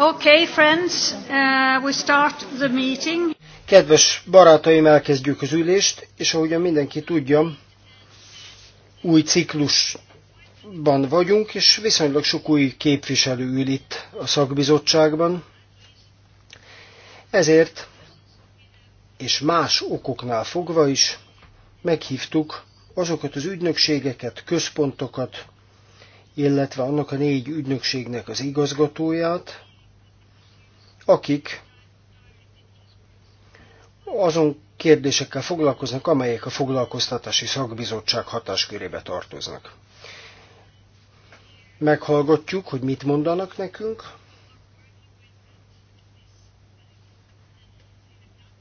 Okay, friends, uh, we start the meeting. Kedves barátaim, elkezdjük az ülést, és ahogyan mindenki tudja, új ciklusban vagyunk, és viszonylag sok új képviselő ül itt a szakbizottságban. Ezért, és más okoknál fogva is, meghívtuk azokat az ügynökségeket, központokat, illetve annak a négy ügynökségnek az igazgatóját, akik azon kérdésekkel foglalkoznak, amelyek a foglalkoztatási szakbizottság hatáskörébe tartoznak. Meghallgatjuk, hogy mit mondanak nekünk,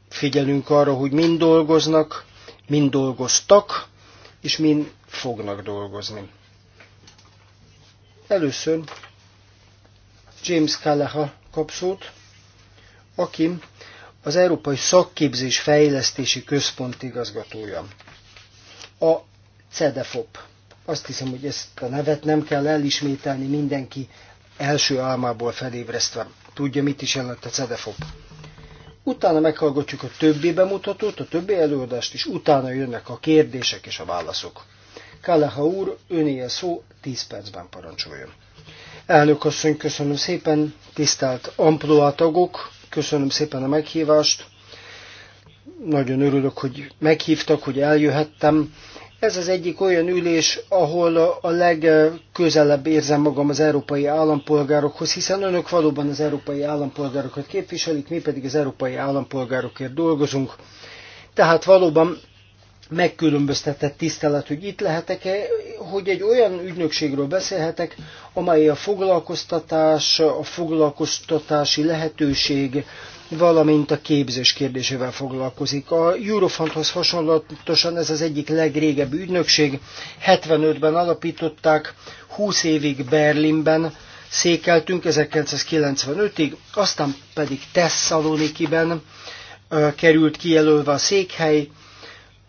figyelünk arra, hogy mind dolgoznak, mind dolgoztak, és mind fognak dolgozni. Először James Callaha kap szót, aki az Európai Szakképzés Fejlesztési Központ igazgatója. A CEDEFOP. Azt hiszem, hogy ezt a nevet nem kell elismételni, mindenki első álmából felébresztve tudja, mit is jelent a CEDEFOP. Utána meghallgatjuk a többi bemutatót, a többi előadást, és utána jönnek a kérdések és a válaszok. Kaleha úr, öné a szó, 10 percben parancsoljon. Elnök asszony, köszönöm szépen, tisztelt amploátagok, köszönöm szépen a meghívást. Nagyon örülök, hogy meghívtak, hogy eljöhettem. Ez az egyik olyan ülés, ahol a legközelebb érzem magam az európai állampolgárokhoz, hiszen önök valóban az európai állampolgárokat képviselik, mi pedig az európai állampolgárokért dolgozunk. Tehát valóban megkülönböztetett tisztelet, hogy itt lehetek-e, hogy egy olyan ügynökségről beszélhetek, amely a foglalkoztatás, a foglalkoztatási lehetőség, valamint a képzés kérdésével foglalkozik. A Eurofondhoz hasonlatosan ez az egyik legrégebbi ügynökség. 75-ben alapították, 20 évig Berlinben székeltünk 1995-ig, aztán pedig Tesszalonikiben került kijelölve a székhely,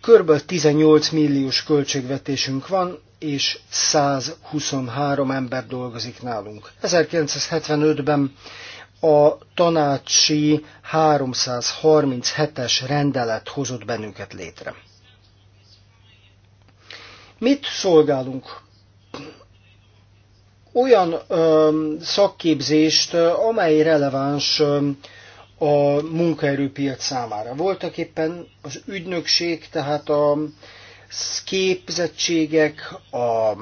Kb. 18 milliós költségvetésünk van, és 123 ember dolgozik nálunk. 1975-ben a tanácsi 337-es rendelet hozott bennünket létre. Mit szolgálunk? Olyan ö, szakképzést, amely releváns ö, a munkaerőpiac számára. Voltak éppen az ügynökség, tehát a képzettségek, a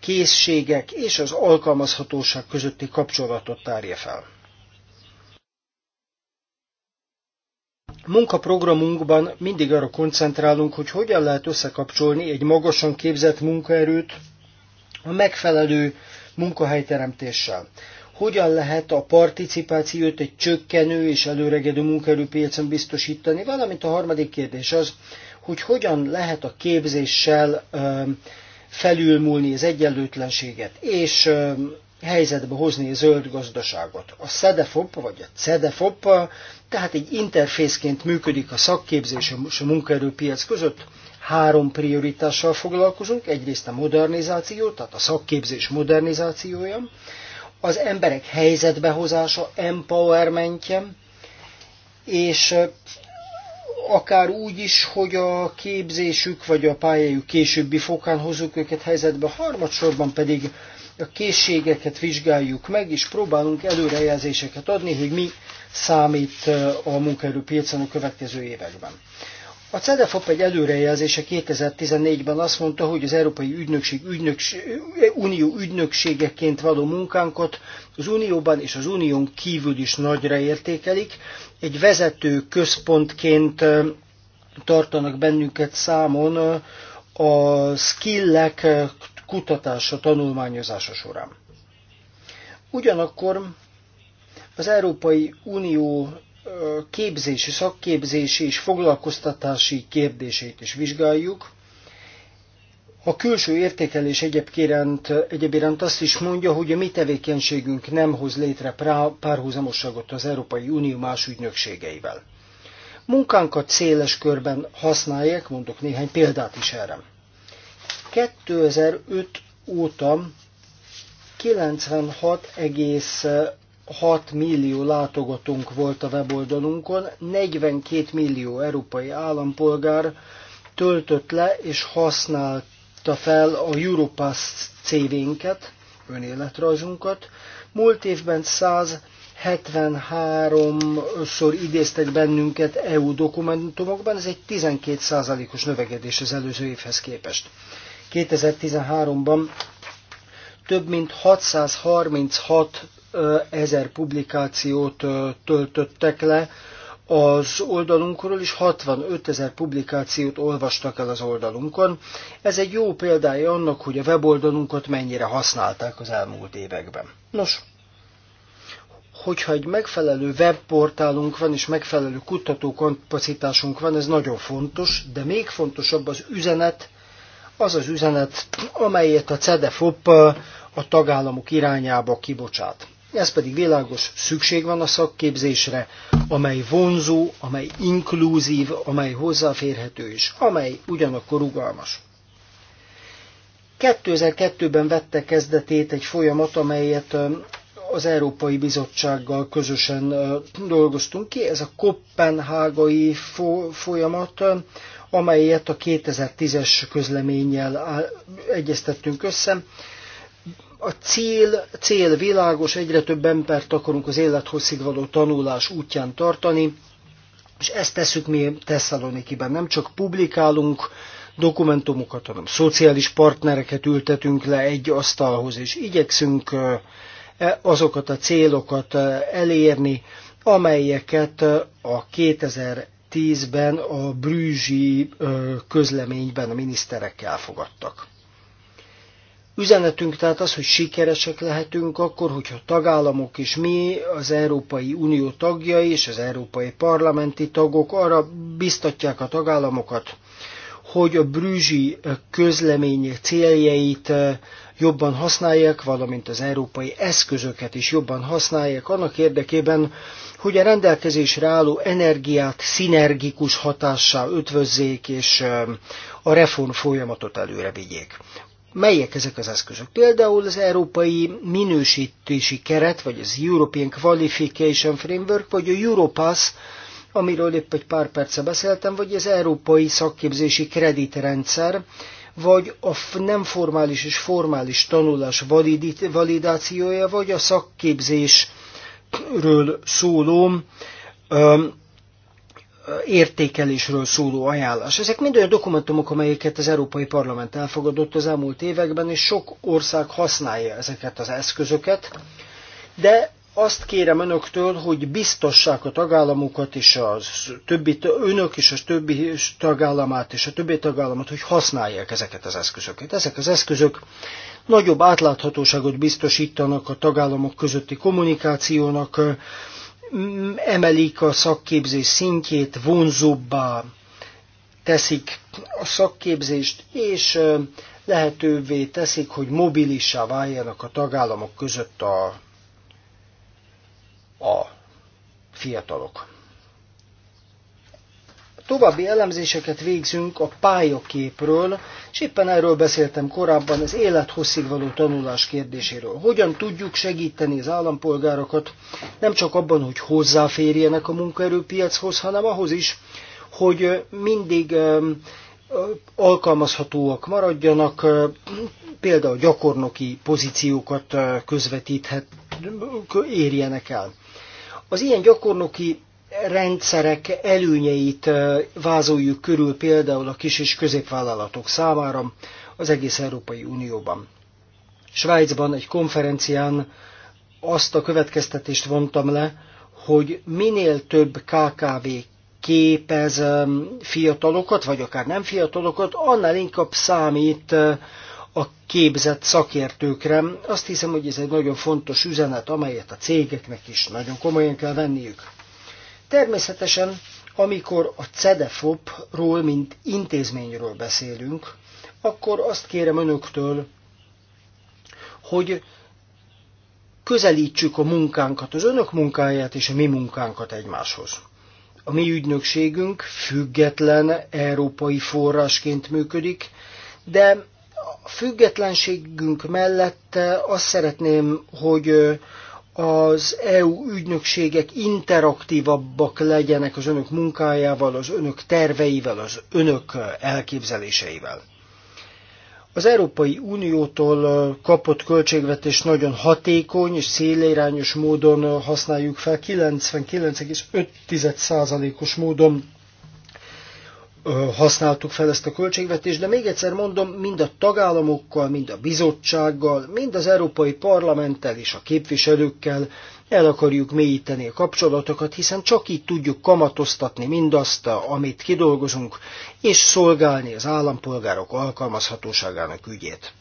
készségek és az alkalmazhatóság közötti kapcsolatot tárja fel. Munkaprogramunkban mindig arra koncentrálunk, hogy hogyan lehet összekapcsolni egy magasan képzett munkaerőt a megfelelő munkahelyteremtéssel hogyan lehet a participációt egy csökkenő és előregedő munkaerőpiacon biztosítani, valamint a harmadik kérdés az, hogy hogyan lehet a képzéssel felülmúlni az egyenlőtlenséget, és helyzetbe hozni a zöld gazdaságot. A SEDEFOP, vagy a CEDEFOP, tehát egy interfészként működik a szakképzés és a munkaerőpiac között. Három prioritással foglalkozunk, egyrészt a modernizáció, tehát a szakképzés modernizációja, az emberek helyzetbehozása, empowermentje, és akár úgy is, hogy a képzésük vagy a pályájuk későbbi fokán hozzuk őket helyzetbe, harmadsorban pedig a készségeket vizsgáljuk meg, és próbálunk előrejelzéseket adni, hogy mi számít a munkaerőpiacon a következő években. A CEDEFOP egy előrejelzése 2014-ben azt mondta, hogy az Európai Ügynökség, ügynökség, Unió ügynökségeként való munkánkat az Unióban és az Unión kívül is nagyra értékelik. Egy vezető központként tartanak bennünket számon a skillek kutatása, tanulmányozása során. Ugyanakkor az Európai Unió képzési, szakképzési és foglalkoztatási kérdését is vizsgáljuk. A külső értékelés egyébként, egyébként azt is mondja, hogy a mi tevékenységünk nem hoz létre párhuzamosságot az Európai Unió más ügynökségeivel. Munkánkat széles körben használják, mondok néhány példát is erre. 2005 óta 96,6 6 millió látogatónk volt a weboldalunkon, 42 millió európai állampolgár töltött le és használta fel a Europass CV-nket, önéletrajzunkat. Múlt évben 173-szor idéztek bennünket EU dokumentumokban, ez egy 12%-os növekedés az előző évhez képest. 2013-ban több mint 636 ezer publikációt töltöttek le az oldalunkról, és 65 ezer publikációt olvastak el az oldalunkon. Ez egy jó példája annak, hogy a weboldalunkat mennyire használták az elmúlt években. Nos, hogyha egy megfelelő webportálunk van és megfelelő kutatókapacitásunk van, ez nagyon fontos, de még fontosabb az üzenet, az az üzenet, amelyet a CEDEFOP a tagállamok irányába kibocsát ez pedig világos, szükség van a szakképzésre, amely vonzó, amely inkluzív, amely hozzáférhető és amely ugyanakkor rugalmas. 2002-ben vette kezdetét egy folyamat, amelyet az Európai Bizottsággal közösen dolgoztunk ki. Ez a kopenhágai folyamat, amelyet a 2010-es közleménnyel egyeztettünk össze. A cél, cél világos, egyre több embert akarunk az élethosszig való tanulás útján tartani, és ezt tesszük mi Tesszalonikiben. Nem csak publikálunk dokumentumokat, hanem szociális partnereket ültetünk le egy asztalhoz, és igyekszünk e, azokat a célokat elérni, amelyeket a 2010-ben a brűzsi közleményben a miniszterek elfogadtak. Üzenetünk tehát az, hogy sikeresek lehetünk akkor, hogyha tagállamok és mi, az Európai Unió tagjai és az Európai Parlamenti tagok arra biztatják a tagállamokat, hogy a brűzsi közlemény céljait eh, jobban használják, valamint az európai eszközöket is jobban használják, annak érdekében, hogy a rendelkezésre álló energiát szinergikus hatással ötvözzék, és eh, a reform folyamatot előre vigyék. Melyek ezek az eszközök? Például az Európai Minősítési Keret, vagy az European Qualification Framework, vagy a Europass, amiről épp egy pár perce beszéltem, vagy az Európai Szakképzési Kreditrendszer, vagy a nem formális és formális tanulás validációja, vagy a szakképzésről szóló értékelésről szóló ajánlás. Ezek mind olyan dokumentumok, amelyeket az Európai Parlament elfogadott az elmúlt években, és sok ország használja ezeket az eszközöket, de azt kérem önöktől, hogy biztossák a tagállamokat és az többi, önök és a többi tagállamát és a többi tagállamot, hogy használják ezeket az eszközöket. Ezek az eszközök nagyobb átláthatóságot biztosítanak a tagállamok közötti kommunikációnak, emelik a szakképzés szintjét, vonzóbbá teszik a szakképzést, és lehetővé teszik, hogy mobilissá váljanak a tagállamok között a, a fiatalok további elemzéseket végzünk a pályaképről, és éppen erről beszéltem korábban, az élethosszig való tanulás kérdéséről. Hogyan tudjuk segíteni az állampolgárokat nem csak abban, hogy hozzáférjenek a munkaerőpiachoz, hanem ahhoz is, hogy mindig alkalmazhatóak maradjanak, például gyakornoki pozíciókat közvetíthet, érjenek el. Az ilyen gyakornoki rendszerek előnyeit vázoljuk körül például a kis és középvállalatok számára az egész Európai Unióban. Svájcban egy konferencián azt a következtetést vontam le, hogy minél több KKV képez fiatalokat, vagy akár nem fiatalokat, annál inkább számít a képzett szakértőkre. Azt hiszem, hogy ez egy nagyon fontos üzenet, amelyet a cégeknek is nagyon komolyan kell venniük. Természetesen, amikor a CEDEFOP-ról, mint intézményről beszélünk, akkor azt kérem önöktől, hogy közelítsük a munkánkat, az önök munkáját és a mi munkánkat egymáshoz. A mi ügynökségünk független európai forrásként működik, de a függetlenségünk mellett azt szeretném, hogy az EU ügynökségek interaktívabbak legyenek az önök munkájával, az önök terveivel, az önök elképzeléseivel. Az Európai Uniótól kapott költségvetés nagyon hatékony és szélirányos módon használjuk fel, 99,5%-os módon használtuk fel ezt a költségvetést, de még egyszer mondom, mind a tagállamokkal, mind a bizottsággal, mind az Európai Parlamenttel és a képviselőkkel el akarjuk mélyíteni a kapcsolatokat, hiszen csak így tudjuk kamatoztatni mindazt, amit kidolgozunk, és szolgálni az állampolgárok alkalmazhatóságának ügyét.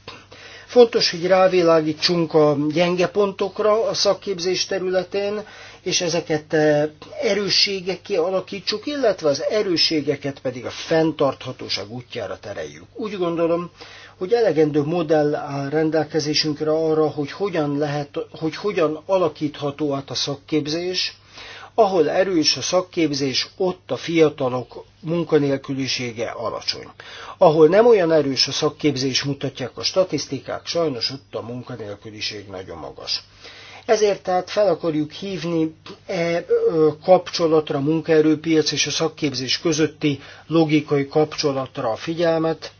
Fontos, hogy rávilágítsunk a gyenge pontokra a szakképzés területén, és ezeket e, erősségek kialakítsuk, illetve az erősségeket pedig a fenntarthatóság útjára tereljük. Úgy gondolom, hogy elegendő modell áll rendelkezésünkre arra, hogy hogyan, lehet, hogy hogyan alakítható át a szakképzés, ahol erős a szakképzés, ott a fiatalok munkanélkülisége alacsony. Ahol nem olyan erős a szakképzés, mutatják a statisztikák, sajnos ott a munkanélküliség nagyon magas. Ezért tehát fel akarjuk hívni e kapcsolatra, a munkaerőpiac és a szakképzés közötti logikai kapcsolatra a figyelmet,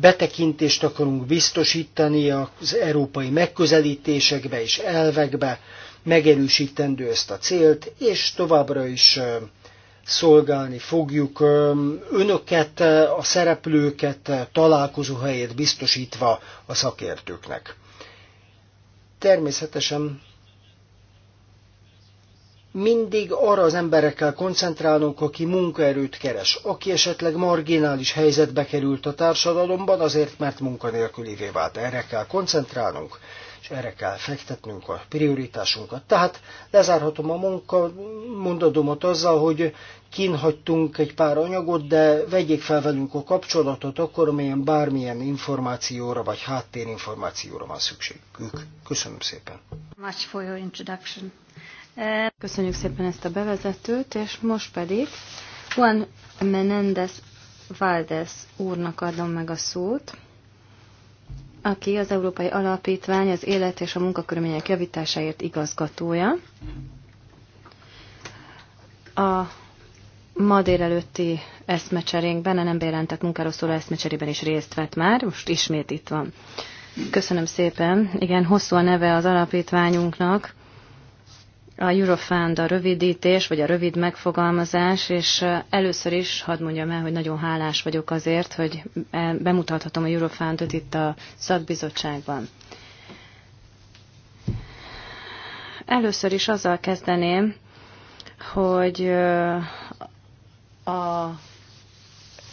betekintést akarunk biztosítani az európai megközelítésekbe és elvekbe, megerősítendő ezt a célt, és továbbra is szolgálni fogjuk önöket, a szereplőket, találkozóhelyét biztosítva a szakértőknek. Természetesen mindig arra az emberekkel koncentrálunk, aki munkaerőt keres, aki esetleg marginális helyzetbe került a társadalomban, azért mert munkanélkülivé vált. Erre kell koncentrálnunk, és erre kell fektetnünk a prioritásunkat. Tehát lezárhatom a munka mondatomat azzal, hogy kínhagytunk egy pár anyagot, de vegyék fel velünk a kapcsolatot, akkor amelyen bármilyen információra vagy háttérinformációra van szükségük. Köszönöm szépen. Much for your introduction. Köszönjük szépen ezt a bevezetőt, és most pedig Juan Menendez Valdez úrnak adom meg a szót, aki az Európai Alapítvány az élet és a munkakörülmények javításáért igazgatója. A ma délelőtti eszmecserénkben, a nem bejelentett munkáról szóló eszmecserében is részt vett már, most ismét itt van. Köszönöm szépen. Igen, hosszú a neve az alapítványunknak. A Eurofund a rövidítés, vagy a rövid megfogalmazás, és először is hadd mondjam el, hogy nagyon hálás vagyok azért, hogy bemutathatom a Eurofundot itt a szakbizottságban. Először is azzal kezdeném, hogy a,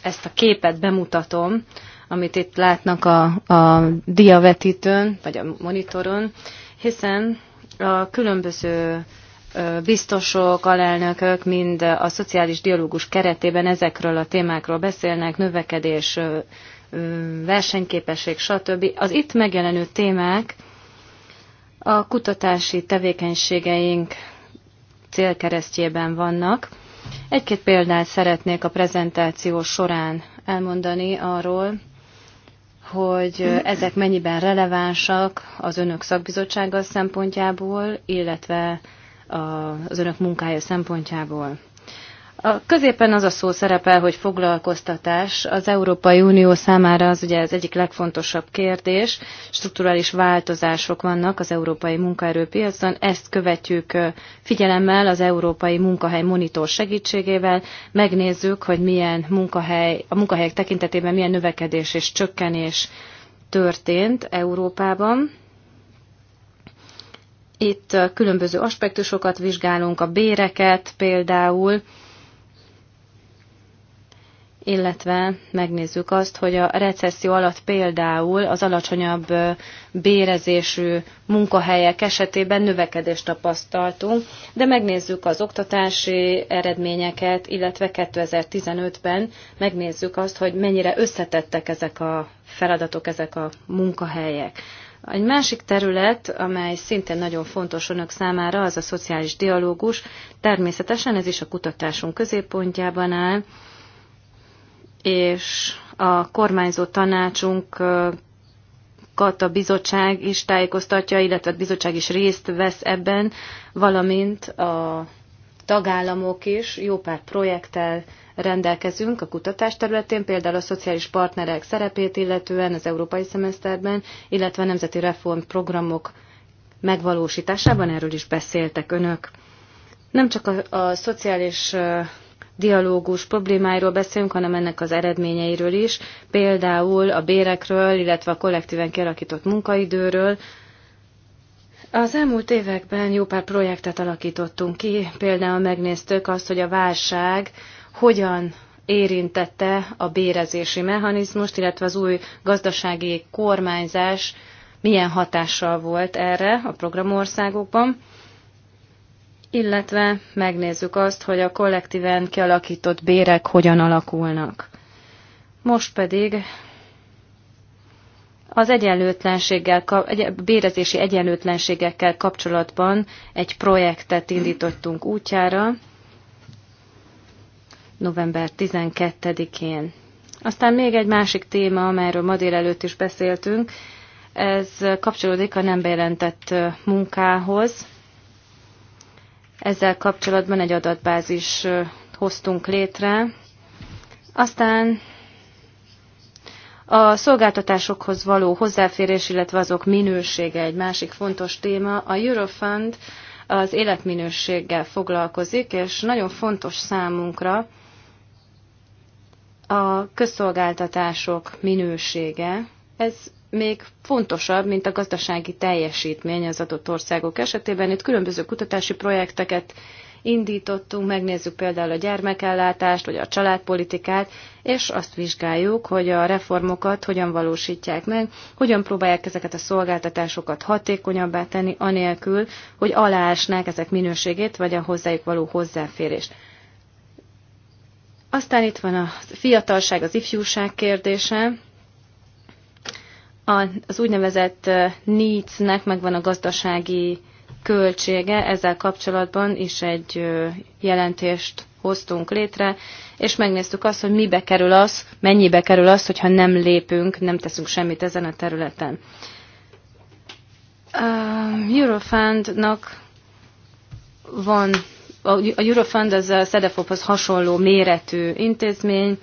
ezt a képet bemutatom, amit itt látnak a, a diavetítőn, vagy a monitoron, hiszen a különböző biztosok, alelnökök mind a szociális dialógus keretében ezekről a témákról beszélnek, növekedés, versenyképesség, stb. Az itt megjelenő témák a kutatási tevékenységeink célkeresztjében vannak, egy-két példát szeretnék a prezentáció során elmondani arról, hogy ezek mennyiben relevánsak az önök szakbizottsága szempontjából, illetve az önök munkája szempontjából. A középen az a szó szerepel, hogy foglalkoztatás. Az Európai Unió számára az ugye az egyik legfontosabb kérdés. Strukturális változások vannak az európai munkaerőpiacon. Ezt követjük figyelemmel az Európai Munkahely Monitor segítségével. Megnézzük, hogy milyen munkahely, a munkahelyek tekintetében milyen növekedés és csökkenés történt Európában. Itt különböző aspektusokat vizsgálunk, a béreket például, illetve megnézzük azt, hogy a recesszió alatt például az alacsonyabb bérezésű munkahelyek esetében növekedést tapasztaltunk, de megnézzük az oktatási eredményeket, illetve 2015-ben megnézzük azt, hogy mennyire összetettek ezek a feladatok, ezek a munkahelyek. Egy másik terület, amely szintén nagyon fontos önök számára, az a szociális dialógus. Természetesen ez is a kutatásunk középpontjában áll és a kormányzó tanácsunkat a bizottság is tájékoztatja, illetve a bizottság is részt vesz ebben, valamint a tagállamok is jó pár projekttel rendelkezünk a kutatás területén, például a szociális partnerek szerepét illetően az európai szemeszterben, illetve a nemzeti reformprogramok megvalósításában, erről is beszéltek önök. Nem csak a, a szociális dialógus problémáiról beszélünk, hanem ennek az eredményeiről is, például a bérekről, illetve a kollektíven kialakított munkaidőről. Az elmúlt években jó pár projektet alakítottunk ki, például megnéztük azt, hogy a válság hogyan érintette a bérezési mechanizmust, illetve az új gazdasági kormányzás milyen hatással volt erre a programországokban illetve megnézzük azt, hogy a kollektíven kialakított bérek hogyan alakulnak. Most pedig az egyenlőtlenséggel, bérezési egyenlőtlenségekkel kapcsolatban egy projektet indítottunk útjára november 12-én. Aztán még egy másik téma, amelyről ma délelőtt is beszéltünk, ez kapcsolódik a nem bejelentett munkához. Ezzel kapcsolatban egy adatbázis hoztunk létre. Aztán a szolgáltatásokhoz való hozzáférés, illetve azok minősége egy másik fontos téma. A Eurofund az életminőséggel foglalkozik, és nagyon fontos számunkra a közszolgáltatások minősége. Ez még fontosabb, mint a gazdasági teljesítmény az adott országok esetében. Itt különböző kutatási projekteket indítottunk, megnézzük például a gyermekellátást, vagy a családpolitikát, és azt vizsgáljuk, hogy a reformokat hogyan valósítják meg, hogyan próbálják ezeket a szolgáltatásokat hatékonyabbá tenni, anélkül, hogy aláásnák ezek minőségét, vagy a hozzájuk való hozzáférést. Aztán itt van a fiatalság, az ifjúság kérdése az úgynevezett needs-nek megvan a gazdasági költsége, ezzel kapcsolatban is egy jelentést hoztunk létre, és megnéztük azt, hogy mibe kerül az, mennyibe kerül az, hogyha nem lépünk, nem teszünk semmit ezen a területen. A Eurofundnak van, a Eurofund az a SEDEFOP-hoz hasonló méretű intézmény,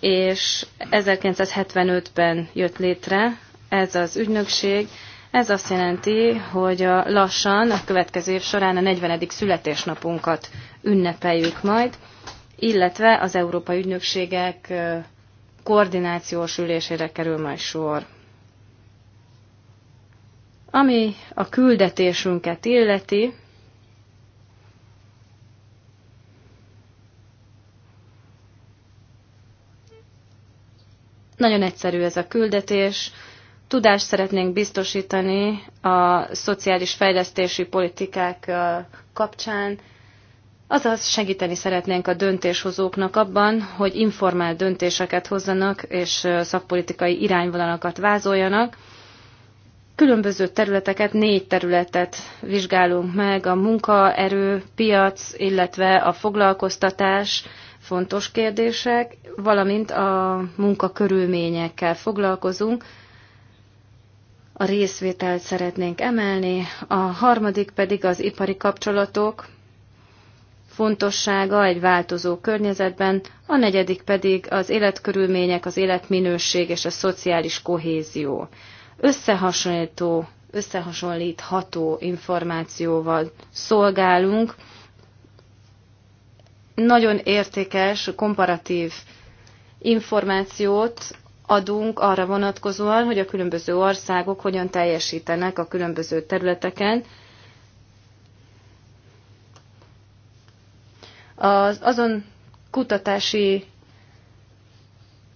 és 1975-ben jött létre ez az ügynökség. Ez azt jelenti, hogy a lassan a következő év során a 40. születésnapunkat ünnepeljük majd, illetve az Európai Ügynökségek koordinációs ülésére kerül majd sor. Ami a küldetésünket illeti, nagyon egyszerű ez a küldetés, Tudást szeretnénk biztosítani a szociális fejlesztési politikák kapcsán, azaz segíteni szeretnénk a döntéshozóknak abban, hogy informált döntéseket hozzanak és szakpolitikai irányvonalakat vázoljanak. Különböző területeket, négy területet vizsgálunk meg, a munkaerő, piac, illetve a foglalkoztatás, fontos kérdések, valamint a munkakörülményekkel foglalkozunk, a részvételt szeretnénk emelni, a harmadik pedig az ipari kapcsolatok fontossága egy változó környezetben, a negyedik pedig az életkörülmények, az életminőség és a szociális kohézió. Összehasonlító, összehasonlítható információval szolgálunk, nagyon értékes, komparatív információt adunk arra vonatkozóan, hogy a különböző országok hogyan teljesítenek a különböző területeken. Az azon kutatási,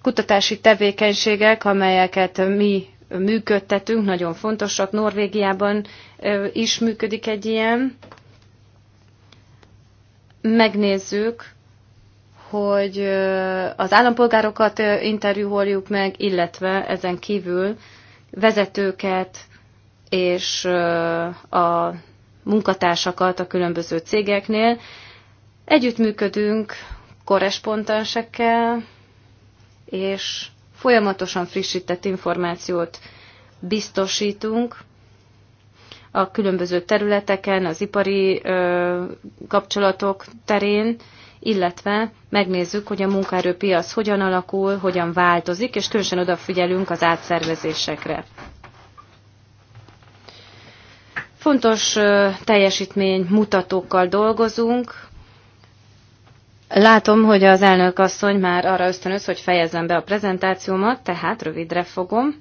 kutatási tevékenységek, amelyeket mi működtetünk, nagyon fontosak. Norvégiában is működik egy ilyen. Megnézzük, hogy az állampolgárokat interjúoljuk meg, illetve ezen kívül vezetőket és a munkatársakat a különböző cégeknél. Együttműködünk korrespondensekkel, és folyamatosan frissített információt biztosítunk a különböző területeken, az ipari ö, kapcsolatok terén, illetve megnézzük, hogy a munkaerőpiac hogyan alakul, hogyan változik, és különösen odafigyelünk az átszervezésekre. Fontos teljesítmény mutatókkal dolgozunk. Látom, hogy az elnök asszony már arra ösztönöz, hogy fejezzem be a prezentációmat, tehát rövidre fogom.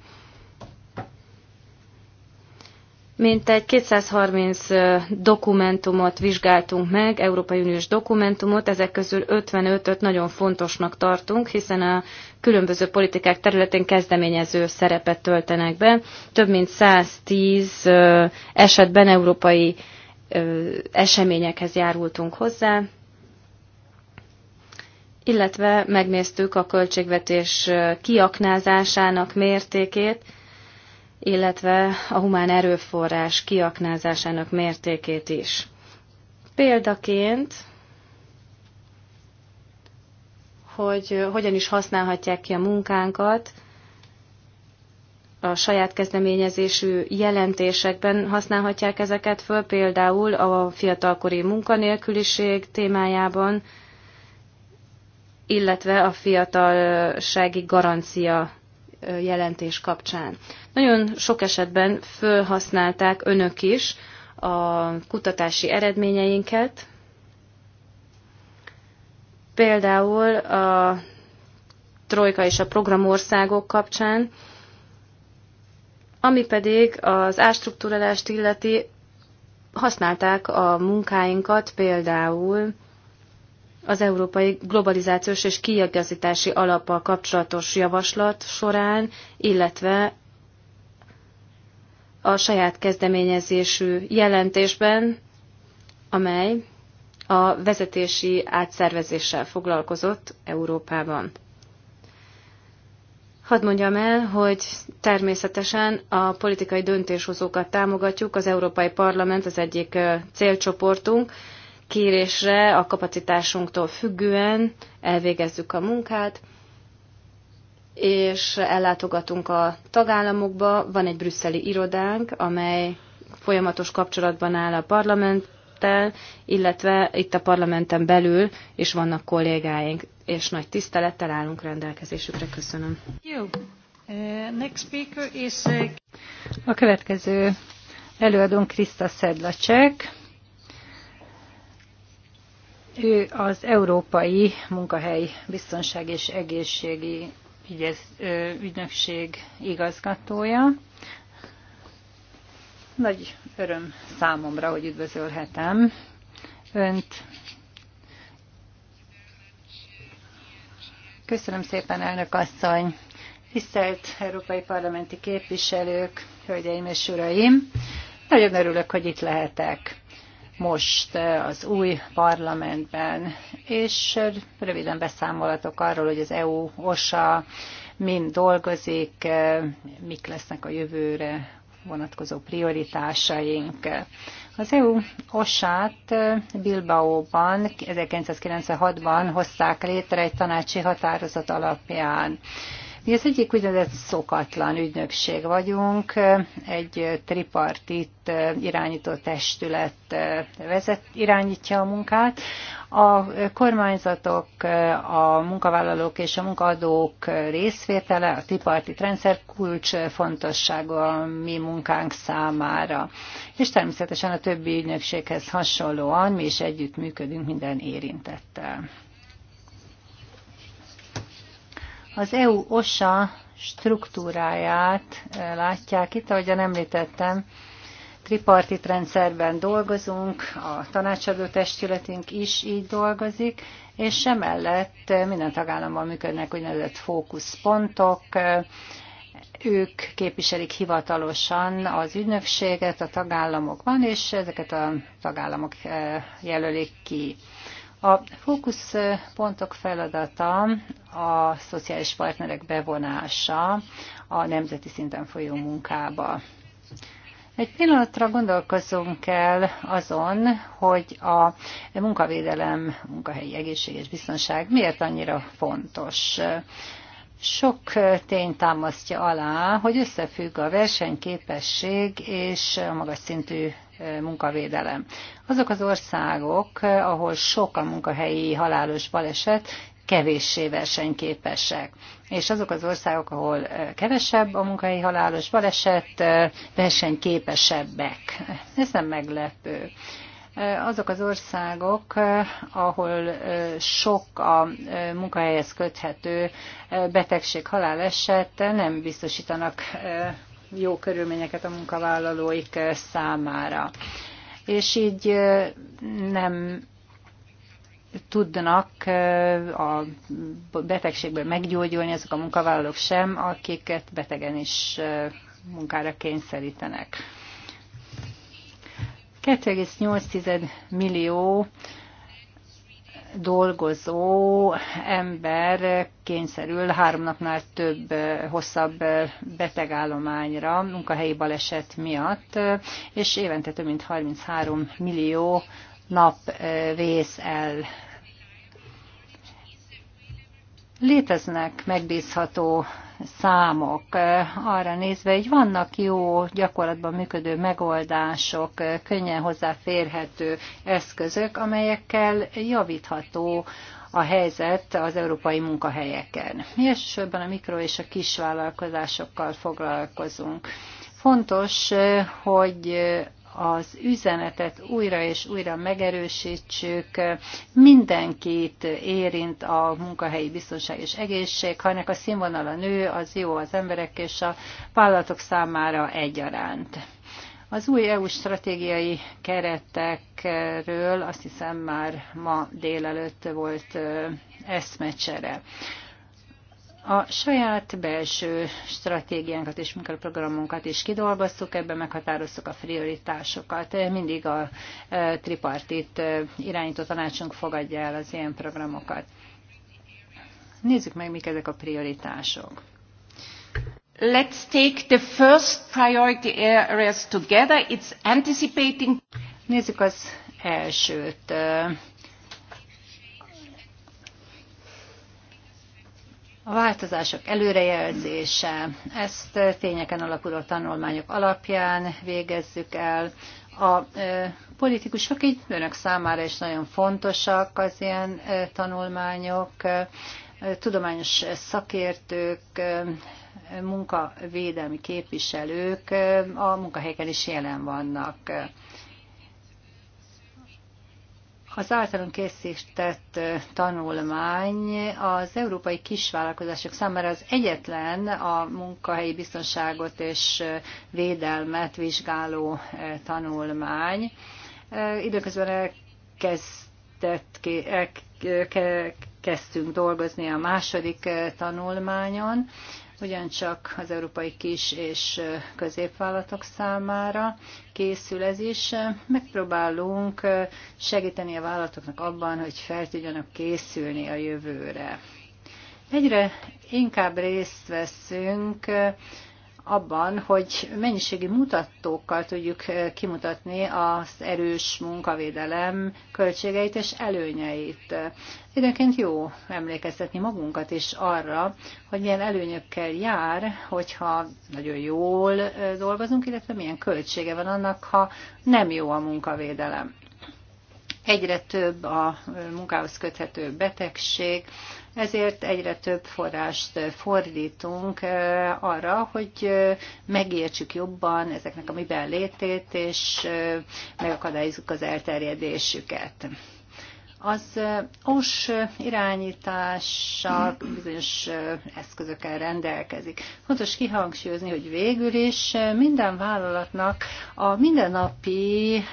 Mintegy 230 dokumentumot vizsgáltunk meg, Európai Uniós dokumentumot, ezek közül 55-öt nagyon fontosnak tartunk, hiszen a különböző politikák területén kezdeményező szerepet töltenek be. Több mint 110 esetben európai eseményekhez járultunk hozzá, illetve megnéztük a költségvetés kiaknázásának mértékét, illetve a humán erőforrás kiaknázásának mértékét is. Példaként, hogy hogyan is használhatják ki a munkánkat, a saját kezdeményezésű jelentésekben használhatják ezeket föl, például a fiatalkori munkanélküliség témájában, illetve a fiatalsági garancia jelentés kapcsán. Nagyon sok esetben felhasználták önök is a kutatási eredményeinket, például a trojka és a programországok kapcsán, ami pedig az ástruktúrálást illeti, használták a munkáinkat például az európai globalizációs és Kiegazítási alappal kapcsolatos javaslat során, illetve a saját kezdeményezésű jelentésben, amely a vezetési átszervezéssel foglalkozott Európában. Hadd mondjam el, hogy természetesen a politikai döntéshozókat támogatjuk, az Európai Parlament az egyik célcsoportunk, kérésre, a kapacitásunktól függően elvégezzük a munkát, és ellátogatunk a tagállamokba. Van egy brüsszeli irodánk, amely folyamatos kapcsolatban áll a parlamenttel, illetve itt a parlamenten belül is vannak kollégáink, és nagy tisztelettel állunk rendelkezésükre. Köszönöm. Jó. Uh, next speaker is... Uh, a következő előadónk Krista Szedlacsek ő az Európai Munkahely Biztonság és Egészségi Ügyez, Ügynökség igazgatója. Nagy öröm számomra, hogy üdvözölhetem Önt. Köszönöm szépen, elnök asszony! Tisztelt Európai Parlamenti képviselők, hölgyeim és uraim! Nagyon örülök, hogy itt lehetek most eh, az új parlamentben, és röviden beszámolatok arról, hogy az EU OSA mind dolgozik, eh, mik lesznek a jövőre vonatkozó prioritásaink. Az EU osát eh, Bilbaóban 1996-ban hozták létre egy tanácsi határozat alapján. Mi az egyik úgynevezett szokatlan ügynökség vagyunk, egy tripartit irányító testület vezet, irányítja a munkát. A kormányzatok, a munkavállalók és a munkadók részvétele, a tripartit rendszer kulcs fontosságú a mi munkánk számára. És természetesen a többi ügynökséghez hasonlóan mi is együttműködünk minden érintettel. Az EU OSA struktúráját eh, látják itt, ahogyan említettem, tripartit rendszerben dolgozunk, a tanácsadó testületünk is így dolgozik, és emellett eh, minden tagállamban működnek úgynevezett fókuszpontok, eh, ők képviselik hivatalosan az ügynökséget a tagállamokban, és ezeket a tagállamok jelölik ki. A fókuszpontok feladata a szociális partnerek bevonása a nemzeti szinten folyó munkába. Egy pillanatra gondolkozunk el azon, hogy a munkavédelem, munkahelyi és biztonság miért annyira fontos sok tény támasztja alá, hogy összefügg a versenyképesség és a magas szintű munkavédelem. Azok az országok, ahol sok a munkahelyi halálos baleset, kevéssé versenyképesek. És azok az országok, ahol kevesebb a munkahelyi halálos baleset, versenyképesebbek. Ez nem meglepő azok az országok, ahol sok a munkahelyhez köthető betegség, haláleset, nem biztosítanak jó körülményeket a munkavállalóik számára. És így nem tudnak a betegségből meggyógyulni azok a munkavállalók sem, akiket betegen is munkára kényszerítenek. 2,8 millió dolgozó ember kényszerül három napnál több hosszabb betegállományra munkahelyi baleset miatt, és évente több mint 33 millió nap vész el Léteznek megbízható számok eh, arra nézve, hogy vannak jó gyakorlatban működő megoldások, eh, könnyen hozzáférhető eszközök, amelyekkel javítható a helyzet az európai munkahelyeken. Mi elsősorban a mikro és a kisvállalkozásokkal foglalkozunk. Fontos, eh, hogy az üzenetet újra és újra megerősítsük. Mindenkit érint a munkahelyi biztonság és egészség, ha ennek a színvonala nő, az jó az emberek és a vállalatok számára egyaránt. Az új EU stratégiai keretekről azt hiszem már ma délelőtt volt eszmecsere. A saját belső stratégiánkat és mikroprogramunkat is kidolgoztuk, ebben meghatároztuk a prioritásokat. Mindig a e, tripartit e, irányító tanácsunk fogadja el az ilyen programokat. Nézzük meg, mik ezek a prioritások. Let's take the first priority areas together. It's anticipating. Nézzük az elsőt A változások előrejelzése, ezt tényeken alapuló tanulmányok alapján végezzük el. A politikusok így önök számára is nagyon fontosak az ilyen tanulmányok, tudományos szakértők, munkavédelmi képviselők a munkahelyeken is jelen vannak. Az általunk készített tanulmány az európai kisvállalkozások számára az egyetlen a munkahelyi biztonságot és védelmet vizsgáló tanulmány. Időközben elkezdett, kezdtünk dolgozni a második tanulmányon, ugyancsak az európai kis és középvállalatok számára készül ez is. Megpróbálunk segíteni a vállalatoknak abban, hogy fel tudjanak készülni a jövőre. Egyre inkább részt veszünk abban, hogy mennyiségi mutatókkal tudjuk kimutatni az erős munkavédelem költségeit és előnyeit. Időnként jó emlékeztetni magunkat is arra, hogy milyen előnyökkel jár, hogyha nagyon jól dolgozunk, illetve milyen költsége van annak, ha nem jó a munkavédelem. Egyre több a munkához köthető betegség, ezért egyre több forrást eh, fordítunk eh, arra, hogy eh, megértsük jobban ezeknek a miben létét, és megakadályozzuk az elterjedésüket az OS irányítással bizonyos eszközökkel rendelkezik. Fontos kihangsúlyozni, hogy végül is minden vállalatnak a mindennapi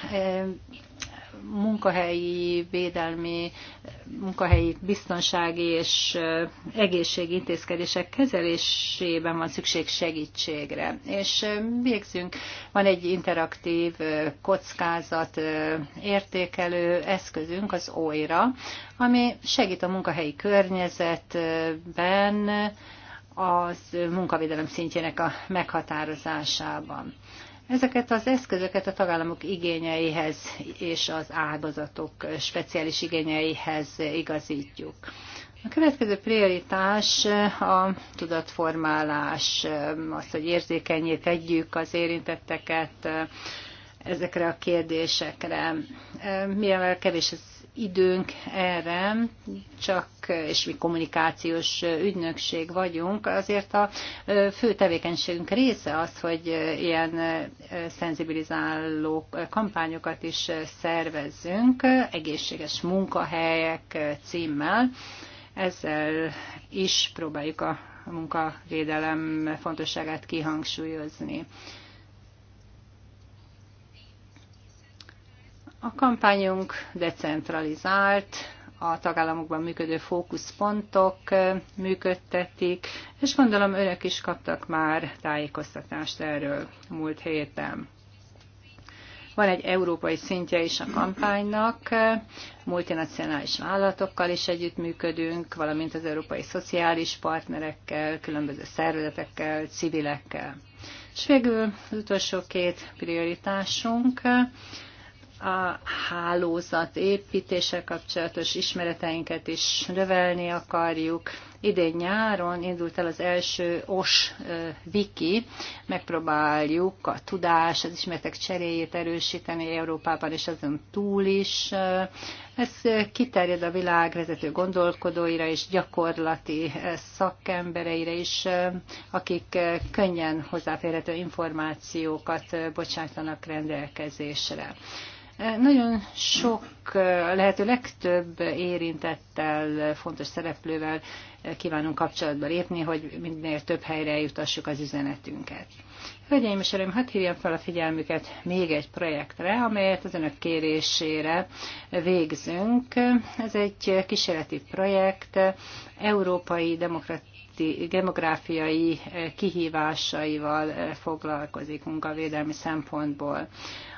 munkahelyi védelmi, munkahelyi biztonsági és egészségi intézkedések kezelésében van szükség segítségre. És végzünk, van egy interaktív kockázat értékelő eszközünk, az OIRA, ami segít a munkahelyi környezetben az munkavédelem szintjének a meghatározásában. Ezeket az eszközöket a tagállamok igényeihez és az áldozatok speciális igényeihez igazítjuk. A következő prioritás a tudatformálás, az, hogy érzékenyé tegyük az érintetteket ezekre a kérdésekre. Mivel kevés az időnk erre, csak, és mi kommunikációs ügynökség vagyunk, azért a fő tevékenységünk része az, hogy ilyen szenzibilizáló kampányokat is szervezzünk, egészséges munkahelyek címmel. Ezzel is próbáljuk a munkavédelem fontosságát kihangsúlyozni. A kampányunk decentralizált, a tagállamokban működő fókuszpontok működtetik, és gondolom önök is kaptak már tájékoztatást erről múlt héten. Van egy európai szintje is a kampánynak, multinacionális vállalatokkal is együttműködünk, valamint az európai szociális partnerekkel, különböző szervezetekkel, civilekkel. És végül az utolsó két prioritásunk a hálózat építése kapcsolatos ismereteinket is növelni akarjuk. Idén nyáron indult el az első OS wiki, megpróbáljuk a tudás, az ismeretek cseréjét erősíteni Európában és azon túl is. Ez kiterjed a világ vezető gondolkodóira és gyakorlati szakembereire is, akik könnyen hozzáférhető információkat bocsátanak rendelkezésre. Nagyon sok, eh, lehető legtöbb érintettel, fontos szereplővel eh, kívánunk kapcsolatba lépni, hogy minél több helyre eljutassuk az üzenetünket. Hölgyeim és Uraim, hadd hívjam fel a figyelmüket még egy projektre, amelyet az önök kérésére végzünk. Ez egy kísérleti projekt, Európai Demokratikus demográfiai eh, kihívásaival foglalkozik munkavédelmi szempontból.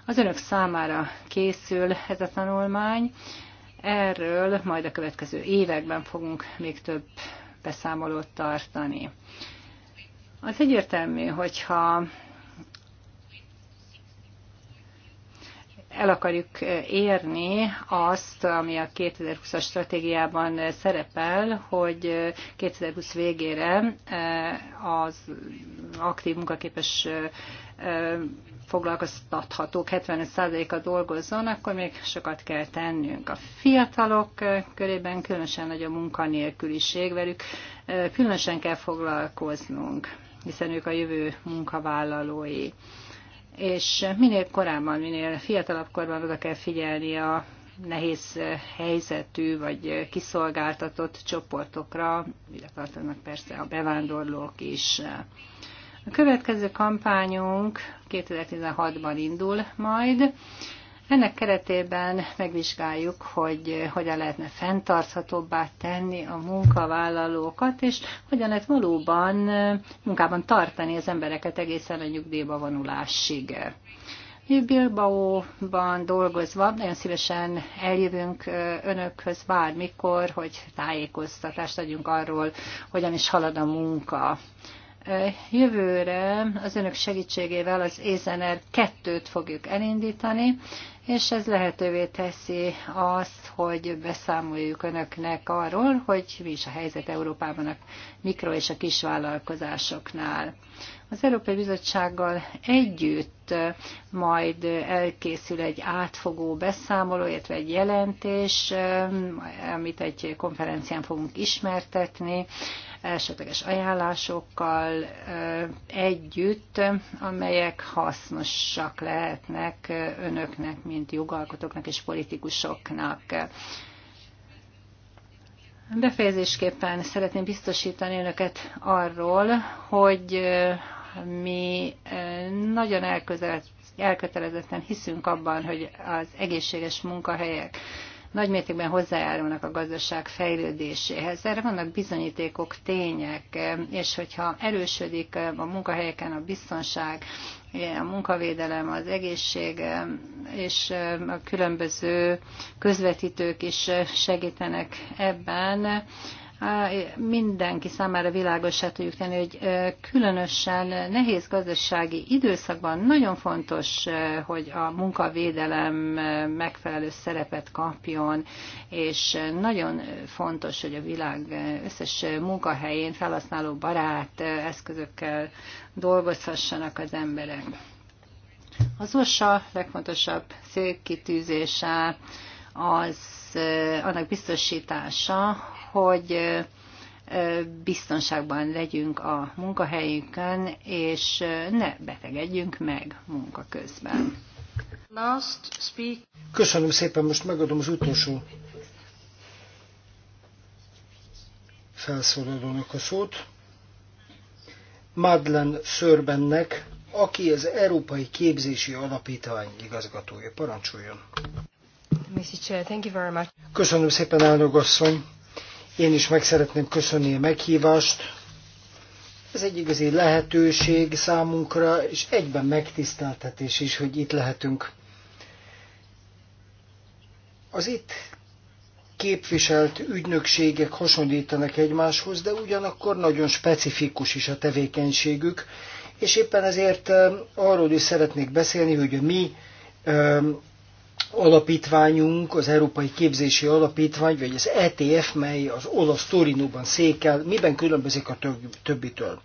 Az önök számára készül ez a tanulmány. Erről majd a következő években fogunk még több beszámolót tartani. Az egyértelmű, hogyha el akarjuk érni azt, ami a 2020-as stratégiában szerepel, hogy 2020 végére eh, az aktív munkaképes eh, foglalkoztathatók 75%-a dolgozzon, akkor még sokat kell tennünk. A fiatalok körében különösen nagy a munkanélküliség, velük különösen kell foglalkoznunk, hiszen ők a jövő munkavállalói. És minél korábban, minél fiatalabb korban oda kell figyelni a nehéz helyzetű vagy kiszolgáltatott csoportokra, ide tartanak persze a bevándorlók is. A következő kampányunk 2016-ban indul majd. Ennek keretében megvizsgáljuk, hogy hogyan lehetne fenntarthatóbbá tenni a munkavállalókat, és hogyan lehet valóban munkában tartani az embereket egészen a nyugdíjba vonulásig. Bilbaóban dolgozva nagyon szívesen eljövünk önökhöz bármikor, hogy tájékoztatást adjunk arról, hogyan is halad a munka Jövőre az önök segítségével az Ézener 2-t fogjuk elindítani, és ez lehetővé teszi azt, hogy beszámoljuk önöknek arról, hogy mi is a helyzet Európában a mikro és a kisvállalkozásoknál. Az Európai Bizottsággal együtt majd elkészül egy átfogó beszámoló, illetve egy jelentés, amit egy konferencián fogunk ismertetni, esetleges ajánlásokkal együtt, amelyek hasznosak lehetnek önöknek, mint jogalkotóknak és politikusoknak. Befejezésképpen szeretném biztosítani önöket arról, hogy mi nagyon elkötelezetten hiszünk abban, hogy az egészséges munkahelyek nagymértékben hozzájárulnak a gazdaság fejlődéséhez. Erre vannak bizonyítékok, tények, és hogyha erősödik a munkahelyeken a biztonság, a munkavédelem, az egészség és a különböző közvetítők is segítenek ebben, mindenki számára világosá tudjuk tenni, hogy különösen nehéz gazdasági időszakban nagyon fontos, hogy a munkavédelem megfelelő szerepet kapjon, és nagyon fontos, hogy a világ összes munkahelyén felhasználó barát eszközökkel dolgozhassanak az emberek. Az USA legfontosabb célkitűzése az annak biztosítása, hogy biztonságban legyünk a munkahelyünkön, és ne betegedjünk meg munka közben. Last speak. Köszönöm szépen, most megadom az utolsó felszólalónak a szót. Madlen Szörbennek, aki az Európai Képzési Alapítvány igazgatója. Parancsoljon! Köszönöm szépen, elnök asszony! Én is meg szeretném köszönni a meghívást. Ez egy igazi lehetőség számunkra, és egyben megtiszteltetés is, hogy itt lehetünk. Az itt képviselt ügynökségek hasonlítanak egymáshoz, de ugyanakkor nagyon specifikus is a tevékenységük, és éppen ezért arról is szeretnék beszélni, hogy a mi alapítványunk, az Európai Képzési Alapítvány, vagy az ETF, mely az olasz Torinóban székel, miben különbözik a többitől.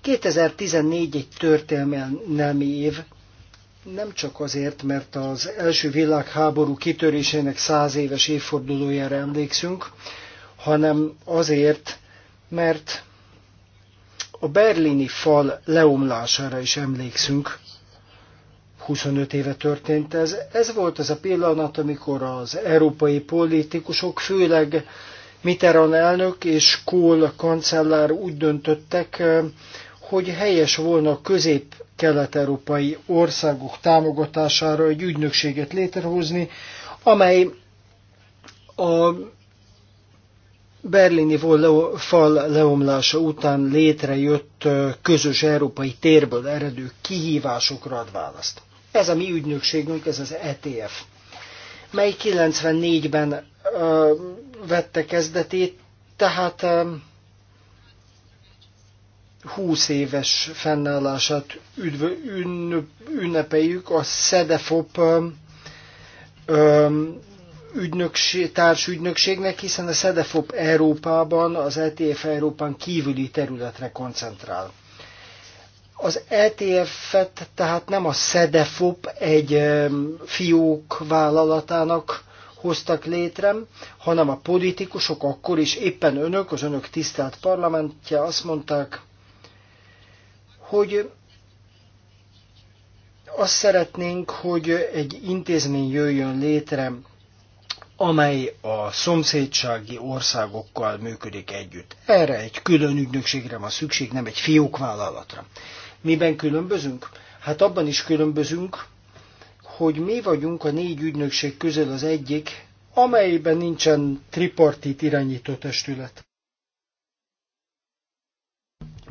2014 egy történelmi év, nem csak azért, mert az első világháború kitörésének száz éves évfordulójára emlékszünk, hanem azért, mert a berlini fal leomlására is emlékszünk, 25 éve történt ez. Ez volt az a pillanat, amikor az európai politikusok, főleg Mitterrand elnök és Kohl kancellár úgy döntöttek, eh, hogy helyes volna közép-kelet-európai országok támogatására egy ügynökséget létrehozni, amely a berlini fal leomlása után létrejött eh, közös európai térből eredő kihívásokra ad választ. Ez a mi ügynökségünk, ez az ETF, mely 94-ben ö, vette kezdetét, tehát ö, 20 éves fennállását üdv, ün, ünnepeljük a sedefop ügynökség, társügynökségnek, hiszen a SEDEFOP Európában, az ETF Európán kívüli területre koncentrál. Az ETF-et tehát nem a SEDEFOP egy fiók vállalatának hoztak létre, hanem a politikusok akkor is, éppen önök, az önök tisztelt parlamentje azt mondták, hogy azt szeretnénk, hogy egy intézmény jöjjön létre, amely a szomszédsági országokkal működik együtt. Erre egy külön ügynökségre van szükség, nem egy fiókvállalatra. Miben különbözünk? Hát abban is különbözünk, hogy mi vagyunk a négy ügynökség közül az egyik, amelyben nincsen tripartit irányító testület.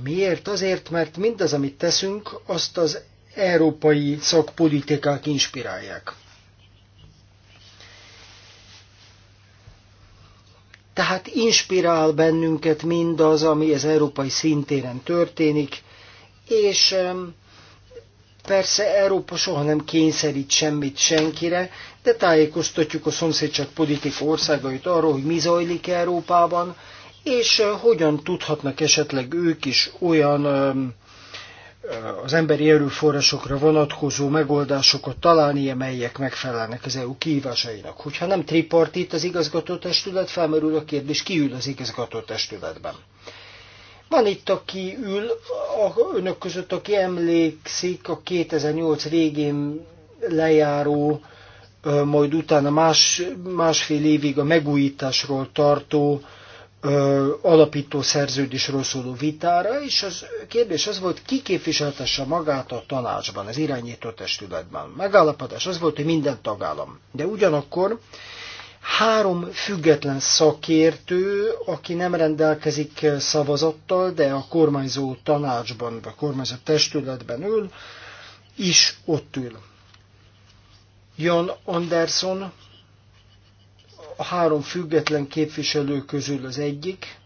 Miért? Azért, mert mindaz, amit teszünk, azt az európai szakpolitikák inspirálják. Tehát inspirál bennünket mindaz, ami az európai szintéren történik, és persze Európa soha nem kényszerít semmit senkire, de tájékoztatjuk a szomszédság politika országait arról, hogy mi zajlik Európában, és hogyan tudhatnak esetleg ők is olyan az emberi erőforrásokra vonatkozó megoldásokat találni, amelyek megfelelnek az EU kihívásainak. Hogyha nem tripartit az igazgatótestület, felmerül a kérdés, ki ül az igazgatótestületben. Van itt, aki ül a, önök között, aki emlékszik a 2008 végén lejáró, majd utána más, másfél évig a megújításról tartó ö, alapító szerződésről szóló vitára, és az kérdés az volt, ki képviseltesse magát a tanácsban, az irányító testületben. Megállapodás az volt, hogy minden tagállam. De ugyanakkor három független szakértő, aki nem rendelkezik szavazattal, de a kormányzó tanácsban, vagy a kormányzó testületben ül, is ott ül. Jan Anderson, a három független képviselő közül az egyik,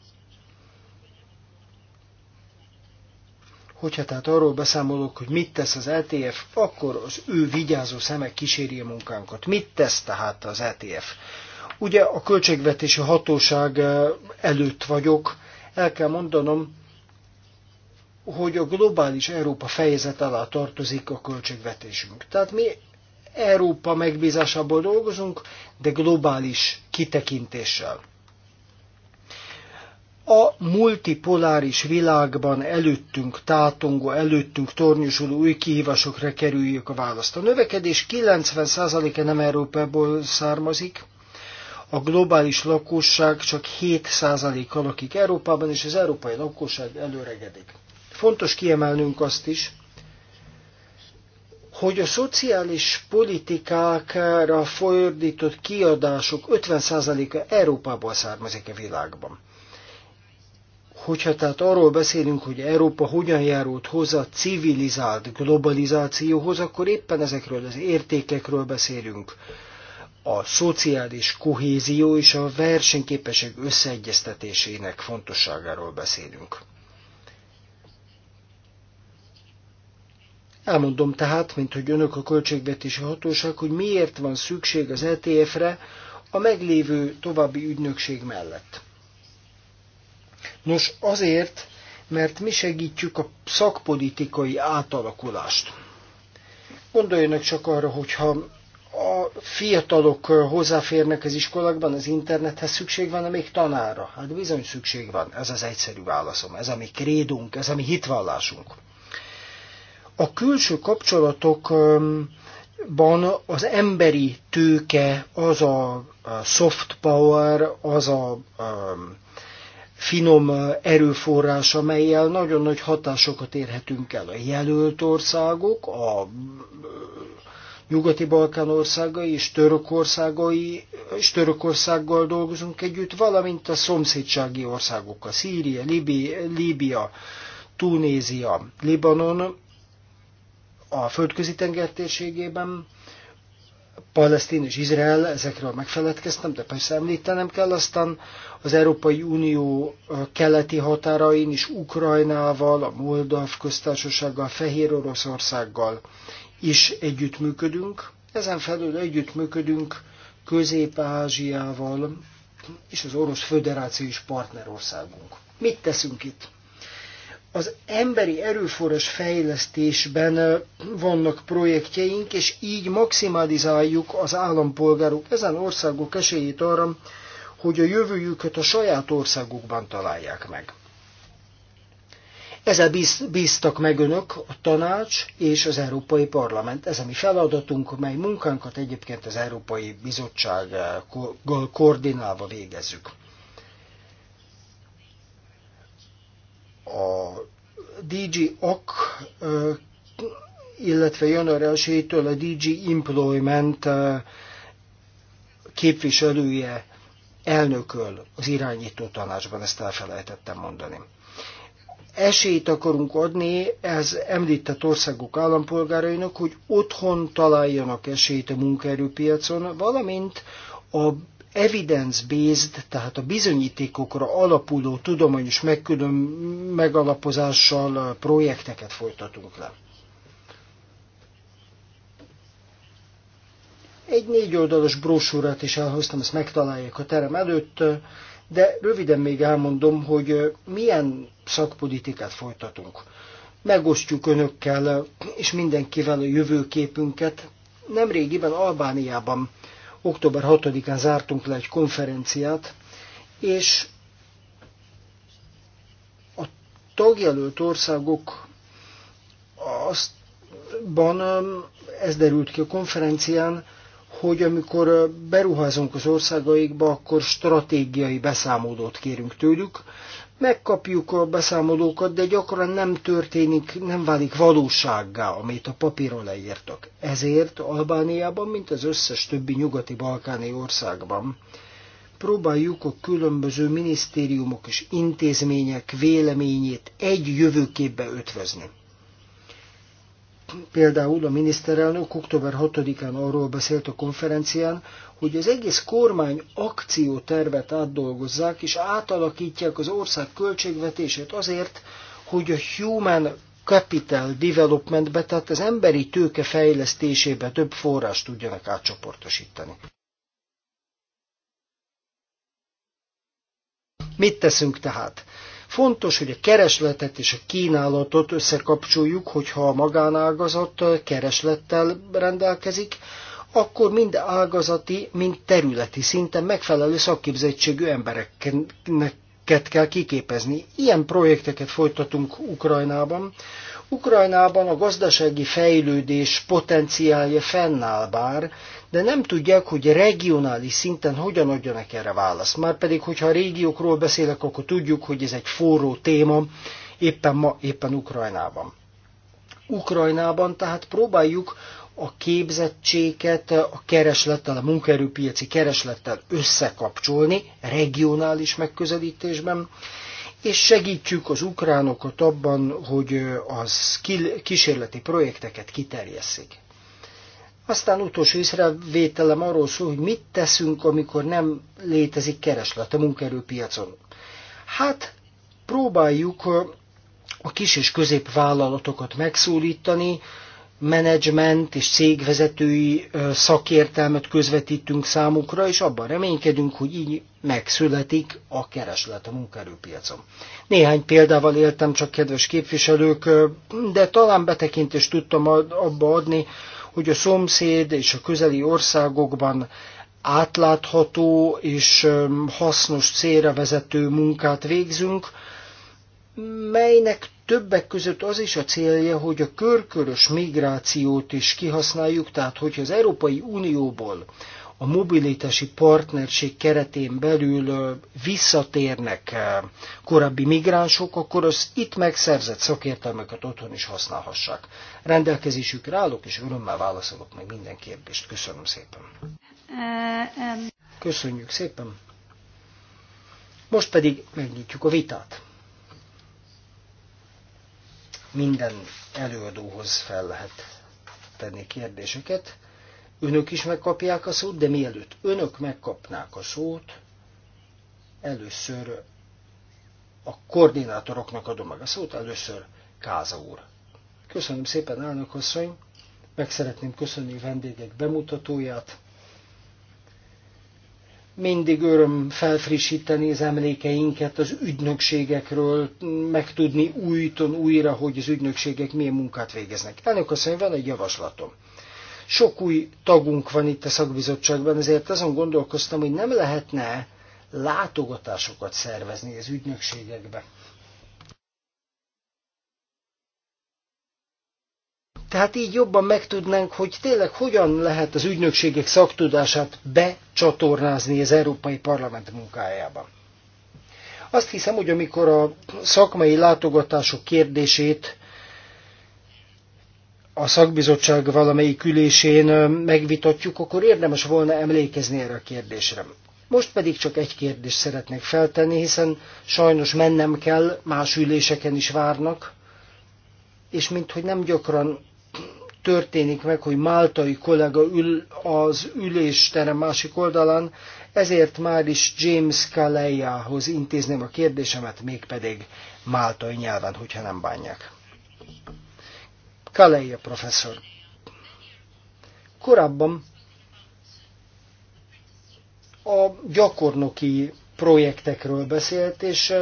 Hogyha tehát arról beszámolok, hogy mit tesz az ETF, akkor az ő vigyázó szeme kíséri a munkánkat. Mit tesz tehát az ETF? Ugye a költségvetési hatóság eh, előtt vagyok, el kell mondanom, hogy a globális Európa fejezet alá tartozik a költségvetésünk. Tehát mi Európa megbízásából dolgozunk, de globális kitekintéssel a multipoláris világban előttünk tátongó, előttünk tornyosuló új kihívásokra kerüljük a választ. A növekedés 90%-e nem Európából származik, a globális lakosság csak 7%-a lakik Európában, és az európai lakosság előregedik. Fontos kiemelnünk azt is, hogy a szociális politikákra fordított kiadások 50%-a Európából származik a világban. Hogyha tehát arról beszélünk, hogy Európa hogyan járult hozzá civilizált globalizációhoz, akkor éppen ezekről az értékekről beszélünk. A szociális kohézió és a versenyképesség összeegyeztetésének fontosságáról beszélünk. Elmondom tehát, mint hogy önök a költségvetési hatóság, hogy miért van szükség az ETF-re a meglévő további ügynökség mellett. Nos, azért, mert mi segítjük a szakpolitikai átalakulást. Gondoljanak csak arra, hogyha a fiatalok hozzáférnek az iskolákban az internethez, szükség van még tanára? Hát bizony szükség van, ez az egyszerű válaszom, ez a mi krédunk, ez a mi hitvallásunk. A külső kapcsolatokban az emberi tőke, az a soft power, az a a um, finom erőforrás, amelyel nagyon nagy hatásokat érhetünk el. A jelölt országok, a nyugati Balkán országai és Törökországai, és Törökországgal dolgozunk együtt, valamint a szomszédsági a Szíria, Libia, Líbia, Tunézia, Libanon, a földközi tenger térségében, Palesztin és Izrael, ezekről megfeledkeztem, de persze említenem kell, aztán az Európai Unió keleti határain is Ukrajnával, a Moldav köztársasággal, Fehér Oroszországgal is együttműködünk. Ezen felül együttműködünk Közép-Ázsiával, és az Orosz Föderáció is partnerországunk. Mit teszünk itt? az emberi erőforrás fejlesztésben vannak projektjeink, és így maximalizáljuk az állampolgárok ezen országok esélyét arra, hogy a jövőjüket a saját országukban találják meg. Ezzel bíztak meg önök, a tanács és az Európai Parlament. Ez a mi feladatunk, mely munkánkat egyébként az Európai Bizottsággal koordinálva végezzük. A DG OK, illetve január 1-től a DG Employment képviselője elnököl az irányító tanácsban, ezt elfelejtettem mondani. Esélyt akarunk adni ez említett országok állampolgárainak, hogy otthon találjanak esélyt a munkaerőpiacon, valamint a evidence-based, tehát a bizonyítékokra alapuló tudományos megkülön, megalapozással projekteket folytatunk le. Egy négy oldalas brosúrát is elhoztam, ezt megtalálják a terem előtt, de röviden még elmondom, hogy milyen szakpolitikát folytatunk. Megosztjuk önökkel és mindenkivel a jövőképünket. Nemrégiben Albániában Október 6-án zártunk le egy konferenciát, és a tagjelölt országok aztban ez derült ki a konferencián, hogy amikor beruházunk az országaikba, akkor stratégiai beszámolót kérünk tőlük, Megkapjuk a beszámolókat, de gyakran nem történik, nem válik valósággá, amit a papíron leírtak. Ezért Albániában, mint az összes többi nyugati-balkáni országban, próbáljuk a különböző minisztériumok és intézmények véleményét egy jövőképbe ötvözni. Például a miniszterelnök október 6-án arról beszélt a konferencián, hogy az egész kormány akciótervet átdolgozzák és átalakítják az ország költségvetését azért, hogy a human capital developmentbe, tehát az emberi tőke fejlesztésébe több forrást tudjanak átcsoportosítani. Mit teszünk tehát? Fontos, hogy a keresletet és a kínálatot összekapcsoljuk, hogyha a magánágazat kereslettel rendelkezik, akkor mind ágazati, mind területi szinten megfelelő szakképzettségű embereknek ket kell kiképezni. Ilyen projekteket folytatunk Ukrajnában. Ukrajnában a gazdasági fejlődés potenciálja fennáll bár, de nem tudják, hogy regionális szinten hogyan adjanak erre választ. Márpedig, hogyha a régiókról beszélek, akkor tudjuk, hogy ez egy forró téma, éppen ma, éppen Ukrajnában. Ukrajnában tehát próbáljuk a képzettséget a kereslettel, a munkaerőpiaci kereslettel összekapcsolni regionális megközelítésben, és segítjük az ukránokat abban, hogy az kísérleti projekteket kiterjesszik. Aztán utolsó észrevételem arról szól, hogy mit teszünk, amikor nem létezik kereslet a munkaerőpiacon. Hát próbáljuk a kis és középvállalatokat megszólítani, menedzsment és cégvezetői szakértelmet közvetítünk számukra, és abban reménykedünk, hogy így megszületik a kereslet a munkaerőpiacon. Néhány példával éltem csak, kedves képviselők, de talán betekintést tudtam abba adni, hogy a szomszéd és a közeli országokban átlátható és hasznos célra vezető munkát végzünk, melynek többek között az is a célja, hogy a körkörös migrációt is kihasználjuk, tehát hogyha az Európai Unióból a mobilitási partnerség keretén belül visszatérnek korábbi migránsok, akkor az itt megszerzett szakértelmeket otthon is használhassák. Rendelkezésükre állok, és örömmel válaszolok meg minden kérdést. Köszönöm szépen. Köszönjük szépen. Most pedig megnyitjuk a vitát minden előadóhoz fel lehet tenni kérdéseket. Önök is megkapják a szót, de mielőtt önök megkapnák a szót, először a koordinátoroknak adom meg a szót, először Káza úr. Köszönöm szépen, elnök asszony! Meg szeretném köszönni vendégek bemutatóját. Mindig öröm felfrissíteni az emlékeinket az ügynökségekről, megtudni újton újra, hogy az ügynökségek milyen munkát végeznek. Elnök asszony, van egy javaslatom. Sok új tagunk van itt a szakbizottságban, ezért azon gondolkoztam, hogy nem lehetne látogatásokat szervezni az ügynökségekbe. Tehát így jobban megtudnánk, hogy tényleg hogyan lehet az ügynökségek szaktudását becsatornázni az Európai Parlament munkájába. Azt hiszem, hogy amikor a szakmai látogatások kérdését a szakbizottság valamelyik ülésén megvitatjuk, akkor érdemes volna emlékezni erre a kérdésre. Most pedig csak egy kérdést szeretnék feltenni, hiszen sajnos mennem kell, más üléseken is várnak, és minthogy nem gyakran történik meg, hogy máltai kollega ül az ülésterem másik oldalán, ezért már is James Kaleiahoz intézném a kérdésemet, mégpedig máltai nyelven, hogyha nem bánják. Kaleia professzor. Korábban a gyakornoki projektekről beszélt, és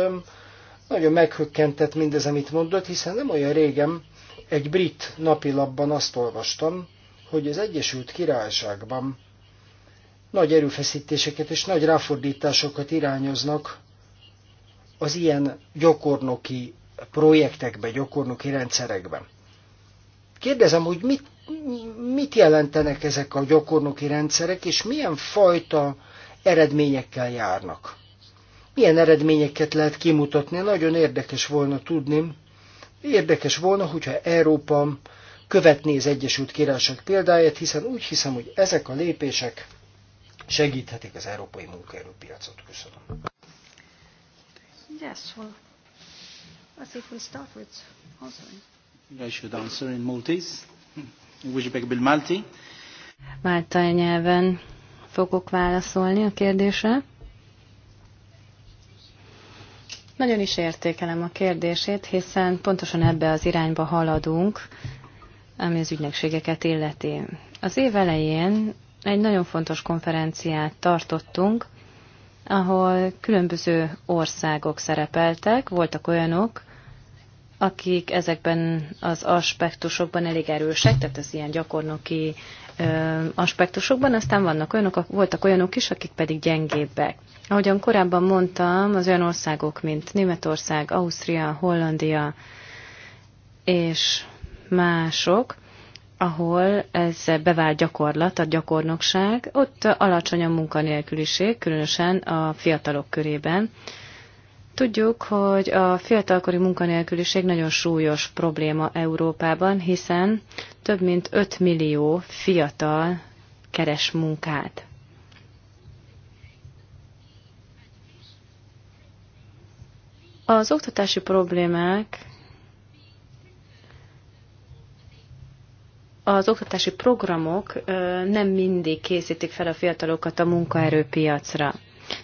nagyon meghökkentett mindez, amit mondott, hiszen nem olyan régen egy brit napilapban azt olvastam, hogy az Egyesült Királyságban nagy erőfeszítéseket és nagy ráfordításokat irányoznak az ilyen gyakornoki projektekbe, gyakornoki rendszerekbe. Kérdezem, hogy mit, mit jelentenek ezek a gyakornoki rendszerek, és milyen fajta eredményekkel járnak. Milyen eredményeket lehet kimutatni? Nagyon érdekes volna tudni, Érdekes volna, hogyha Európa követné az Egyesült Királyság példáját, hiszen úgy hiszem, hogy ezek a lépések segíthetik az európai munkaerőpiacot. Köszönöm. Yes, well, I think we'll start with answering. I should answer in Maltese, in Uzbek Malti. Máltai nyelven fogok válaszolni a kérdésre. Nagyon is értékelem a kérdését, hiszen pontosan ebbe az irányba haladunk, ami az ügynökségeket illeti. Az év elején egy nagyon fontos konferenciát tartottunk, ahol különböző országok szerepeltek, voltak olyanok, akik ezekben az aspektusokban elég erősek, tehát az ilyen gyakornoki aspektusokban, aztán vannak olyanok, voltak olyanok is, akik pedig gyengébbek. Ahogyan korábban mondtam, az olyan országok, mint Németország, Ausztria, Hollandia és mások, ahol ez bevált gyakorlat, a gyakornokság, ott alacsony a munkanélküliség, különösen a fiatalok körében. Tudjuk, hogy a fiatalkori munkanélküliség nagyon súlyos probléma Európában, hiszen több mint 5 millió fiatal keres munkát. Az oktatási problémák az oktatási programok nem mindig készítik fel a fiatalokat a munkaerőpiacra.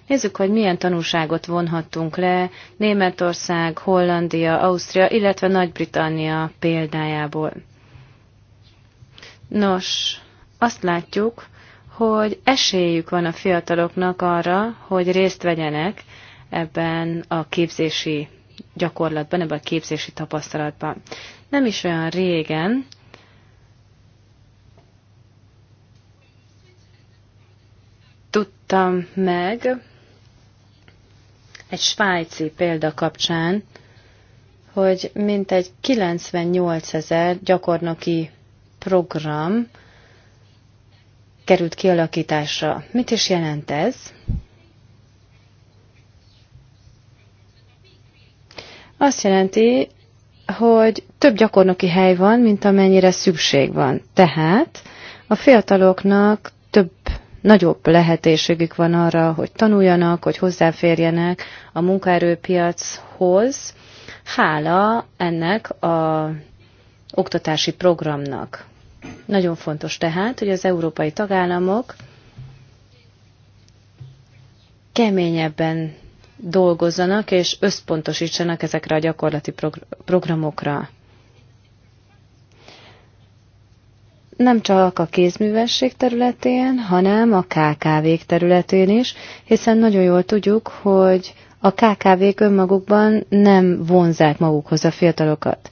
Nézzük, hogy milyen tanúságot vonhattunk le Németország, Hollandia, Ausztria, illetve Nagy-Britannia példájából. Nos, azt látjuk, hogy esélyük van a fiataloknak arra, hogy részt vegyenek ebben a képzési gyakorlatban, ebben a képzési tapasztalatban. Nem is olyan régen, tudtam meg, egy svájci példa kapcsán, hogy mintegy 98 ezer gyakornoki program került kialakításra. Mit is jelent ez? Azt jelenti, hogy több gyakornoki hely van, mint amennyire szükség van. Tehát a fiataloknak nagyobb lehetőségük van arra, hogy tanuljanak, hogy hozzáférjenek a munkaerőpiachoz, hála ennek a oktatási programnak. Nagyon fontos tehát, hogy az európai tagállamok keményebben dolgozzanak és összpontosítsanak ezekre a gyakorlati programokra. nem csak a kézművesség területén, hanem a KKV-k területén is, hiszen nagyon jól tudjuk, hogy a KKV-k önmagukban nem vonzák magukhoz a fiatalokat.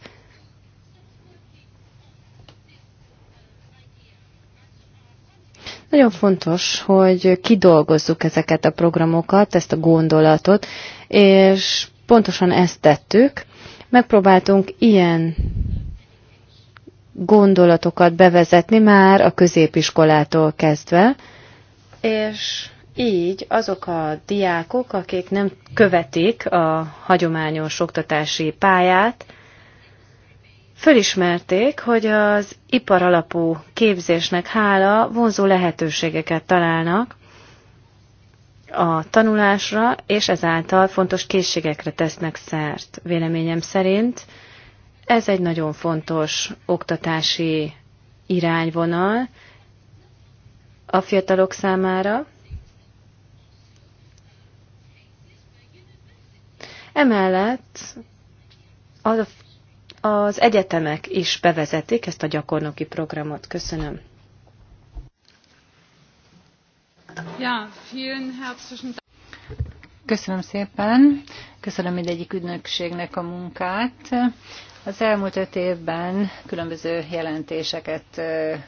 Nagyon fontos, hogy kidolgozzuk ezeket a programokat, ezt a gondolatot, és pontosan ezt tettük. Megpróbáltunk ilyen gondolatokat bevezetni már a középiskolától kezdve, és így azok a diákok, akik nem követik a hagyományos oktatási pályát, fölismerték, hogy az iparalapú képzésnek hála vonzó lehetőségeket találnak a tanulásra, és ezáltal fontos készségekre tesznek szert. Véleményem szerint ez egy nagyon fontos oktatási irányvonal a fiatalok számára. Emellett az, az egyetemek is bevezetik ezt a gyakornoki programot. Köszönöm. Ja, vielen herzlichen Köszönöm szépen. Köszönöm mindegyik ügynökségnek a munkát. Az elmúlt öt évben különböző jelentéseket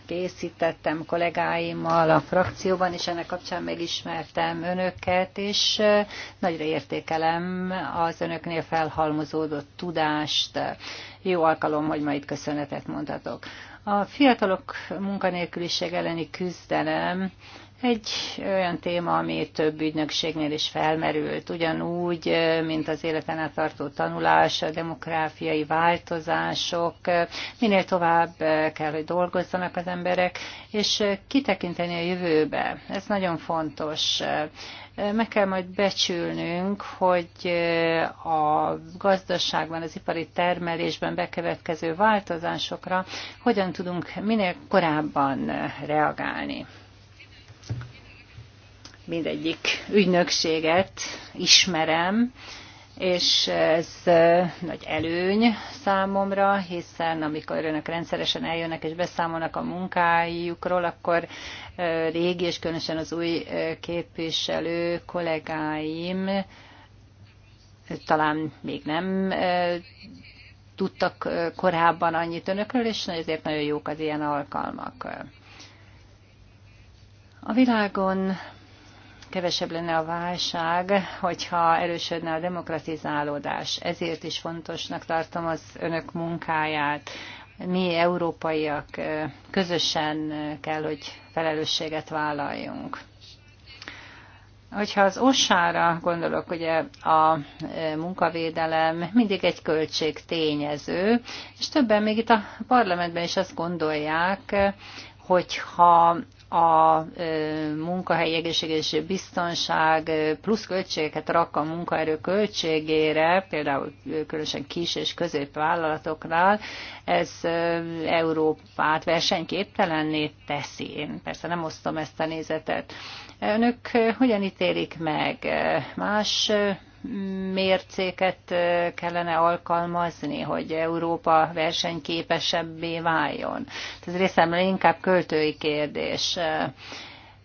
készítettem kollégáimmal a frakcióban, és ennek kapcsán megismertem önöket, és nagyra értékelem az önöknél felhalmozódott tudást. Jó alkalom, hogy ma itt köszönetet mondhatok. A fiatalok munkanélküliség elleni küzdelem egy olyan téma, ami több ügynökségnél is felmerült, ugyanúgy, mint az életen át tartó tanulás, a demográfiai változások, minél tovább kell, hogy dolgozzanak az emberek, és kitekinteni a jövőbe. Ez nagyon fontos meg kell majd becsülnünk, hogy a gazdaságban, az ipari termelésben bekövetkező változásokra hogyan tudunk minél korábban reagálni mindegyik ügynökséget ismerem, és ez nagy előny számomra, hiszen amikor önök rendszeresen eljönnek és beszámolnak a munkájukról, akkor régi és különösen az új képviselő kollégáim talán még nem tudtak korábban annyit önökről, és ezért nagyon jók az ilyen alkalmak. A világon kevesebb lenne a válság, hogyha erősödne a demokratizálódás. Ezért is fontosnak tartom az önök munkáját. Mi európaiak közösen kell, hogy felelősséget vállaljunk. Hogyha az osára gondolok, ugye a munkavédelem mindig egy költség tényező, és többen még itt a parlamentben is azt gondolják, hogyha a munkahelyi egészség és biztonság plusz költségeket rak a munkaerő költségére, például különösen kis és középvállalatoknál, ez Európát versenyképtelenné teszi. Én persze nem osztom ezt a nézetet. Önök hogyan ítélik meg? Más mércéket kellene alkalmazni, hogy Európa versenyképesebbé váljon. Ez részemre inkább költői kérdés.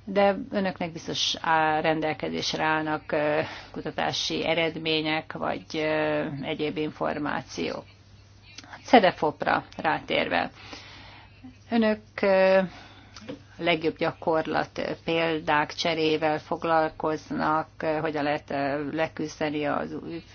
De önöknek biztos rendelkezésre állnak kutatási eredmények, vagy egyéb információk. Cedefopra rátérve. Önök legjobb gyakorlat példák cserével foglalkoznak, eh, hogyan lehet eh, leküzdeni a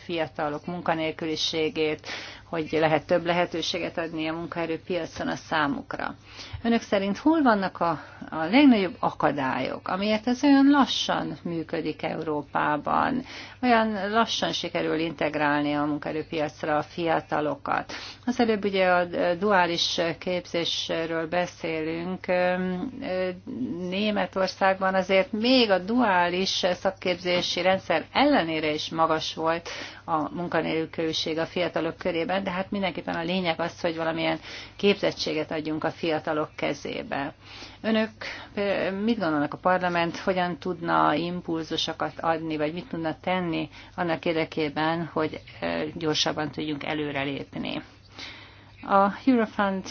fiatalok munkanélküliségét, hogy lehet több lehetőséget adni a munkaerőpiacon a számukra. Önök szerint hol vannak a, a legnagyobb akadályok, amiért ez olyan lassan működik Európában? olyan lassan sikerül integrálni a munkaerőpiacra a fiatalokat. Az előbb ugye a duális képzésről beszélünk. Németországban azért még a duális szakképzési rendszer ellenére is magas volt a munkanélkülség a fiatalok körében, de hát mindenképpen a lényeg az, hogy valamilyen képzettséget adjunk a fiatalok kezébe. Önök mit gondolnak a parlament, hogyan tudna impulzusokat adni, vagy mit tudna tenni tenni annak érdekében, hogy gyorsabban tudjunk előrelépni. A Eurofund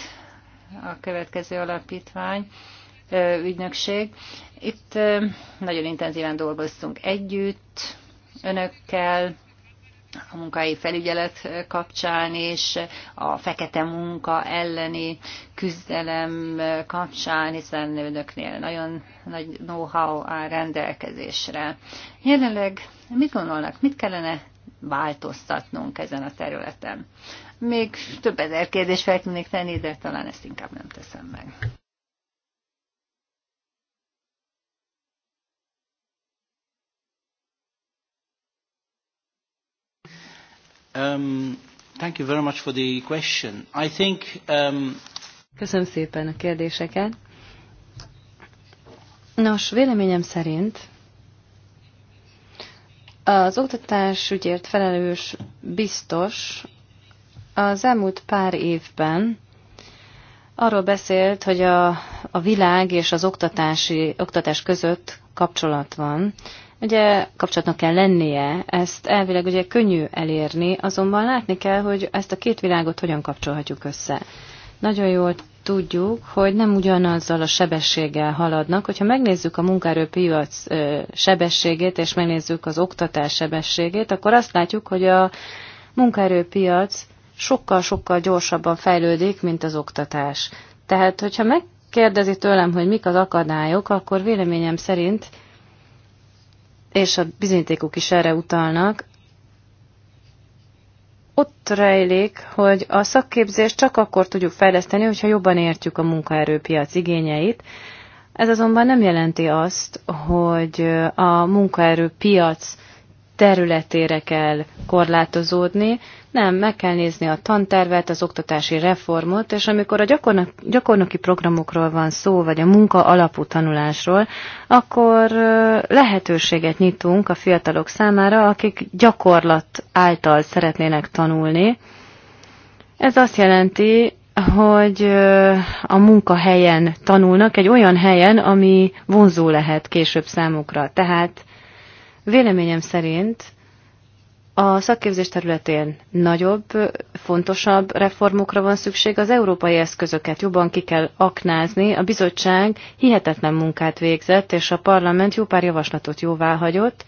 a következő alapítvány, ügynökség. Itt nagyon intenzíven dolgoztunk együtt, önökkel, a munkai felügyelet kapcsán és a fekete munka elleni küzdelem kapcsán, hiszen önöknél nagyon nagy know-how áll rendelkezésre. Jelenleg Mit gondolnak, mit kellene változtatnunk ezen a területen? Még több ezer kérdés fel tudnék tenni, de talán ezt inkább nem teszem meg. Um, thank you very much for the question. I think, um... Köszönöm szépen a kérdéseket. Nos, véleményem szerint az oktatás ügyért felelős biztos az elmúlt pár évben arról beszélt, hogy a, a világ és az oktatási, oktatás között kapcsolat van. Ugye kapcsolatnak kell lennie, ezt elvileg ugye könnyű elérni, azonban látni kell, hogy ezt a két világot hogyan kapcsolhatjuk össze. Nagyon jól tudjuk, hogy nem ugyanazzal a sebességgel haladnak. Hogyha megnézzük a munkaerőpiac sebességét, és megnézzük az oktatás sebességét, akkor azt látjuk, hogy a munkaerőpiac sokkal-sokkal gyorsabban fejlődik, mint az oktatás. Tehát, hogyha megkérdezi tőlem, hogy mik az akadályok, akkor véleményem szerint, és a bizonyítékok is erre utalnak, ott rejlik, hogy a szakképzést csak akkor tudjuk fejleszteni, hogyha jobban értjük a munkaerőpiac igényeit. Ez azonban nem jelenti azt, hogy a munkaerőpiac területére kell korlátozódni, nem, meg kell nézni a tantervet, az oktatási reformot, és amikor a gyakornok, gyakornoki programokról van szó, vagy a munka alapú tanulásról, akkor lehetőséget nyitunk a fiatalok számára, akik gyakorlat által szeretnének tanulni. Ez azt jelenti, hogy a munkahelyen tanulnak, egy olyan helyen, ami vonzó lehet később számukra. Tehát véleményem szerint a szakképzés területén nagyobb, fontosabb reformokra van szükség, az európai eszközöket jobban ki kell aknázni, a bizottság hihetetlen munkát végzett, és a parlament jó pár javaslatot jóvá hagyott.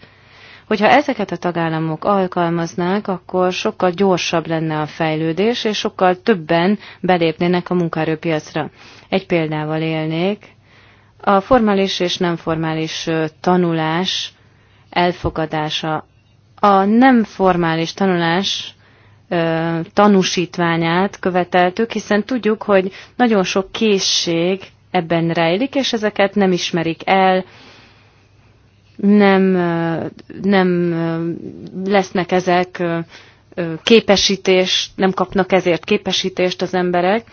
Hogyha ezeket a tagállamok alkalmaznák, akkor sokkal gyorsabb lenne a fejlődés, és sokkal többen belépnének a munkaerőpiacra. Egy példával élnék. A formális és nem formális tanulás elfogadása a nem formális tanulás tanúsítványát követeltük, hiszen tudjuk, hogy nagyon sok készség ebben rejlik, és ezeket nem ismerik el, nem, nem lesznek ezek képesítés, nem kapnak ezért képesítést az emberek,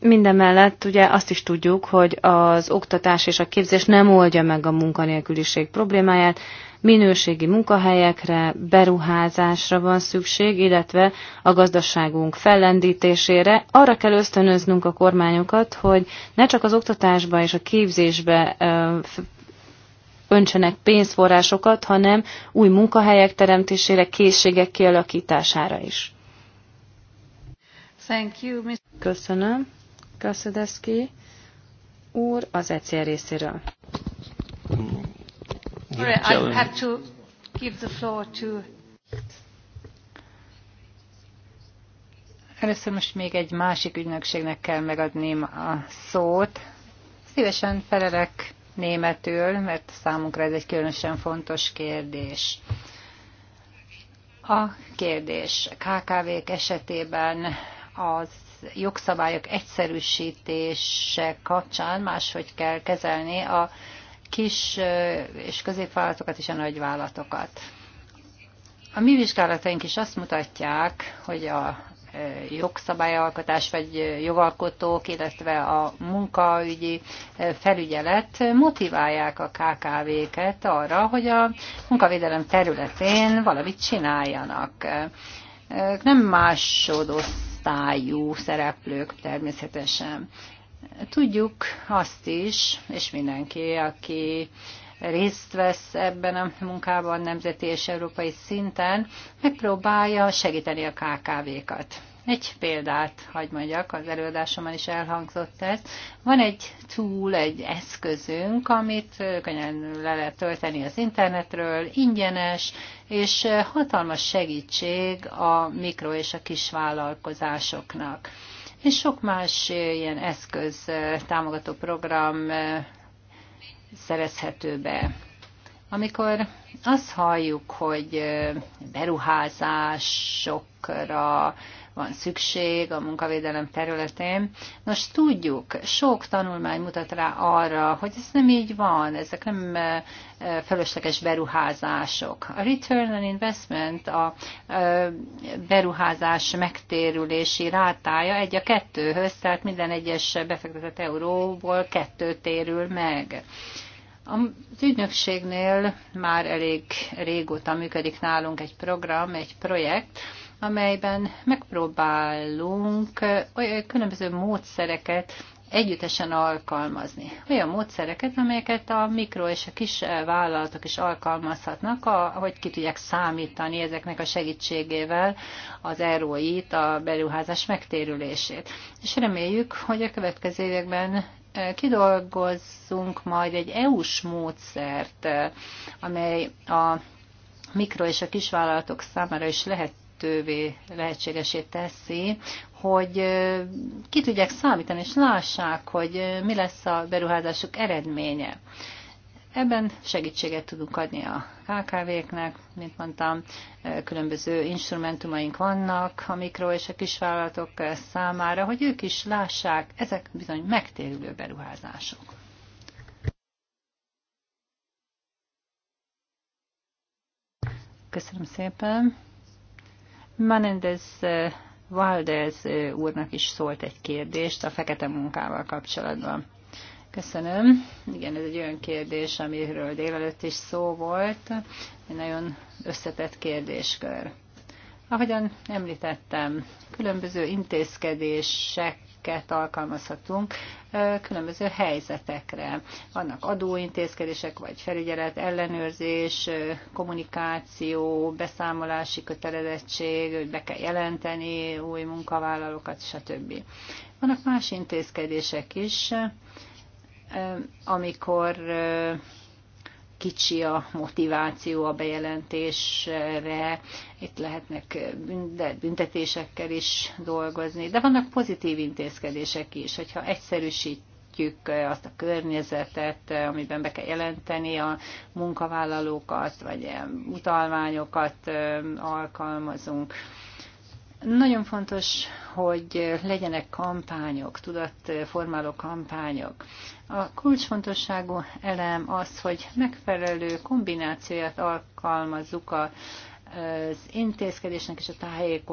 Mindemellett ugye azt is tudjuk, hogy az oktatás és a képzés nem oldja meg a munkanélküliség problémáját, minőségi munkahelyekre, beruházásra van szükség, illetve a gazdaságunk fellendítésére. Arra kell ösztönöznünk a kormányokat, hogy ne csak az oktatásba és a képzésbe öntsenek pénzforrásokat, hanem új munkahelyek teremtésére, készségek kialakítására is. Thank you, Mr. Köszönöm. Kasszadeszki úr az ECR részéről. I have to give the floor to... Először most még egy másik ügynökségnek kell megadném a szót. Szívesen felelek németül, mert számunkra ez egy különösen fontos kérdés. A kérdés KKV-k esetében az jogszabályok egyszerűsítése kapcsán máshogy kell kezelni a kis és középvállalatokat és a nagyvállalatokat. A mi vizsgálataink is azt mutatják, hogy a jogszabályalkotás vagy jogalkotók, illetve a munkaügyi felügyelet motiválják a KKV-ket arra, hogy a munkavédelem területén valamit csináljanak. nem másodos osztályú szereplők természetesen. Tudjuk azt is, és mindenki, aki részt vesz ebben a munkában nemzeti és európai szinten, megpróbálja segíteni a KKV-kat. Egy példát hagy mondjak, az előadásomban is elhangzott ez. Van egy túl egy eszközünk, amit könnyen le lehet tölteni az internetről, ingyenes, és hatalmas segítség a mikro és a kisvállalkozásoknak. És sok más ilyen eszköz támogató program szerezhető be. Amikor azt halljuk, hogy beruházásokra, van szükség a munkavédelem területén. Nos, tudjuk, sok tanulmány mutat rá arra, hogy ez nem így van, ezek nem e, e, fölösleges beruházások. A return on investment, a e, beruházás megtérülési rátája egy a kettőhöz, tehát minden egyes befektetett euróból kettő térül meg. Az ügynökségnél már elég régóta működik nálunk egy program, egy projekt, amelyben megpróbálunk olyan különböző módszereket együttesen alkalmazni. Olyan módszereket, amelyeket a mikro és a kis vállalatok is alkalmazhatnak, hogy ki tudják számítani ezeknek a segítségével az ROI-t, a beruházás megtérülését. És reméljük, hogy a következő években kidolgozzunk majd egy EU-s módszert, amely a mikro és a kisvállalatok számára is lehet lehetővé, lehetségesé teszi, hogy ki tudják számítani, és lássák, hogy mi lesz a beruházásuk eredménye. Ebben segítséget tudunk adni a KKV-knek, mint mondtam, különböző instrumentumaink vannak a mikro és a kisvállalatok számára, hogy ők is lássák, ezek bizony megtérülő beruházások. Köszönöm szépen. Menendez Valdez úrnak is szólt egy kérdést a fekete munkával kapcsolatban. Köszönöm. Igen, ez egy olyan kérdés, amiről délelőtt is szó volt. Egy nagyon összetett kérdéskör. Ahogyan említettem, különböző intézkedések amiket alkalmazhatunk különböző helyzetekre. Vannak adóintézkedések, vagy felügyelet, ellenőrzés, kommunikáció, beszámolási kötelezettség, hogy be kell jelenteni új munkavállalókat, stb. Vannak más intézkedések is, amikor kicsi a motiváció a bejelentésre, itt lehetnek büntetésekkel is dolgozni, de vannak pozitív intézkedések is, hogyha egyszerűsít azt a környezetet, amiben be kell jelenteni a munkavállalókat, vagy utalványokat alkalmazunk. Nagyon fontos, hogy legyenek kampányok, tudatformáló kampányok. A kulcsfontosságú elem az, hogy megfelelő kombinációját alkalmazzuk a az intézkedésnek és a,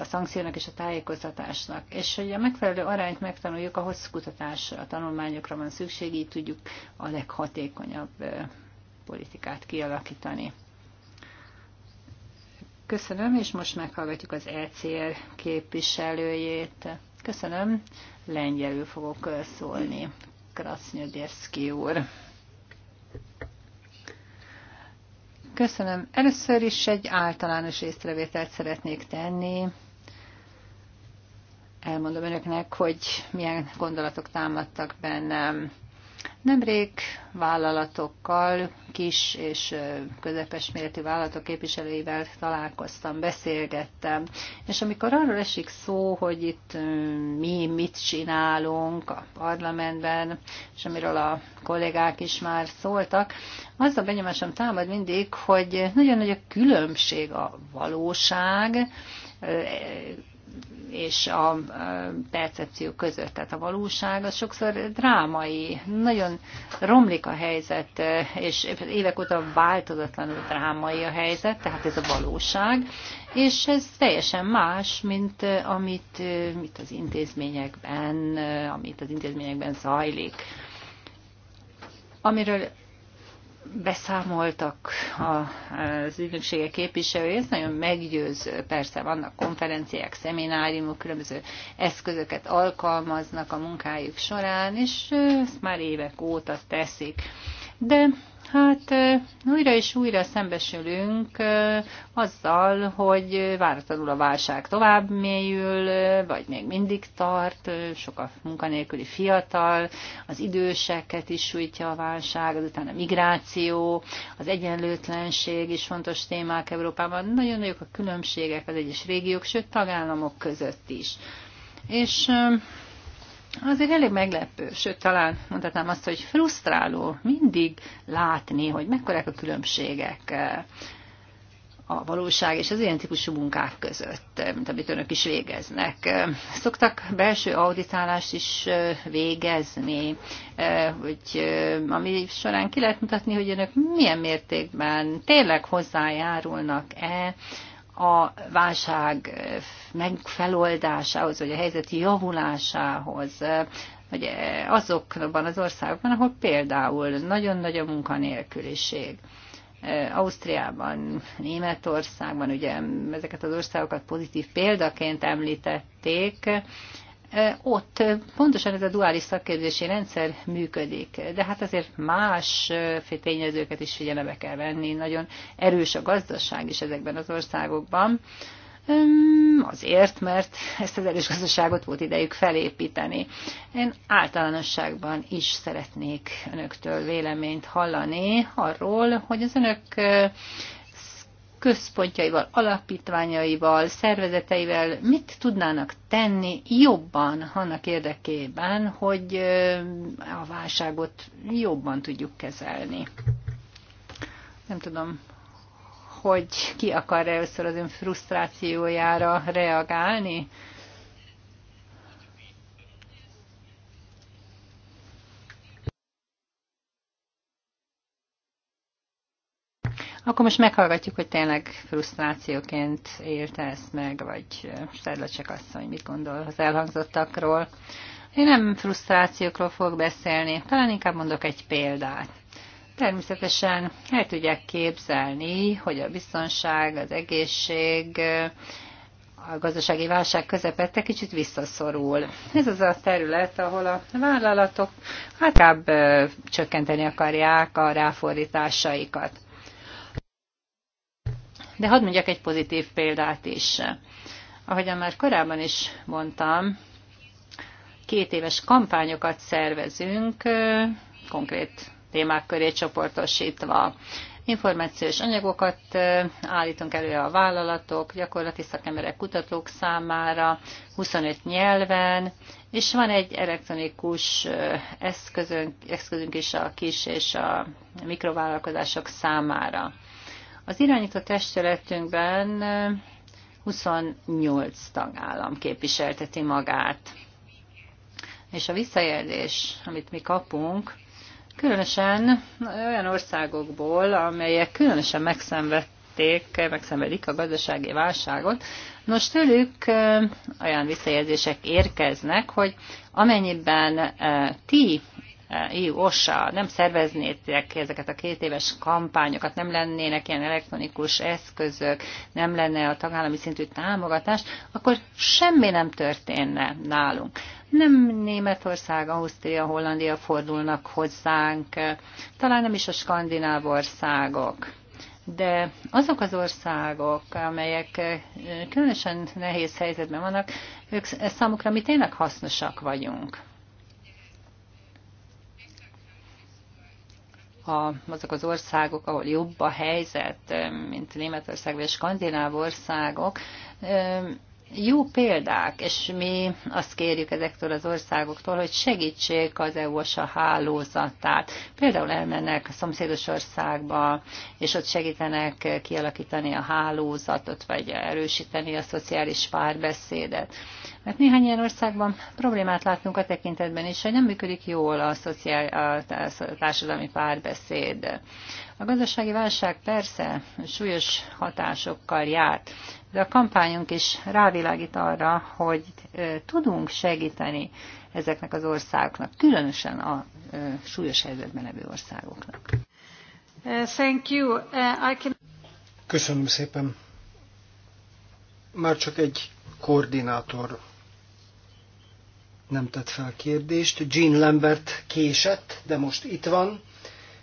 a szankciónak és a tájékoztatásnak, és hogy a megfelelő arányt megtanuljuk, a hosszú kutatásra, a tanulmányokra van szükség, így tudjuk a leghatékonyabb eh, politikát kialakítani. Köszönöm, és most meghallgatjuk az ECR képviselőjét. Köszönöm, lengyelül fogok szólni. Krasznyodjeszki úr. Köszönöm. Először is egy általános észrevételt szeretnék tenni. Elmondom önöknek, hogy milyen gondolatok támadtak bennem. Nemrég vállalatokkal, kis és közepes méretű vállalatok képviselőivel találkoztam, beszélgettem, és amikor arról esik szó, hogy itt mi mit csinálunk a parlamentben, és amiről a kollégák is már szóltak, az a benyomásom támad mindig, hogy nagyon nagy a különbség a valóság, és a percepció között. Tehát a valóság az sokszor drámai, nagyon romlik a helyzet, és évek óta változatlanul drámai a helyzet, tehát ez a valóság, és ez teljesen más, mint amit mit az intézményekben, amit az intézményekben zajlik. Amiről beszámoltak az ügynökségek képviselői, ez nagyon meggyőző. Persze vannak konferenciák, szemináriumok, különböző eszközöket alkalmaznak a munkájuk során, és ezt már évek óta teszik. De Hát újra és újra szembesülünk azzal, hogy váratlanul a válság tovább mélyül, vagy még mindig tart, sok a munkanélküli fiatal, az időseket is sújtja a válság, azután a migráció, az egyenlőtlenség is fontos témák Európában. Nagyon nagyok a különbségek az egyes régiók, sőt tagállamok között is. És azért elég meglepő, sőt talán mondhatnám azt, hogy frusztráló mindig látni, hogy mekkorák a különbségek eh, a valóság és az ilyen típusú munkák között, eh, mint amit önök is végeznek. Eh, szoktak belső auditálást is végezni, hogy ami során ki lehet mutatni, hogy önök milyen mértékben tényleg hozzájárulnak-e a válság eh, megfeloldásához, vagy a helyzeti javulásához, vagy eh, azokban az országokban, ahol például nagyon nagy a munkanélküliség. Eh, Ausztriában, Németországban, ugye ezeket az országokat pozitív példaként említették, ott pontosan ez a duális szakképzési rendszer működik, de hát azért más tényezőket is figyelembe kell venni. Nagyon erős a gazdaság is ezekben az országokban, azért, mert ezt az erős gazdaságot volt idejük felépíteni. Én általánosságban is szeretnék önöktől véleményt hallani arról, hogy az önök központjaival, alapítványaival, szervezeteivel mit tudnának tenni jobban annak érdekében, hogy a válságot jobban tudjuk kezelni. Nem tudom, hogy ki akar először az ön frusztrációjára reagálni. Akkor most meghallgatjuk, hogy tényleg frusztrációként élte ezt meg, vagy Szedlecsek asszony mit gondol az elhangzottakról. Én nem frusztrációkról fogok beszélni, talán inkább mondok egy példát. Természetesen el tudják képzelni, hogy a biztonság, az egészség, a gazdasági válság közepette kicsit visszaszorul. Ez az a terület, ahol a vállalatok inkább csökkenteni akarják a ráfordításaikat. De hadd mondjak egy pozitív példát is. Ahogyan már korábban is mondtam, két éves kampányokat szervezünk, konkrét témák köré csoportosítva. Információs anyagokat állítunk elő a vállalatok, gyakorlati szakemberek, kutatók számára, 25 nyelven, és van egy elektronikus eszközünk, eszközünk is a kis és a mikrovállalkozások számára. Az irányító testületünkben 28 tagállam képviselteti magát. És a visszajelzés, amit mi kapunk, különösen olyan országokból, amelyek különösen megszenvedték, megszenvedik a gazdasági válságot, Nos, tőlük olyan visszajelzések érkeznek, hogy amennyiben ti EU OSA, nem szerveznétek ezeket a két éves kampányokat, nem lennének ilyen elektronikus eszközök, nem lenne a tagállami szintű támogatás, akkor semmi nem történne nálunk. Nem Németország, Ausztria, Hollandia fordulnak hozzánk, talán nem is a skandináv országok de azok az országok, amelyek különösen nehéz helyzetben vannak, ők számukra mi tényleg hasznosak vagyunk. a, azok az országok, ahol jobb a helyzet, mint Németország vagy Skandináv országok, jó példák, és mi azt kérjük ezektől az országoktól, hogy segítsék az eu a hálózatát. Például elmennek a szomszédos országba, és ott segítenek kialakítani a hálózatot, vagy erősíteni a szociális párbeszédet. Mert néhány ilyen országban problémát látunk a tekintetben is, hogy nem működik jól a, szociál, a társadalmi párbeszéd. A gazdasági válság persze súlyos hatásokkal járt, de a kampányunk is rávilágít arra, hogy tudunk segíteni ezeknek az országoknak, különösen a súlyos helyzetben levő országoknak. Uh, thank you. Uh, I can... Köszönöm szépen. Már csak egy koordinátor nem tett fel kérdést. Jean Lambert késett, de most itt van.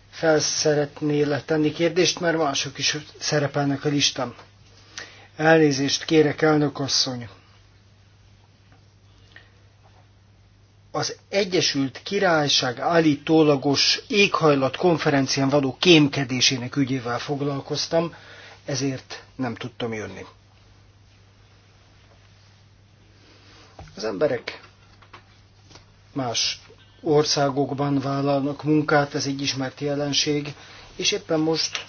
Fel szeretné letenni kérdést, mert mások is szerepelnek a listán. Elnézést kérek, elnök asszony. Az Egyesült Királyság állítólagos éghajlat konferencián való kémkedésének ügyével foglalkoztam, ezért nem tudtam jönni. Az emberek más országokban vállalnak munkát, ez egy ismert jelenség, és éppen most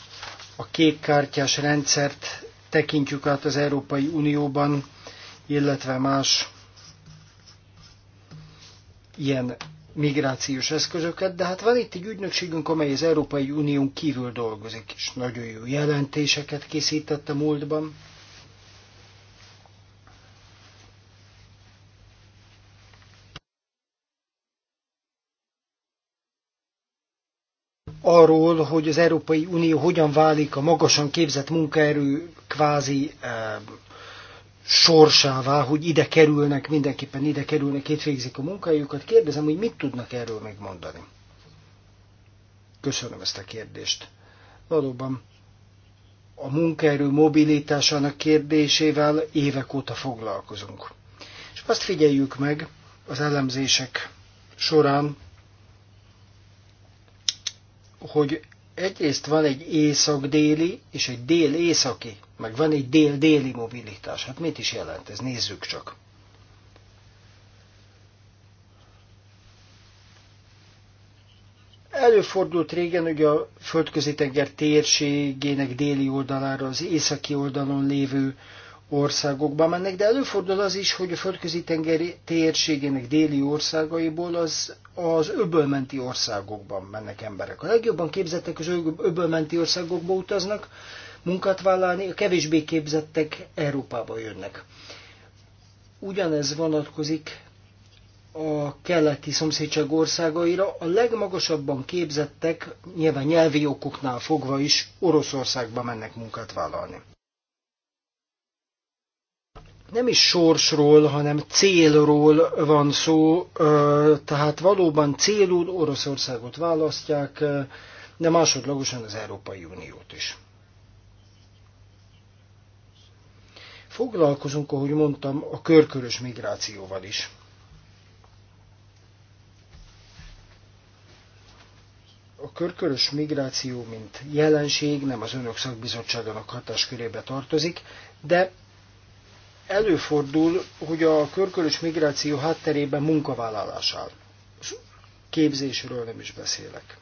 a kékkártyás rendszert tekintjük át az Európai Unióban, illetve más ilyen migrációs eszközöket, de hát van itt egy ügynökségünk, amely az Európai Unión kívül dolgozik, és nagyon jó jelentéseket készített a múltban. arról, hogy az Európai Unió hogyan válik a magasan képzett munkaerő kvázi e, sorsává, hogy ide kerülnek, mindenképpen ide kerülnek, itt végzik a munkájukat. Kérdezem, hogy mit tudnak erről megmondani. Köszönöm ezt a kérdést. Valóban a munkaerő mobilitásának kérdésével évek óta foglalkozunk. És azt figyeljük meg az elemzések során, hogy egyrészt van egy észak-déli és egy dél-északi, meg van egy dél-déli mobilitás. Hát mit is jelent ez? Nézzük csak. Előfordult régen, hogy a földközi tenger térségének déli oldalára, az északi oldalon lévő országokba mennek, de előfordul az is, hogy a földközi tengeri térségének déli országaiból az, az öbölmenti országokban mennek emberek. A legjobban képzettek az öbölmenti országokba utaznak munkát vállalni, a kevésbé képzettek Európába jönnek. Ugyanez vonatkozik a keleti szomszédság országaira, a legmagasabban képzettek, nyilván nyelvi okoknál fogva is Oroszországba mennek munkát vállalni nem is sorsról, hanem célról van szó, tehát valóban célul Oroszországot választják, de másodlagosan az Európai Uniót is. Foglalkozunk, ahogy mondtam, a körkörös migrációval is. A körkörös migráció, mint jelenség nem az önök szakbizottságának hatáskörébe tartozik, de Előfordul, hogy a körkörös migráció hátterében munkavállalás áll. Képzésről nem is beszélek.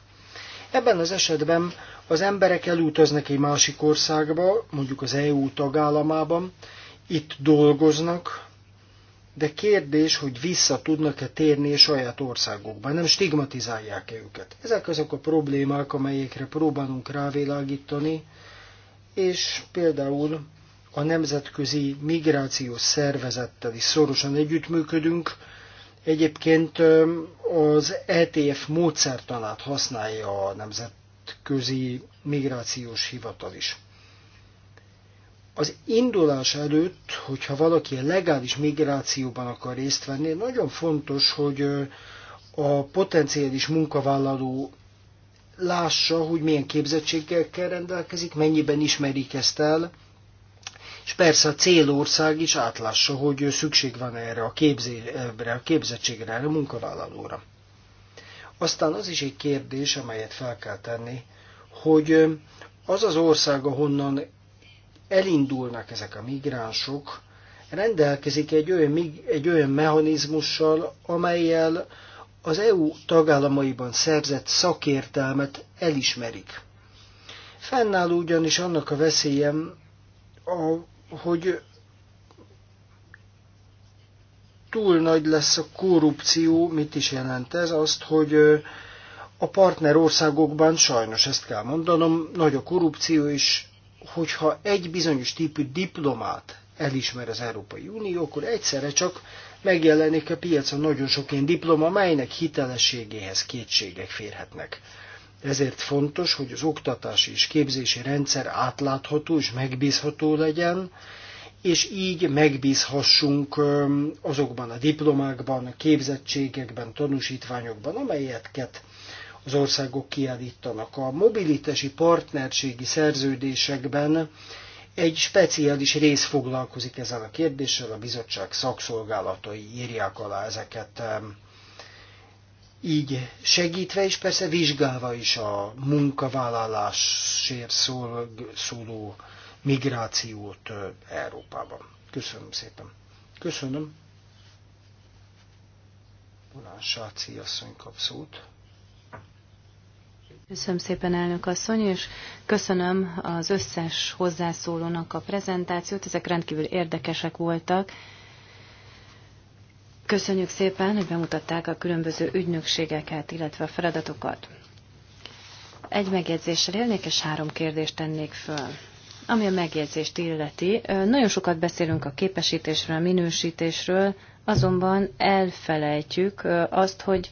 Ebben az esetben az emberek elutaznak egy másik országba, mondjuk az EU tagállamában, itt dolgoznak, de kérdés, hogy vissza tudnak-e térni saját országukba, nem stigmatizálják-e őket. Ezek azok a problémák, amelyekre próbálunk rávilágítani, és például a Nemzetközi Migrációs Szervezettel is szorosan együttműködünk. Egyébként az ETF módszertanát használja a Nemzetközi Migrációs Hivatal is. Az indulás előtt, hogyha valaki a legális migrációban akar részt venni, nagyon fontos, hogy a potenciális munkavállaló lássa, hogy milyen képzettséggel kell rendelkezik, mennyiben ismerik ezt el, és persze a célország is átlássa, hogy szükség van erre a, képzére, a képzettségre, erre a munkavállalóra. Aztán az is egy kérdés, amelyet fel kell tenni, hogy az az ország, ahonnan elindulnak ezek a migránsok, rendelkezik egy olyan, egy olyan mechanizmussal, amelyel az EU tagállamaiban szerzett szakértelmet elismerik. Fennáll ugyanis annak a veszélyem, a hogy túl nagy lesz a korrupció, mit is jelent ez? Azt, hogy a partner országokban, sajnos ezt kell mondanom, nagy a korrupció, és hogyha egy bizonyos típű diplomát elismer az Európai Unió, akkor egyszerre csak megjelenik a piacon nagyon sok ilyen diploma, melynek hitelességéhez kétségek férhetnek. Ezért fontos, hogy az oktatási és képzési rendszer átlátható és megbízható legyen, és így megbízhassunk azokban a diplomákban, a képzettségekben, tanúsítványokban, amelyeket az országok kiállítanak. A mobilitási partnerségi szerződésekben egy speciális rész foglalkozik ezzel a kérdéssel, a bizottság szakszolgálatai írják alá ezeket így segítve, és persze vizsgálva is a munkavállalásért szól, szóló migrációt Európában. Köszönöm szépen. Köszönöm. Bulán Sáci asszony kap szót. Köszönöm szépen, elnök asszony, és köszönöm az összes hozzászólónak a prezentációt. Ezek rendkívül érdekesek voltak Köszönjük szépen, hogy bemutatták a különböző ügynökségeket, illetve a feladatokat. Egy megjegyzéssel élnék, és három kérdést tennék föl. Ami a megjegyzést illeti, nagyon sokat beszélünk a képesítésről, a minősítésről, azonban elfelejtjük azt, hogy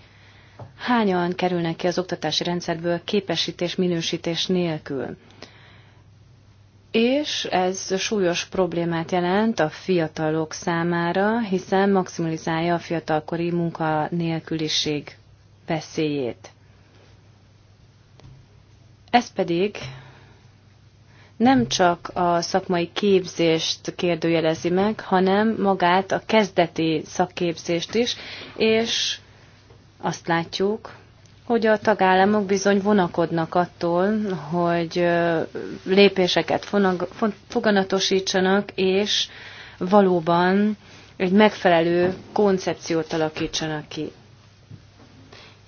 hányan kerülnek ki az oktatási rendszerből képesítés, minősítés nélkül és ez súlyos problémát jelent a fiatalok számára, hiszen maximalizálja a fiatalkori munkanélküliség veszélyét. Ez pedig nem csak a szakmai képzést kérdőjelezi meg, hanem magát a kezdeti szakképzést is, és azt látjuk, hogy a tagállamok bizony vonakodnak attól, hogy lépéseket foganatosítsanak, és valóban egy megfelelő koncepciót alakítsanak ki.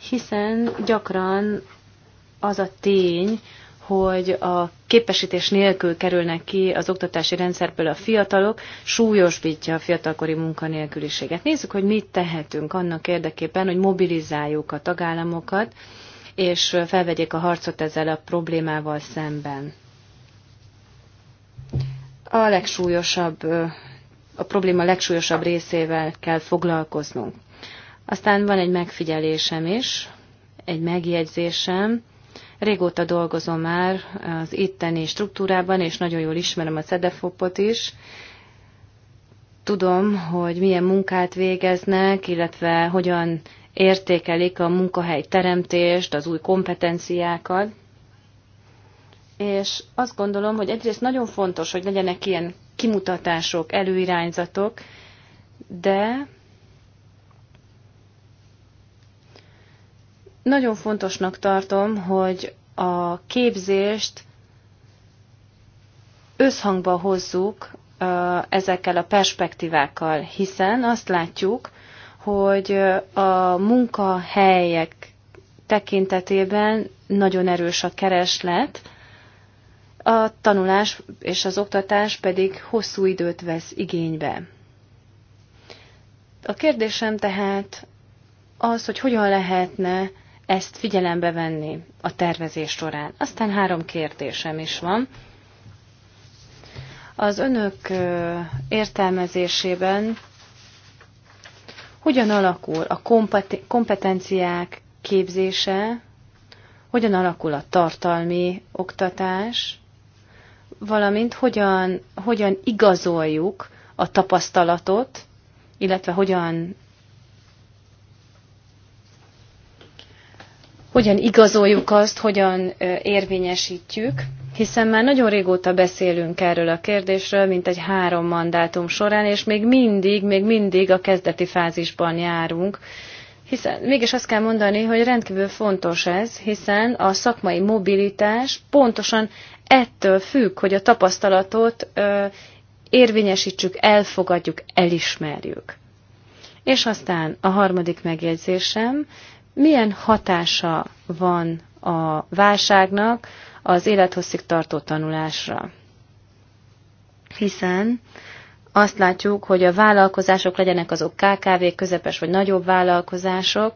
Hiszen gyakran az a tény, hogy a képesítés nélkül kerülnek ki az oktatási rendszerből a fiatalok, súlyosbítja a fiatalkori munkanélküliséget. Nézzük, hogy mit tehetünk annak érdekében, hogy mobilizáljuk a tagállamokat, és felvegyék a harcot ezzel a problémával szemben. A legsúlyosabb, a probléma legsúlyosabb részével kell foglalkoznunk. Aztán van egy megfigyelésem is, egy megjegyzésem, Régóta dolgozom már az itteni struktúrában, és nagyon jól ismerem a Cedefopot is. Tudom, hogy milyen munkát végeznek, illetve hogyan értékelik a munkahely teremtést, az új kompetenciákat. És azt gondolom, hogy egyrészt nagyon fontos, hogy legyenek ilyen kimutatások, előirányzatok, de Nagyon fontosnak tartom, hogy a képzést összhangba hozzuk ezekkel a perspektívákkal, hiszen azt látjuk, hogy a munkahelyek tekintetében nagyon erős a kereslet, a tanulás és az oktatás pedig hosszú időt vesz igénybe. A kérdésem tehát az, hogy hogyan lehetne ezt figyelembe venni a tervezés során. Aztán három kérdésem is van. Az önök értelmezésében hogyan alakul a kompetenciák képzése, hogyan alakul a tartalmi oktatás, valamint hogyan, hogyan igazoljuk a tapasztalatot, illetve hogyan hogyan igazoljuk azt, hogyan érvényesítjük, hiszen már nagyon régóta beszélünk erről a kérdésről, mint egy három mandátum során, és még mindig, még mindig a kezdeti fázisban járunk, hiszen mégis azt kell mondani, hogy rendkívül fontos ez, hiszen a szakmai mobilitás pontosan ettől függ, hogy a tapasztalatot ö, érvényesítsük, elfogadjuk, elismerjük. És aztán a harmadik megjegyzésem, milyen hatása van a válságnak az élethosszig tartó tanulásra. Hiszen azt látjuk, hogy a vállalkozások legyenek azok KKV, közepes vagy nagyobb vállalkozások,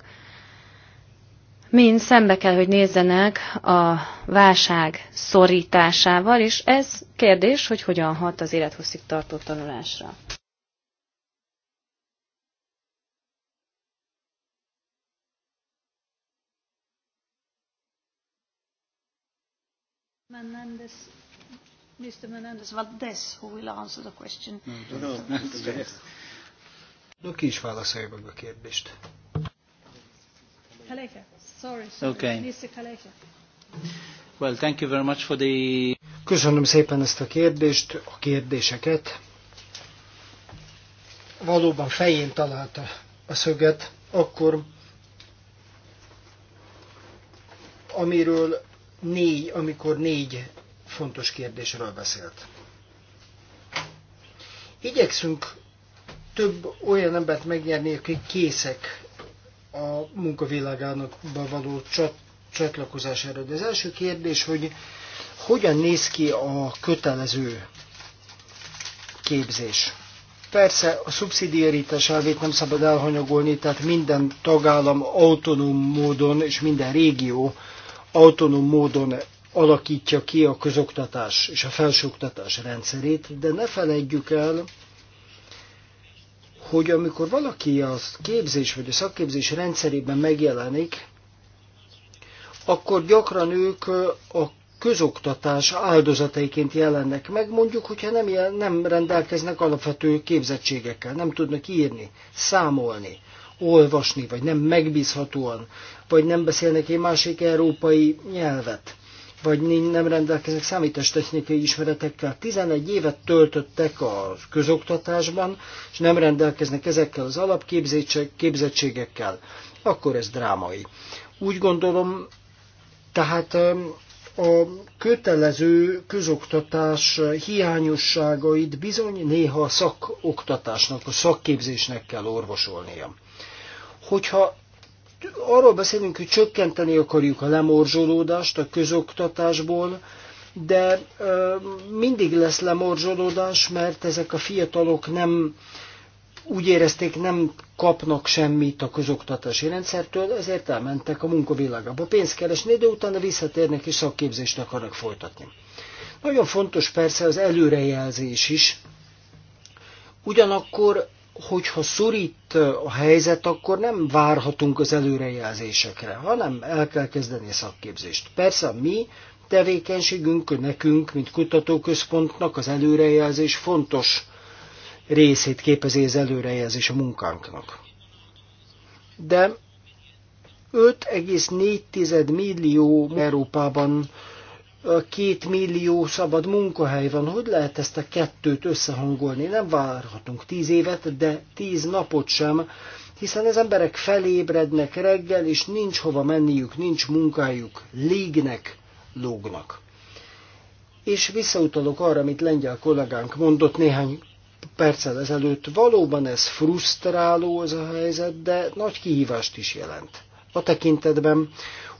mind szembe kell, hogy nézzenek a válság szorításával, és ez kérdés, hogy hogyan hat az élethosszig tartó tanulásra. Menendez, Mr. Menendez Valdez, who will answer the question. No, no, no, no, no ki is válaszolja meg a kérdést. Kaleka, sorry, sorry. Okay. Mr. Kaleka. Well, thank you very much for the... Köszönöm szépen ezt a kérdést, a kérdéseket. Valóban fején találta a szöget, akkor amiről négy, amikor négy fontos kérdésről beszélt. Igyekszünk több olyan embert megnyerni, akik készek a munkavilágának való csat, csatlakozására. De az első kérdés, hogy hogyan néz ki a kötelező képzés? Persze a szubszidiaritás elvét nem szabad elhanyagolni, tehát minden tagállam autonóm módon és minden régió autonóm módon alakítja ki a közoktatás és a felsőoktatás rendszerét, de ne felejtjük el, hogy amikor valaki a képzés vagy a szakképzés rendszerében megjelenik, akkor gyakran ők a közoktatás áldozataiként jelennek meg, mondjuk, hogyha nem, nem rendelkeznek alapvető képzettségekkel, nem tudnak írni, számolni olvasni, vagy nem megbízhatóan, vagy nem beszélnek egy másik európai nyelvet, vagy nem rendelkeznek számítástechnikai ismeretekkel. 11 évet töltöttek a közoktatásban, és nem rendelkeznek ezekkel az alapképzettségekkel, akkor ez drámai. Úgy gondolom, tehát a kötelező közoktatás hiányosságait bizony néha a szakoktatásnak, a szakképzésnek kell orvosolnia. Hogyha arról beszélünk, hogy csökkenteni akarjuk a lemorzsolódást a közoktatásból, de ö, mindig lesz lemorzsolódás, mert ezek a fiatalok nem úgy érezték, nem kapnak semmit a közoktatási rendszertől, ezért elmentek a munkavilágába pénzt keresni, de utána visszatérnek és szakképzést akarnak folytatni. Nagyon fontos persze az előrejelzés is, ugyanakkor hogyha szorít a helyzet, akkor nem várhatunk az előrejelzésekre, hanem el kell kezdeni a szakképzést. Persze a mi tevékenységünk, nekünk, mint kutatóközpontnak az előrejelzés fontos részét képezi az előrejelzés a munkánknak. De 5,4 millió Európában két millió szabad munkahely van, hogy lehet ezt a kettőt összehangolni? Nem várhatunk tíz évet, de tíz napot sem, hiszen az emberek felébrednek reggel, és nincs hova menniük, nincs munkájuk, lígnek, lógnak. És visszautalok arra, amit lengyel kollégánk mondott néhány perccel ezelőtt. Valóban ez frusztráló az a helyzet, de nagy kihívást is jelent. A tekintetben,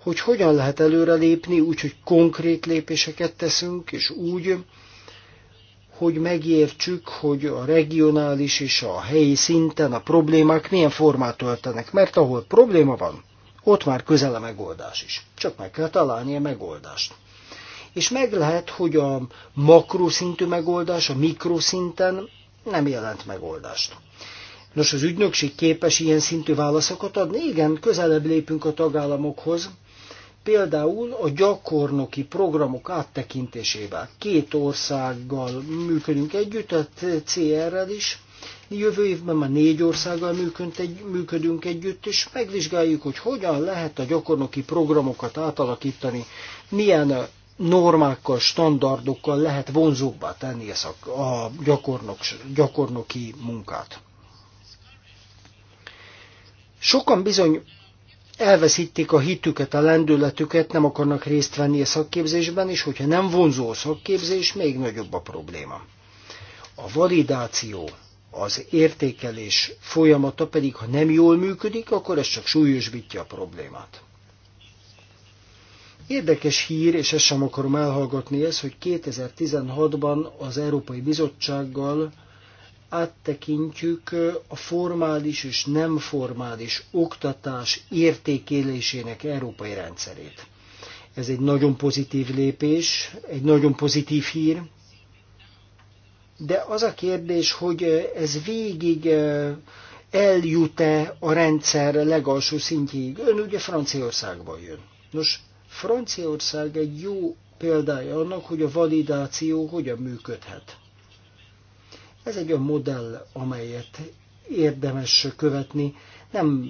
hogy hogyan lehet előrelépni, úgy, hogy konkrét lépéseket teszünk, és úgy, hogy megértsük, hogy a regionális és a helyi szinten a problémák milyen formát öltenek. Mert ahol probléma van, ott már közel a megoldás is. Csak meg kell találni a megoldást. És meg lehet, hogy a makroszintű megoldás a mikroszinten nem jelent megoldást. Nos, az ügynökség képes ilyen szintű válaszokat adni? Igen, közelebb lépünk a tagállamokhoz, például a gyakornoki programok áttekintésével. Két országgal működünk együtt, a CR-rel is. Jövő évben már négy országgal működünk együtt, és megvizsgáljuk, hogy hogyan lehet a gyakornoki programokat átalakítani, milyen normákkal, standardokkal lehet vonzóbbá tenni a gyakornok, gyakornoki munkát. Sokan bizony elveszítik a hitüket, a lendületüket, nem akarnak részt venni a szakképzésben, és hogyha nem vonzó a szakképzés, még nagyobb a probléma. A validáció, az értékelés folyamata pedig, ha nem jól működik, akkor ez csak súlyosbítja a problémát. Érdekes hír, és ezt sem akarom elhallgatni, ez, hogy 2016-ban az Európai Bizottsággal áttekintjük a formális és nem formális oktatás értékélésének európai rendszerét. Ez egy nagyon pozitív lépés, egy nagyon pozitív hír, de az a kérdés, hogy ez végig eh, eljut-e a rendszer legalsó szintjéig. Ön ugye Franciaországban jön. Nos, Franciaország egy jó példája annak, hogy a validáció hogyan működhet. Ez egy olyan modell, amelyet érdemes követni. Nem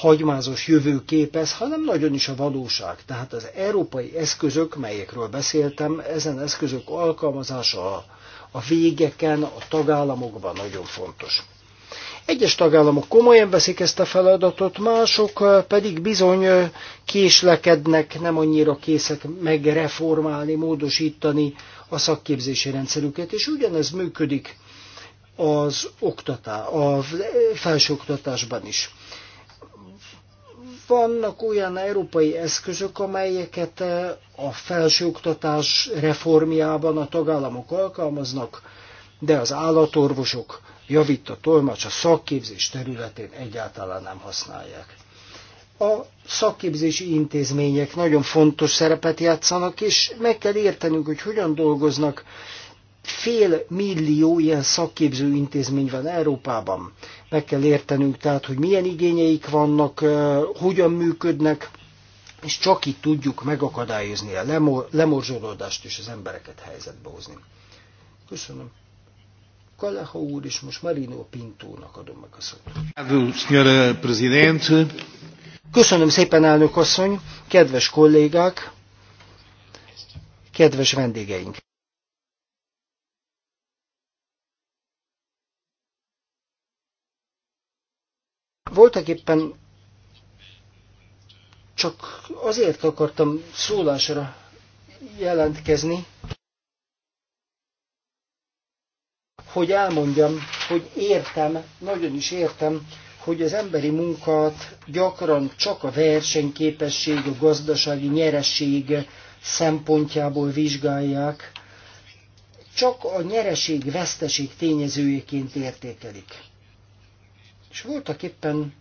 hagymázos jövőképez, hanem nagyon is a valóság. Tehát az európai eszközök, melyekről beszéltem, ezen eszközök alkalmazása a, a végeken, a tagállamokban nagyon fontos. Egyes tagállamok komolyan veszik ezt a feladatot, mások pedig bizony késlekednek, nem annyira készek megreformálni, módosítani a szakképzési rendszerüket, és ugyanez működik az oktatá, a felsőoktatásban is. Vannak olyan európai eszközök, amelyeket a felsőoktatás reformjában a tagállamok alkalmaznak, de az állatorvosok javít a tolmács a szakképzés területén egyáltalán nem használják a szakképzési intézmények nagyon fontos szerepet játszanak, és meg kell értenünk, hogy hogyan dolgoznak. Fél millió ilyen szakképző intézmény van Európában. Meg kell értenünk tehát, hogy milyen igényeik vannak, hogyan működnek, és csak itt tudjuk megakadályozni a lemorzsolódást és az embereket helyzetbe hozni. Köszönöm. Kaleha úr, és most Marino Pintónak adom meg a szót. Köszönöm szépen, elnök asszony, kedves kollégák, kedves vendégeink! Voltak éppen csak azért akartam szólásra jelentkezni, hogy elmondjam, hogy értem, nagyon is értem hogy az emberi munkát gyakran csak a versenyképesség, a gazdasági nyereség szempontjából vizsgálják, csak a nyereség-veszteség tényezőjeként értékelik. És voltak éppen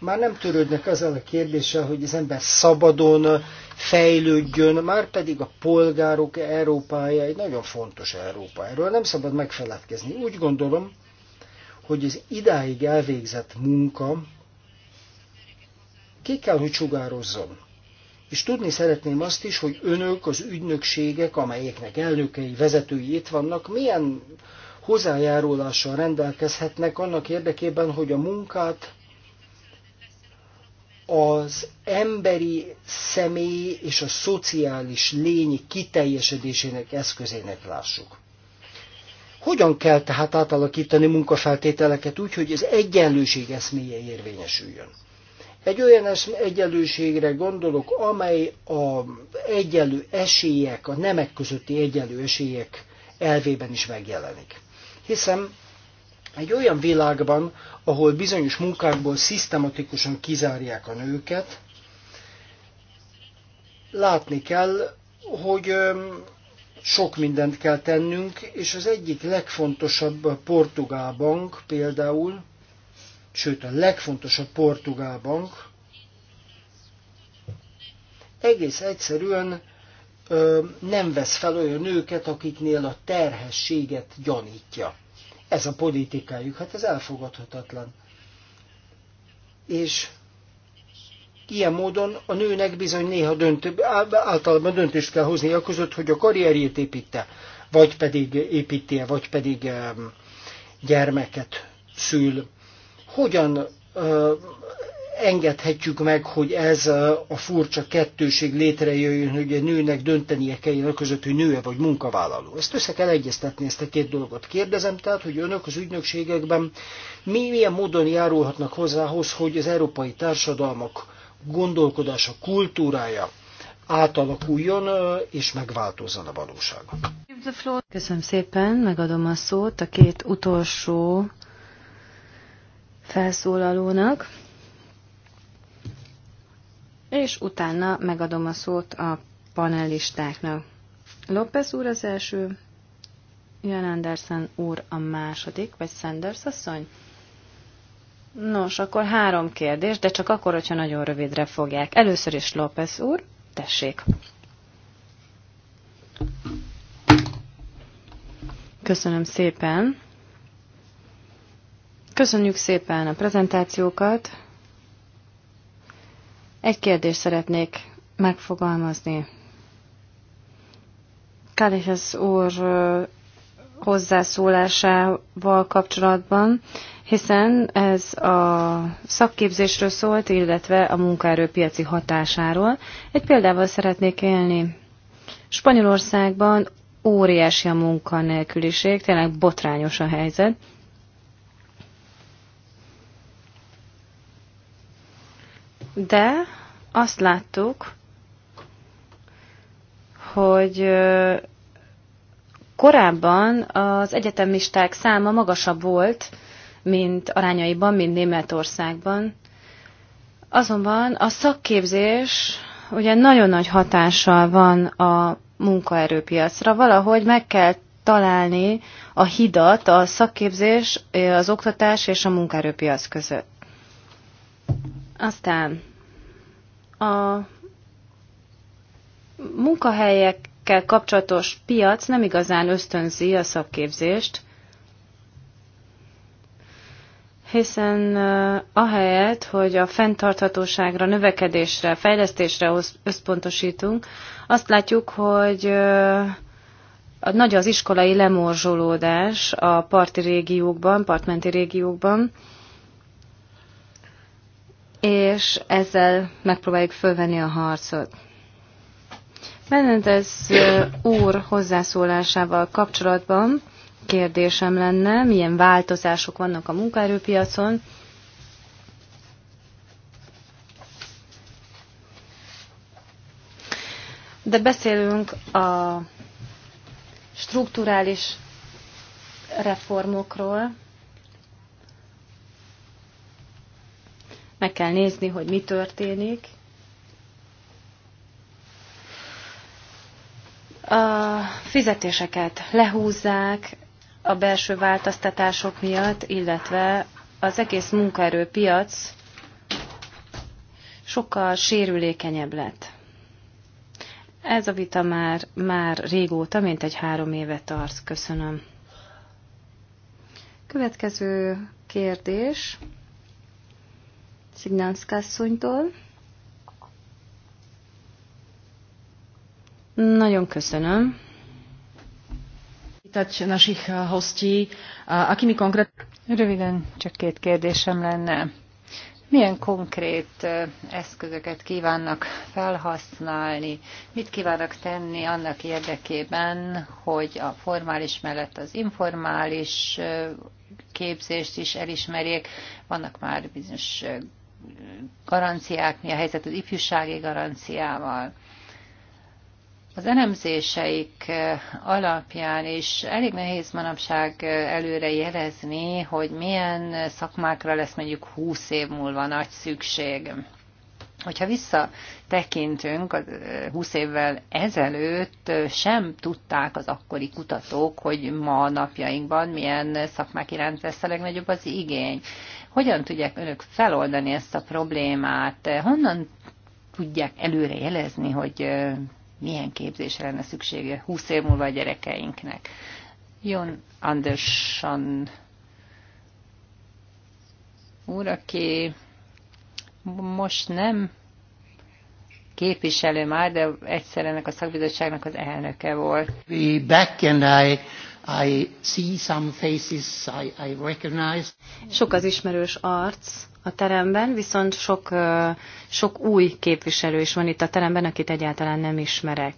már nem törődnek azzal a kérdéssel, hogy az ember szabadon fejlődjön, már pedig a polgárok Európája egy nagyon fontos Európa. Erről nem szabad megfeledkezni. Úgy gondolom, hogy az idáig elvégzett munka ki kell, hogy sugározzon. És tudni szeretném azt is, hogy önök, az ügynökségek, amelyeknek elnökei, vezetői itt vannak, milyen hozzájárulással rendelkezhetnek annak érdekében, hogy a munkát az emberi személy és a szociális lény kiteljesedésének eszközének lássuk. Hogyan kell tehát átalakítani munkafeltételeket úgy, hogy az egyenlőség eszméje érvényesüljön? Egy olyan egyenlőségre gondolok, amely a egyenlő esélyek, a nemek közötti egyenlő esélyek elvében is megjelenik. Hiszen egy olyan világban, ahol bizonyos munkákból szisztematikusan kizárják a nőket, látni kell, hogy sok mindent kell tennünk, és az egyik legfontosabb portugál bank például, sőt a legfontosabb portugál bank, egész egyszerűen ö, nem vesz fel olyan nőket, akiknél a terhességet gyanítja ez a politikájuk, hát ez elfogadhatatlan. És ilyen módon a nőnek bizony néha döntő, általában döntést kell hozni a között, hogy a karrierjét építe, vagy pedig építi, vagy pedig gyermeket szül. Hogyan engedhetjük meg, hogy ez a furcsa kettőség létrejöjjön, hogy a nőnek döntenie kelljen a között, hogy nő-e vagy munkavállaló. Ezt össze kell egyeztetni, ezt a két dolgot. Kérdezem tehát, hogy önök az ügynökségekben mi, milyen módon járulhatnak hozzához, hogy az európai társadalmak gondolkodása, kultúrája átalakuljon és megváltozzon a valóság. Köszönöm szépen, megadom a szót a két utolsó felszólalónak és utána megadom a szót a panelistáknak. López úr az első, Jan Andersen úr a második, vagy Sanders asszony? Nos, akkor három kérdés, de csak akkor, hogyha nagyon rövidre fogják. Először is López úr, tessék. Köszönöm szépen. Köszönjük szépen a prezentációkat. Egy kérdést szeretnék megfogalmazni. Kálihez úr hozzászólásával kapcsolatban, hiszen ez a szakképzésről szólt, illetve a munkaerőpiaci hatásáról. Egy példával szeretnék élni. Spanyolországban óriási a munkanélküliség, tényleg botrányos a helyzet, de azt láttuk, hogy korábban az egyetemisták száma magasabb volt, mint arányaiban, mint Németországban. Azonban a szakképzés ugye nagyon nagy hatással van a munkaerőpiacra. Valahogy meg kell találni a hidat a szakképzés, az oktatás és a munkaerőpiac között. Aztán a munkahelyekkel kapcsolatos piac nem igazán ösztönzi a szakképzést, hiszen ahelyett, hogy a fenntarthatóságra, növekedésre, fejlesztésre összpontosítunk, azt látjuk, hogy nagy az iskolai lemorzsolódás a parti régiókban, partmenti régiókban, és ezzel megpróbáljuk fölvenni a harcot. Menendez úr hozzászólásával kapcsolatban kérdésem lenne, milyen változások vannak a munkaerőpiacon, De beszélünk a strukturális reformokról, meg kell nézni, hogy mi történik. A fizetéseket lehúzzák a belső változtatások miatt, illetve az egész munkaerőpiac sokkal sérülékenyebb lett. Ez a vita már, már régóta, mint egy három éve tart. Köszönöm. Következő kérdés. Szignánszkászonytól. Nagyon köszönöm. Našich eh, hostí, akimi konkrét... Röviden csak két kérdésem lenne. Milyen konkrét eh, eszközöket kívánnak felhasználni? Mit kívánnak tenni annak érdekében, hogy a formális mellett az informális eh, képzést is elismerjék? Vannak már bizonyos garanciák, mi a helyzet az ifjúsági garanciával. Az elemzéseik alapján is elég nehéz manapság előre jelezni, hogy milyen szakmákra lesz mondjuk 20 év múlva nagy szükség. Hogyha visszatekintünk, 20 évvel ezelőtt sem tudták az akkori kutatók, hogy ma napjainkban milyen szakmák iránt lesz a legnagyobb az igény. Hogyan tudják önök feloldani ezt a problémát? Honnan tudják előre jelezni, hogy milyen képzésre lenne szüksége 20 év múlva a gyerekeinknek? Jon Andersson úr, aki most nem képviselő már, de egyszer ennek a szakbizottságnak az elnöke volt. Back and I I see some faces I, I recognize. Sok az ismerős arc a teremben, viszont sok, sok új képviselő is van itt a teremben, akit egyáltalán nem ismerek.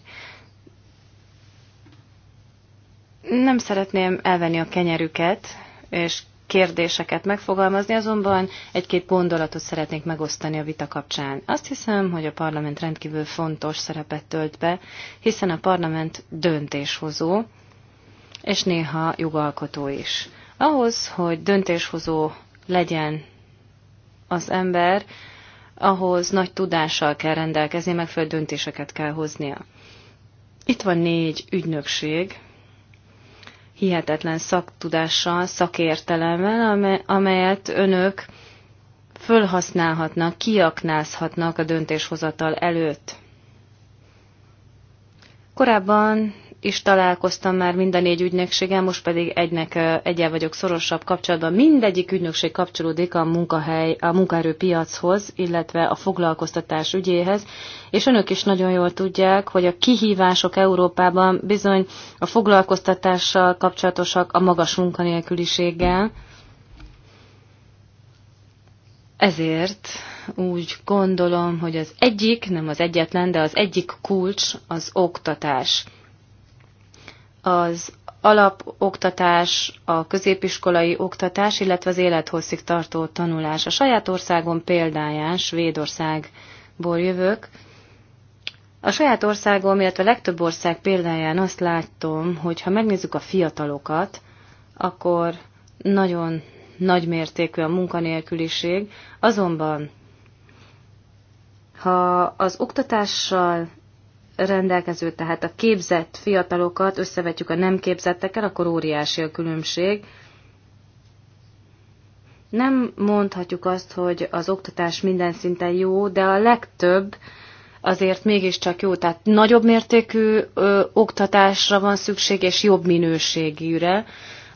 Nem szeretném elvenni a kenyerüket, és kérdéseket megfogalmazni, azonban egy-két gondolatot szeretnék megosztani a vita kapcsán. Azt hiszem, hogy a parlament rendkívül fontos szerepet tölt be, hiszen a parlament döntéshozó, és néha jogalkotó is. Ahhoz, hogy döntéshozó legyen az ember, ahhoz nagy tudással kell rendelkezni, fel döntéseket kell hoznia. Itt van négy ügynökség, hihetetlen szaktudással, szakértelemmel, amelyet önök fölhasználhatnak, kiaknázhatnak a döntéshozatal előtt. Korábban is találkoztam már mind a négy ügynökséggel, most pedig egynek egyel vagyok szorosabb kapcsolatban. Mindegyik ügynökség kapcsolódik a munkahely, a munkaerőpiachoz, illetve a foglalkoztatás ügyéhez, és önök is nagyon jól tudják, hogy a kihívások Európában bizony a foglalkoztatással kapcsolatosak a magas munkanélküliséggel. Ezért úgy gondolom, hogy az egyik, nem az egyetlen, de az egyik kulcs az oktatás az alapoktatás, a középiskolai oktatás, illetve az élethosszig tartó tanulás. A saját országom példáján, Svédországból jövök, a saját országom, illetve a legtöbb ország példáján azt látom, hogy ha megnézzük a fiatalokat, akkor nagyon nagy mértékű a munkanélküliség, azonban ha az oktatással rendelkező, tehát a képzett fiatalokat összevetjük a nem képzettekkel, akkor óriási a különbség. Nem mondhatjuk azt, hogy az oktatás minden szinten jó, de a legtöbb azért mégiscsak jó. Tehát nagyobb mértékű ö, oktatásra van szükség, és jobb minőségűre.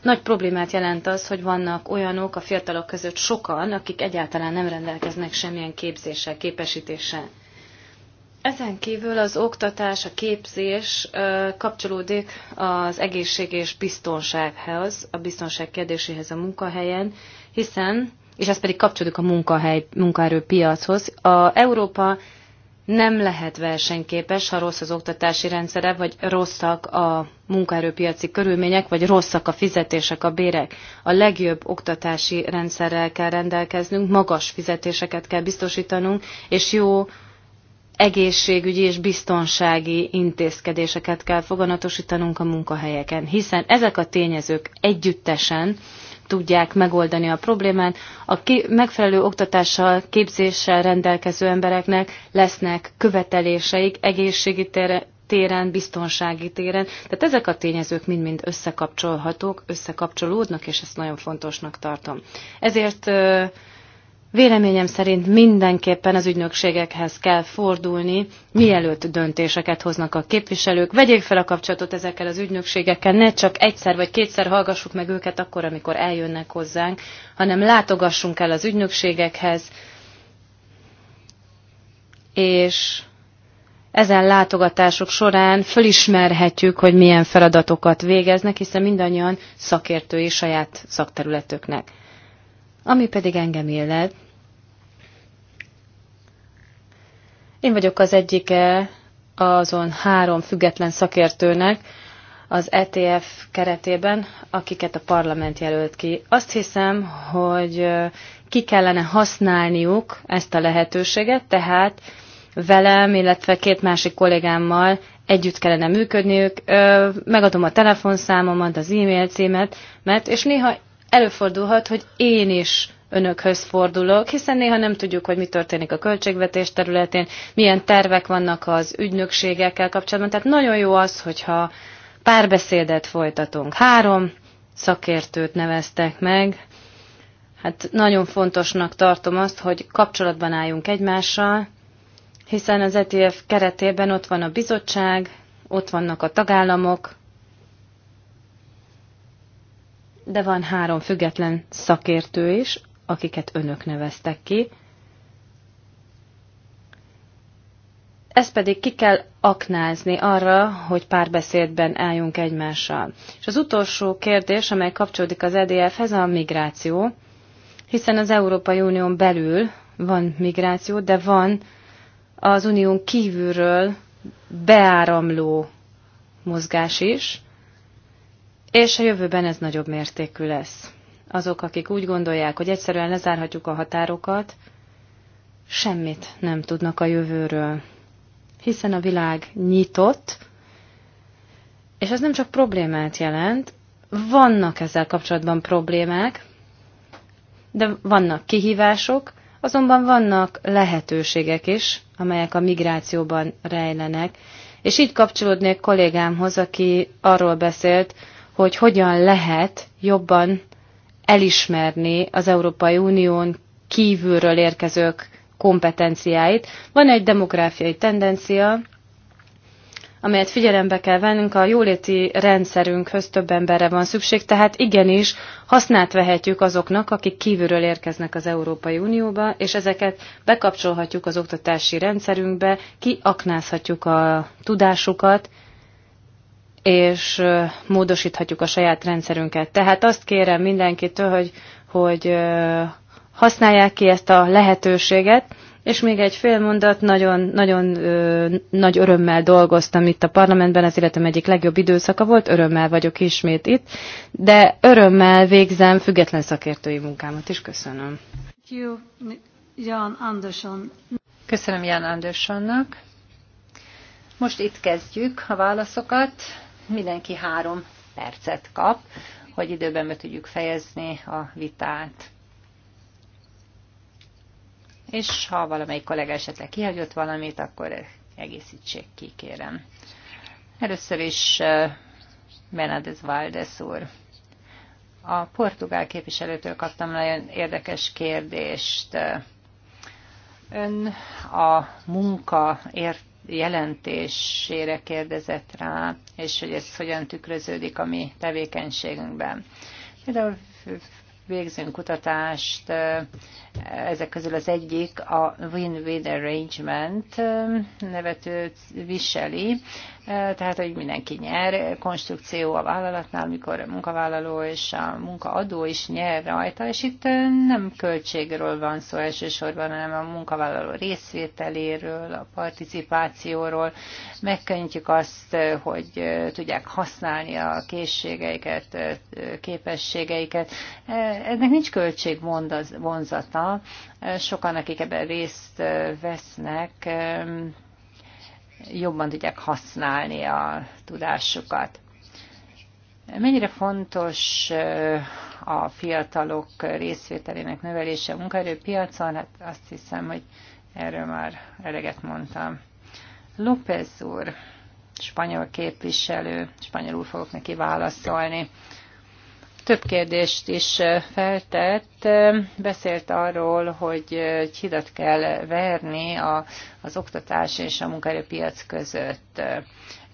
Nagy problémát jelent az, hogy vannak olyanok a fiatalok között sokan, akik egyáltalán nem rendelkeznek semmilyen képzéssel, képesítéssel. Ezen kívül az oktatás, a képzés kapcsolódik az egészség és biztonsághoz, a biztonság kérdéséhez a munkahelyen, hiszen, és ez pedig kapcsolódik a munkahely, munkaerőpiachoz, a Európa nem lehet versenyképes, ha rossz az oktatási rendszere, vagy rosszak a munkaerőpiaci körülmények, vagy rosszak a fizetések, a bérek. A legjobb oktatási rendszerrel kell rendelkeznünk, magas fizetéseket kell biztosítanunk, és jó egészségügyi és biztonsági intézkedéseket kell foganatosítanunk a munkahelyeken, hiszen ezek a tényezők együttesen tudják megoldani a problémát. A megfelelő oktatással, képzéssel rendelkező embereknek lesznek követeléseik egészségi téren, biztonsági téren. Tehát ezek a tényezők mind-mind összekapcsolhatók, összekapcsolódnak, és ezt nagyon fontosnak tartom. Ezért Véleményem szerint mindenképpen az ügynökségekhez kell fordulni, mielőtt döntéseket hoznak a képviselők. Vegyék fel a kapcsolatot ezekkel az ügynökségekkel, ne csak egyszer vagy kétszer hallgassuk meg őket akkor, amikor eljönnek hozzánk, hanem látogassunk el az ügynökségekhez, és ezen látogatások során fölismerhetjük, hogy milyen feladatokat végeznek, hiszen mindannyian szakértői saját szakterületüknek. Ami pedig engem illet, Én vagyok az egyike azon három független szakértőnek az ETF keretében, akiket a parlament jelölt ki. Azt hiszem, hogy ki kellene használniuk ezt a lehetőséget, tehát velem, illetve két másik kollégámmal együtt kellene működniük, megadom a telefonszámomat, az e-mail címet, mert és néha előfordulhat, hogy én is önökhöz fordulok, hiszen néha nem tudjuk, hogy mi történik a költségvetés területén, milyen tervek vannak az ügynökségekkel kapcsolatban. Tehát nagyon jó az, hogyha párbeszédet folytatunk. Három szakértőt neveztek meg. Hát nagyon fontosnak tartom azt, hogy kapcsolatban álljunk egymással, hiszen az ETF keretében ott van a bizottság, ott vannak a tagállamok, de van három független szakértő is, akiket önök neveztek ki. Ezt pedig ki kell aknázni arra, hogy párbeszédben álljunk egymással. És az utolsó kérdés, amely kapcsolódik az EDF-hez, a migráció. Hiszen az Európai Unión belül van migráció, de van az unión kívülről beáramló mozgás is, és a jövőben ez nagyobb mértékű lesz azok, akik úgy gondolják, hogy egyszerűen lezárhatjuk a határokat, semmit nem tudnak a jövőről. Hiszen a világ nyitott, és ez nem csak problémát jelent, vannak ezzel kapcsolatban problémák, de vannak kihívások, azonban vannak lehetőségek is, amelyek a migrációban rejlenek. És így kapcsolódnék kollégámhoz, aki arról beszélt, hogy hogyan lehet jobban elismerni az Európai Unión kívülről érkezők kompetenciáit. Van egy demográfiai tendencia, amelyet figyelembe kell vennünk, a jóléti rendszerünkhöz több emberre van szükség, tehát igenis hasznát vehetjük azoknak, akik kívülről érkeznek az Európai Unióba, és ezeket bekapcsolhatjuk az oktatási rendszerünkbe, kiaknázhatjuk a tudásukat, és módosíthatjuk a saját rendszerünket. Tehát azt kérem mindenkitől, hogy, hogy használják ki ezt a lehetőséget, és még egy fél mondat, nagyon, nagyon ö, nagy örömmel dolgoztam itt a parlamentben, az életem egyik legjobb időszaka volt, örömmel vagyok ismét itt, de örömmel végzem független szakértői munkámat is, köszönöm. Köszönöm Jan Andersonnak. Most itt kezdjük a válaszokat. Mindenki három percet kap, hogy időben be tudjuk fejezni a vitát. És ha valamelyik kollega esetleg kihagyott valamit, akkor egészítsék ki, kérem. Először is Benedez Valdez úr. A portugál képviselőtől kaptam nagyon érdekes kérdést. Ön a munka ért jelentésére kérdezett rá, és hogy ez hogyan tükröződik a mi tevékenységünkben. Például végzünk kutatást, ezek közül az egyik a Win-Win Arrangement nevet viseli, tehát hogy mindenki nyer, konstrukció a vállalatnál, mikor a munkavállaló és a munkaadó is nyer rajta, és itt nem költségről van szó elsősorban, hanem a munkavállaló részvételéről, a participációról. Megkönnyítjük azt, hogy tudják használni a készségeiket, képességeiket. E, ennek nincs költség vonzata. Sokan, akik ebben részt vesznek, jobban tudják használni a tudásukat. Mennyire fontos a fiatalok részvételének növelése a munkaerőpiacon? Hát azt hiszem, hogy erről már eleget mondtam. López úr, spanyol képviselő, spanyolul fogok neki válaszolni több kérdést is feltett. Beszélt arról, hogy egy hidat kell verni a, az oktatás és a munkaerőpiac között.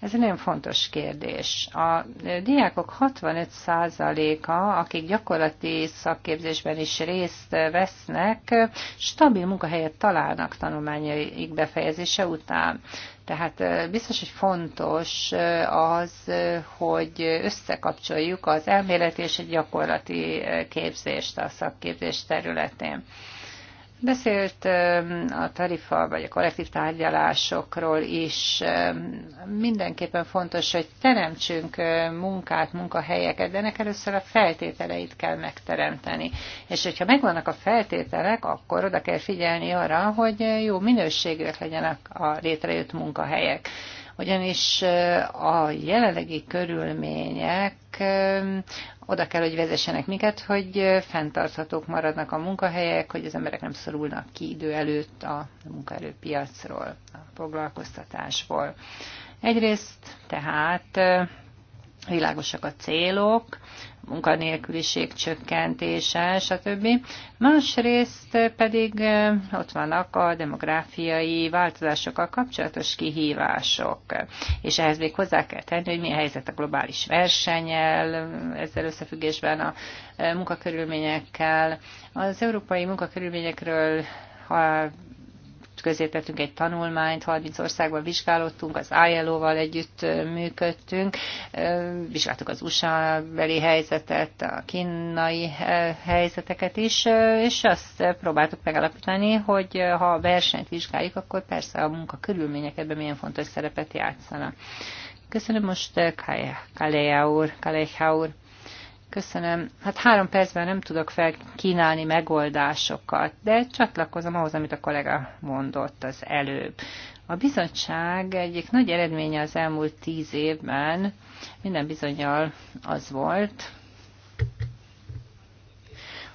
Ez egy nagyon fontos kérdés. A diákok 65%-a, akik gyakorlati szakképzésben is részt vesznek, stabil munkahelyet találnak tanulmányaik befejezése után. Tehát biztos, hogy fontos az, hogy összekapcsoljuk az elméleti és a gyakorlati képzést a szakképzés területén. Beszélt a tarifa vagy a kollektív tárgyalásokról is. Mindenképpen fontos, hogy teremtsünk munkát, munkahelyeket, de ennek először a feltételeit kell megteremteni. És hogyha megvannak a feltételek, akkor oda kell figyelni arra, hogy jó minőségűek legyenek a létrejött munkahelyek. Ugyanis a jelenlegi körülmények oda kell, hogy vezessenek minket, hogy fenntarthatók maradnak a munkahelyek, hogy az emberek nem szorulnak ki idő előtt a munkaerőpiacról, a foglalkoztatásból. Egyrészt tehát világosak a célok, munkanélküliség csökkentése, stb. Másrészt pedig ott vannak a demográfiai változásokkal kapcsolatos kihívások, és ehhez még hozzá kell tenni, hogy mi a helyzet a globális versenyel ezzel összefüggésben a munkakörülményekkel. Az európai munkakörülményekről ha közé tettünk egy tanulmányt, 30 országban vizsgálottunk, az ILO-val együtt működtünk, vizsgáltuk az USA beli helyzetet, a kínai helyzeteket is, és azt próbáltuk megalapítani, hogy ha a versenyt vizsgáljuk, akkor persze a körülmények ebben milyen fontos szerepet játszanak. Köszönöm most Kaleja úr, Kaleja úr. Köszönöm. Hát három percben nem tudok felkínálni megoldásokat, de csatlakozom ahhoz, amit a kollega mondott az előbb. A bizottság egyik nagy eredménye az elmúlt tíz évben minden bizonyal az volt,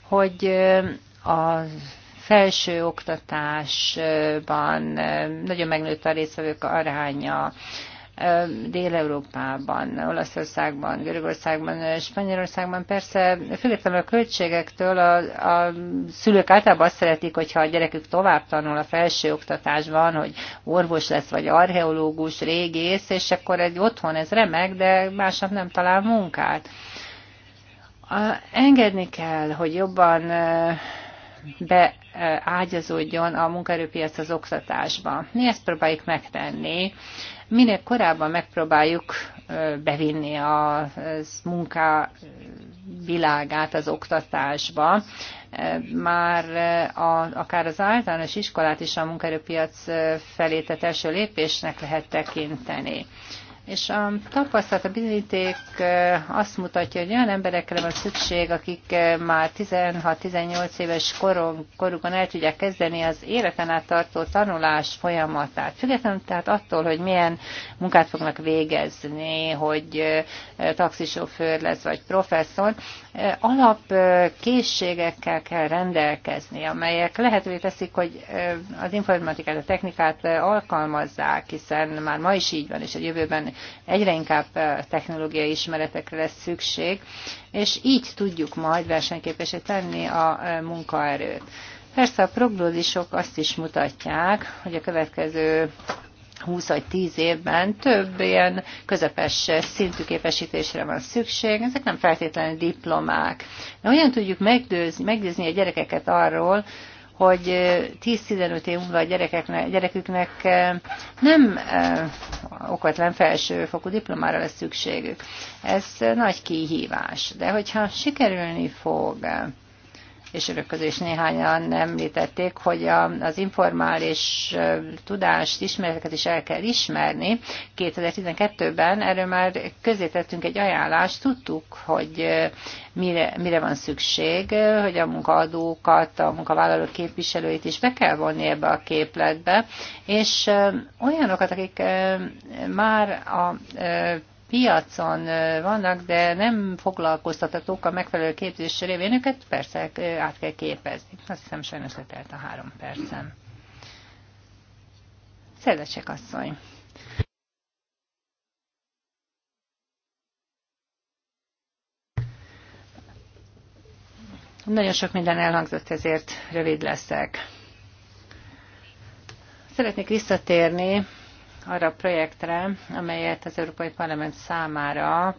hogy a felső oktatásban nagyon megnőtt a részvevők aránya, Dél-Európában, Olaszországban, Görögországban, Spanyolországban. Persze függetlenül a költségektől a, a szülők általában azt szeretik, hogyha a gyerekük tovább tanul a felsőoktatásban, hogy orvos lesz, vagy archeológus, régész, és akkor egy otthon ez remek, de másnap nem talál munkát. Engedni kell, hogy jobban beágyazódjon a munkaerőpiac az oktatásba. Mi ezt próbáljuk megtenni minél korábban megpróbáljuk bevinni a munká világát az oktatásba, már a, akár az általános iskolát is a munkaerőpiac felé tett első lépésnek lehet tekinteni. És a tapasztalat, a bizonyíték azt mutatja, hogy olyan emberekre van szükség, akik már 16-18 éves koron, korukon el tudják kezdeni az életen át tartó tanulás folyamatát. Függetlenül tehát attól, hogy milyen munkát fognak végezni, hogy taxisofőr lesz, vagy professzor, alap készségekkel kell rendelkezni, amelyek lehetővé teszik, hogy az informatikát, a technikát alkalmazzák, hiszen már ma is így van, és a jövőben egyre inkább technológiai ismeretekre lesz szükség, és így tudjuk majd versenyképesé tenni a munkaerőt. Persze a prognózisok azt is mutatják, hogy a következő 20 vagy 10 évben több ilyen közepes szintű képesítésre van szükség, ezek nem feltétlenül diplomák. De hogyan tudjuk meggyőzni, meggyőzni a gyerekeket arról, hogy 10-15 év múlva a gyerekeknek, gyereküknek nem okvetlen felsőfokú diplomára lesz szükségük. Ez nagy kihívás. De hogyha sikerülni fog, és örök közül is néhányan említették, hogy az informális tudást, ismereteket is el kell ismerni. 2012-ben erről már közzétettünk egy ajánlást, tudtuk, hogy mire, mire van szükség, hogy a munkaadókat, a munkavállalók képviselőit is be kell vonni ebbe a képletbe, és olyanokat, akik már a piacon vannak, de nem foglalkoztatatók a megfelelő képzés révén, őket persze át kell képezni. Azt hiszem sajnos letelt a három percem. Szerzecsek asszony! Nagyon sok minden elhangzott, ezért rövid leszek. Szeretnék visszatérni arra a projektre, amelyet az Európai Parlament számára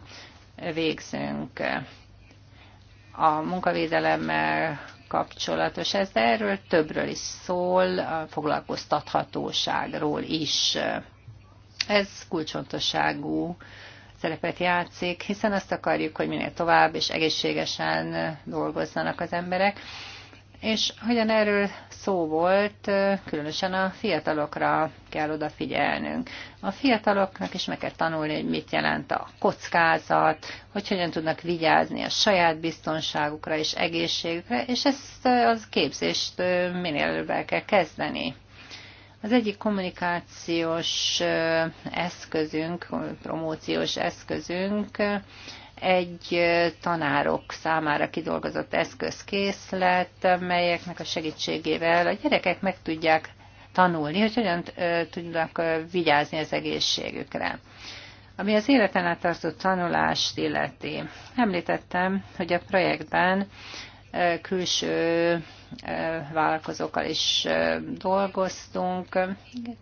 végzünk. A munkavédelemmel kapcsolatos ez, de erről többről is szól, a foglalkoztathatóságról is. Ez kulcsontosságú szerepet játszik, hiszen azt akarjuk, hogy minél tovább és egészségesen dolgozzanak az emberek. És hogyan erről szó volt, különösen a fiatalokra kell odafigyelnünk. A fiataloknak is meg kell tanulni, hogy mit jelent a kockázat, hogy hogyan tudnak vigyázni a saját biztonságukra és egészségükre, és ezt az képzést minél előbb el kell kezdeni. Az egyik kommunikációs eszközünk, promóciós eszközünk egy tanárok számára kidolgozott eszközkészlet, melyeknek a segítségével a gyerekek meg tudják tanulni, hogy hogyan tudnak vigyázni az egészségükre. Ami az életen át tartó tanulást illeti. Említettem, hogy a projektben külső vállalkozókkal is dolgoztunk.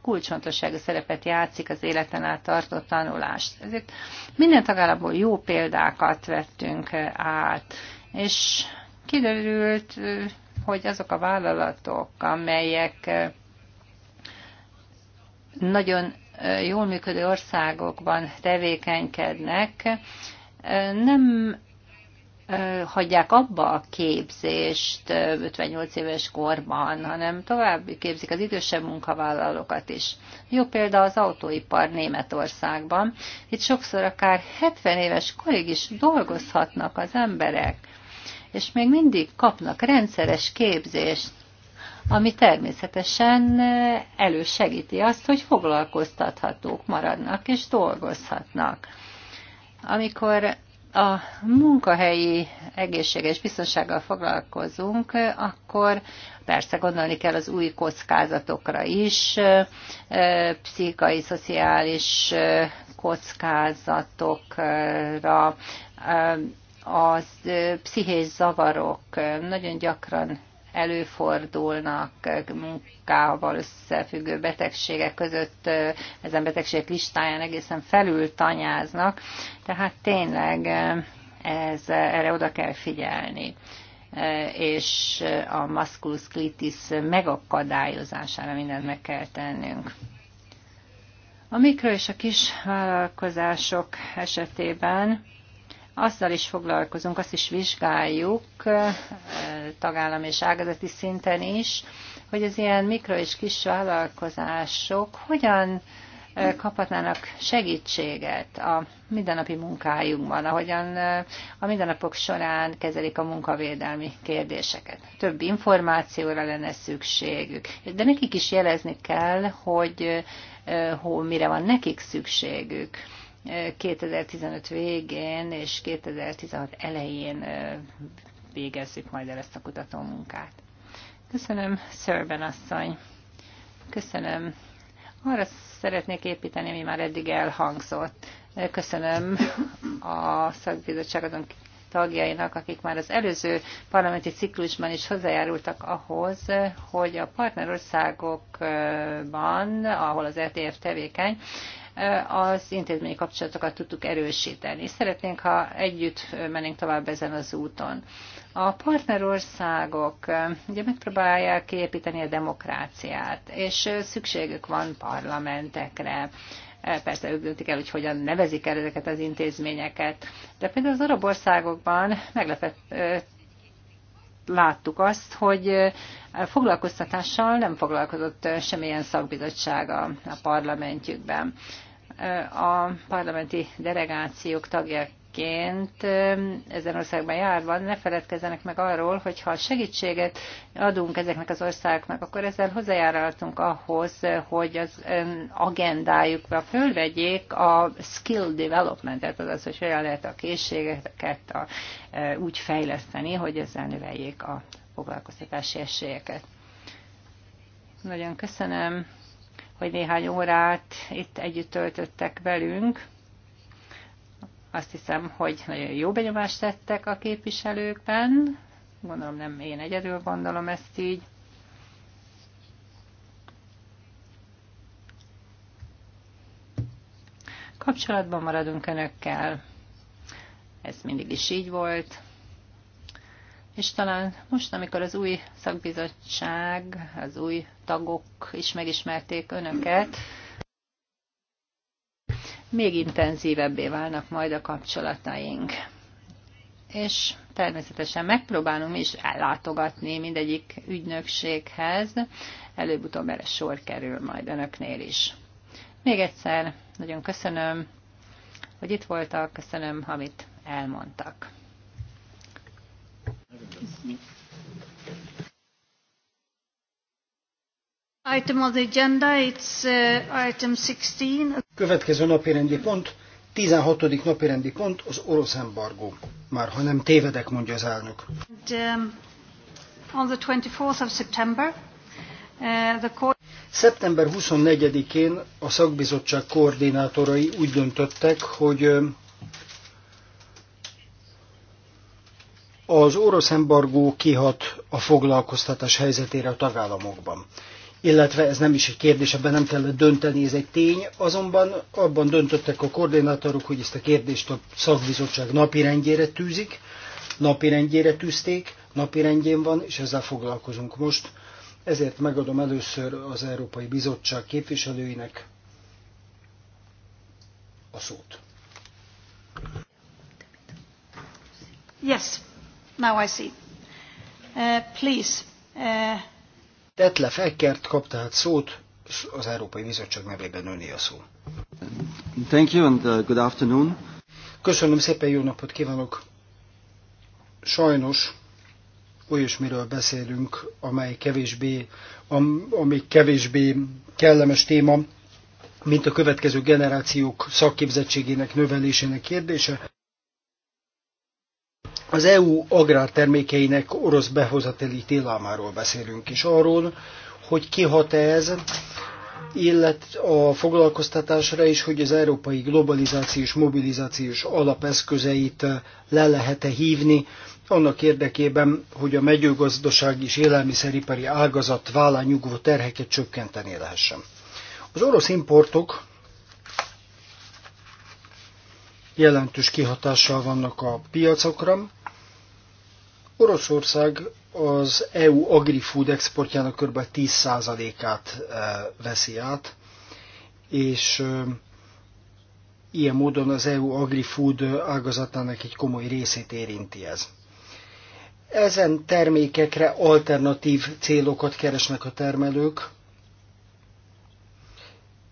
Kulcsfontosságú szerepet játszik az életen át tartó tanulást. Ezért minden tagállamból jó példákat vettünk át, és kiderült, hogy azok a vállalatok, amelyek nagyon jól működő országokban tevékenykednek, nem hagyják abba a képzést 58 éves korban, hanem tovább képzik az idősebb munkavállalókat is. Jó példa az autóipar Németországban. Itt sokszor akár 70 éves korig is dolgozhatnak az emberek, és még mindig kapnak rendszeres képzést, ami természetesen elősegíti azt, hogy foglalkoztathatók maradnak és dolgozhatnak. Amikor a munkahelyi egészséges biztonsággal foglalkozunk, akkor persze gondolni kell az új kockázatokra is, pszichai, szociális kockázatokra, az pszichés zavarok nagyon gyakran előfordulnak, munkával összefüggő betegségek között ezen betegségek listáján egészen felül tanyáznak, tehát tényleg ez, erre oda kell figyelni és a maszkulusklitis megakadályozására mindent meg kell tennünk. A mikro és a kis vállalkozások esetében azzal is foglalkozunk, azt is vizsgáljuk eh, tagállam és ágazati szinten is, hogy az ilyen mikro és kis vállalkozások hogyan eh, kaphatnának segítséget a mindennapi munkájukban, ahogyan eh, a mindennapok során kezelik a munkavédelmi kérdéseket. Több információra lenne szükségük, de nekik is jelezni kell, hogy hol mire van nekik szükségük 2015 végén és 2016 elején végezzük majd el ezt a kutató munkát. Köszönöm, Szörben asszony. Köszönöm. Arra szeretnék építeni, ami már eddig elhangzott. Köszönöm a szakbizottság azon tagjainak, akik már az előző parlamenti ciklusban is hozzájárultak ahhoz, hogy a partnerországokban, ahol az ETF tevékeny, az intézményi kapcsolatokat tudtuk erősíteni. Szeretnénk, ha együtt mennénk tovább ezen az úton. A partnerországok ugye megpróbálják kiépíteni a demokráciát, és szükségük van parlamentekre, persze ők döntik el, hogy hogyan nevezik el ezeket az intézményeket. De például az arab országokban meglepett láttuk azt, hogy foglalkoztatással nem foglalkozott semmilyen szakbizottság a, a parlamentjükben a parlamenti delegációk tagja ezen országban járva, ne feledkezzenek meg arról, hogy ha segítséget adunk ezeknek az országnak, akkor ezzel hozzájárultunk ahhoz, hogy az agendájukra fölvegyék a skill developmentet, azaz, hogy hogyan lehet a készségeket a, úgy fejleszteni, hogy ezzel növeljék a foglalkoztatási esélyeket. Nagyon köszönöm hogy néhány órát itt együtt töltöttek velünk. Azt hiszem, hogy nagyon jó benyomást tettek a képviselőkben. Gondolom nem én egyedül gondolom ezt így. Kapcsolatban maradunk önökkel. Ez mindig is így volt és talán most, amikor az új szakbizottság, az új tagok is megismerték önöket, még intenzívebbé válnak majd a kapcsolataink. És természetesen megpróbálunk is ellátogatni mindegyik ügynökséghez, előbb-utóbb erre sor kerül majd önöknél is. Még egyszer nagyon köszönöm, hogy itt voltak, köszönöm, amit elmondtak. Item of the agenda, it's uh, item 16. Következő napirendi pont, 16. napirendi pont az orosz embargó. Már ha nem tévedek, mondja az elnök. And, um, on the 24th of September, uh, the court... Szeptember 24-én a szakbizottság koordinátorai úgy döntöttek, hogy um, Az orosz embargó kihat a foglalkoztatás helyzetére a tagállamokban. Illetve ez nem is egy kérdés, ebben nem kellett dönteni, ez egy tény, azonban abban döntöttek a koordinátorok, hogy ezt a kérdést a szakbizottság napirendjére tűzik, napirendjére tűzték, napirendjén van, és ezzel foglalkozunk most. Ezért megadom először az Európai Bizottság képviselőinek a szót. Yes, Now I see. Uh, please. Uh... Detlef Eckert kap tehát szót, az Európai Bizottság nevében öné a szó. Thank you and uh, good afternoon. Köszönöm szépen, jó napot kívánok. Sajnos olyasmiről beszélünk, amely kevésbé, am, ami kevésbé kellemes téma, mint a következő generációk szakképzettségének növelésének kérdése. Az EU agrártermékeinek orosz behozateli tilalmáról beszélünk, is arról, hogy kihat -e ez, illet a foglalkoztatásra is, hogy az európai globalizációs mobilizációs alapeszközeit eh, le lehet-e hívni, annak érdekében, hogy a megyőgazdaság és élelmiszeripari ágazat vállán nyugvó terheket csökkenteni lehessen. Az orosz importok jelentős kihatással vannak a piacokra, Oroszország az EU agri-food exportjának kb. 10%-át e, veszi át, és e, ilyen módon az EU agri-food ágazatának egy komoly részét érinti ez. Ezen termékekre alternatív célokat keresnek a termelők,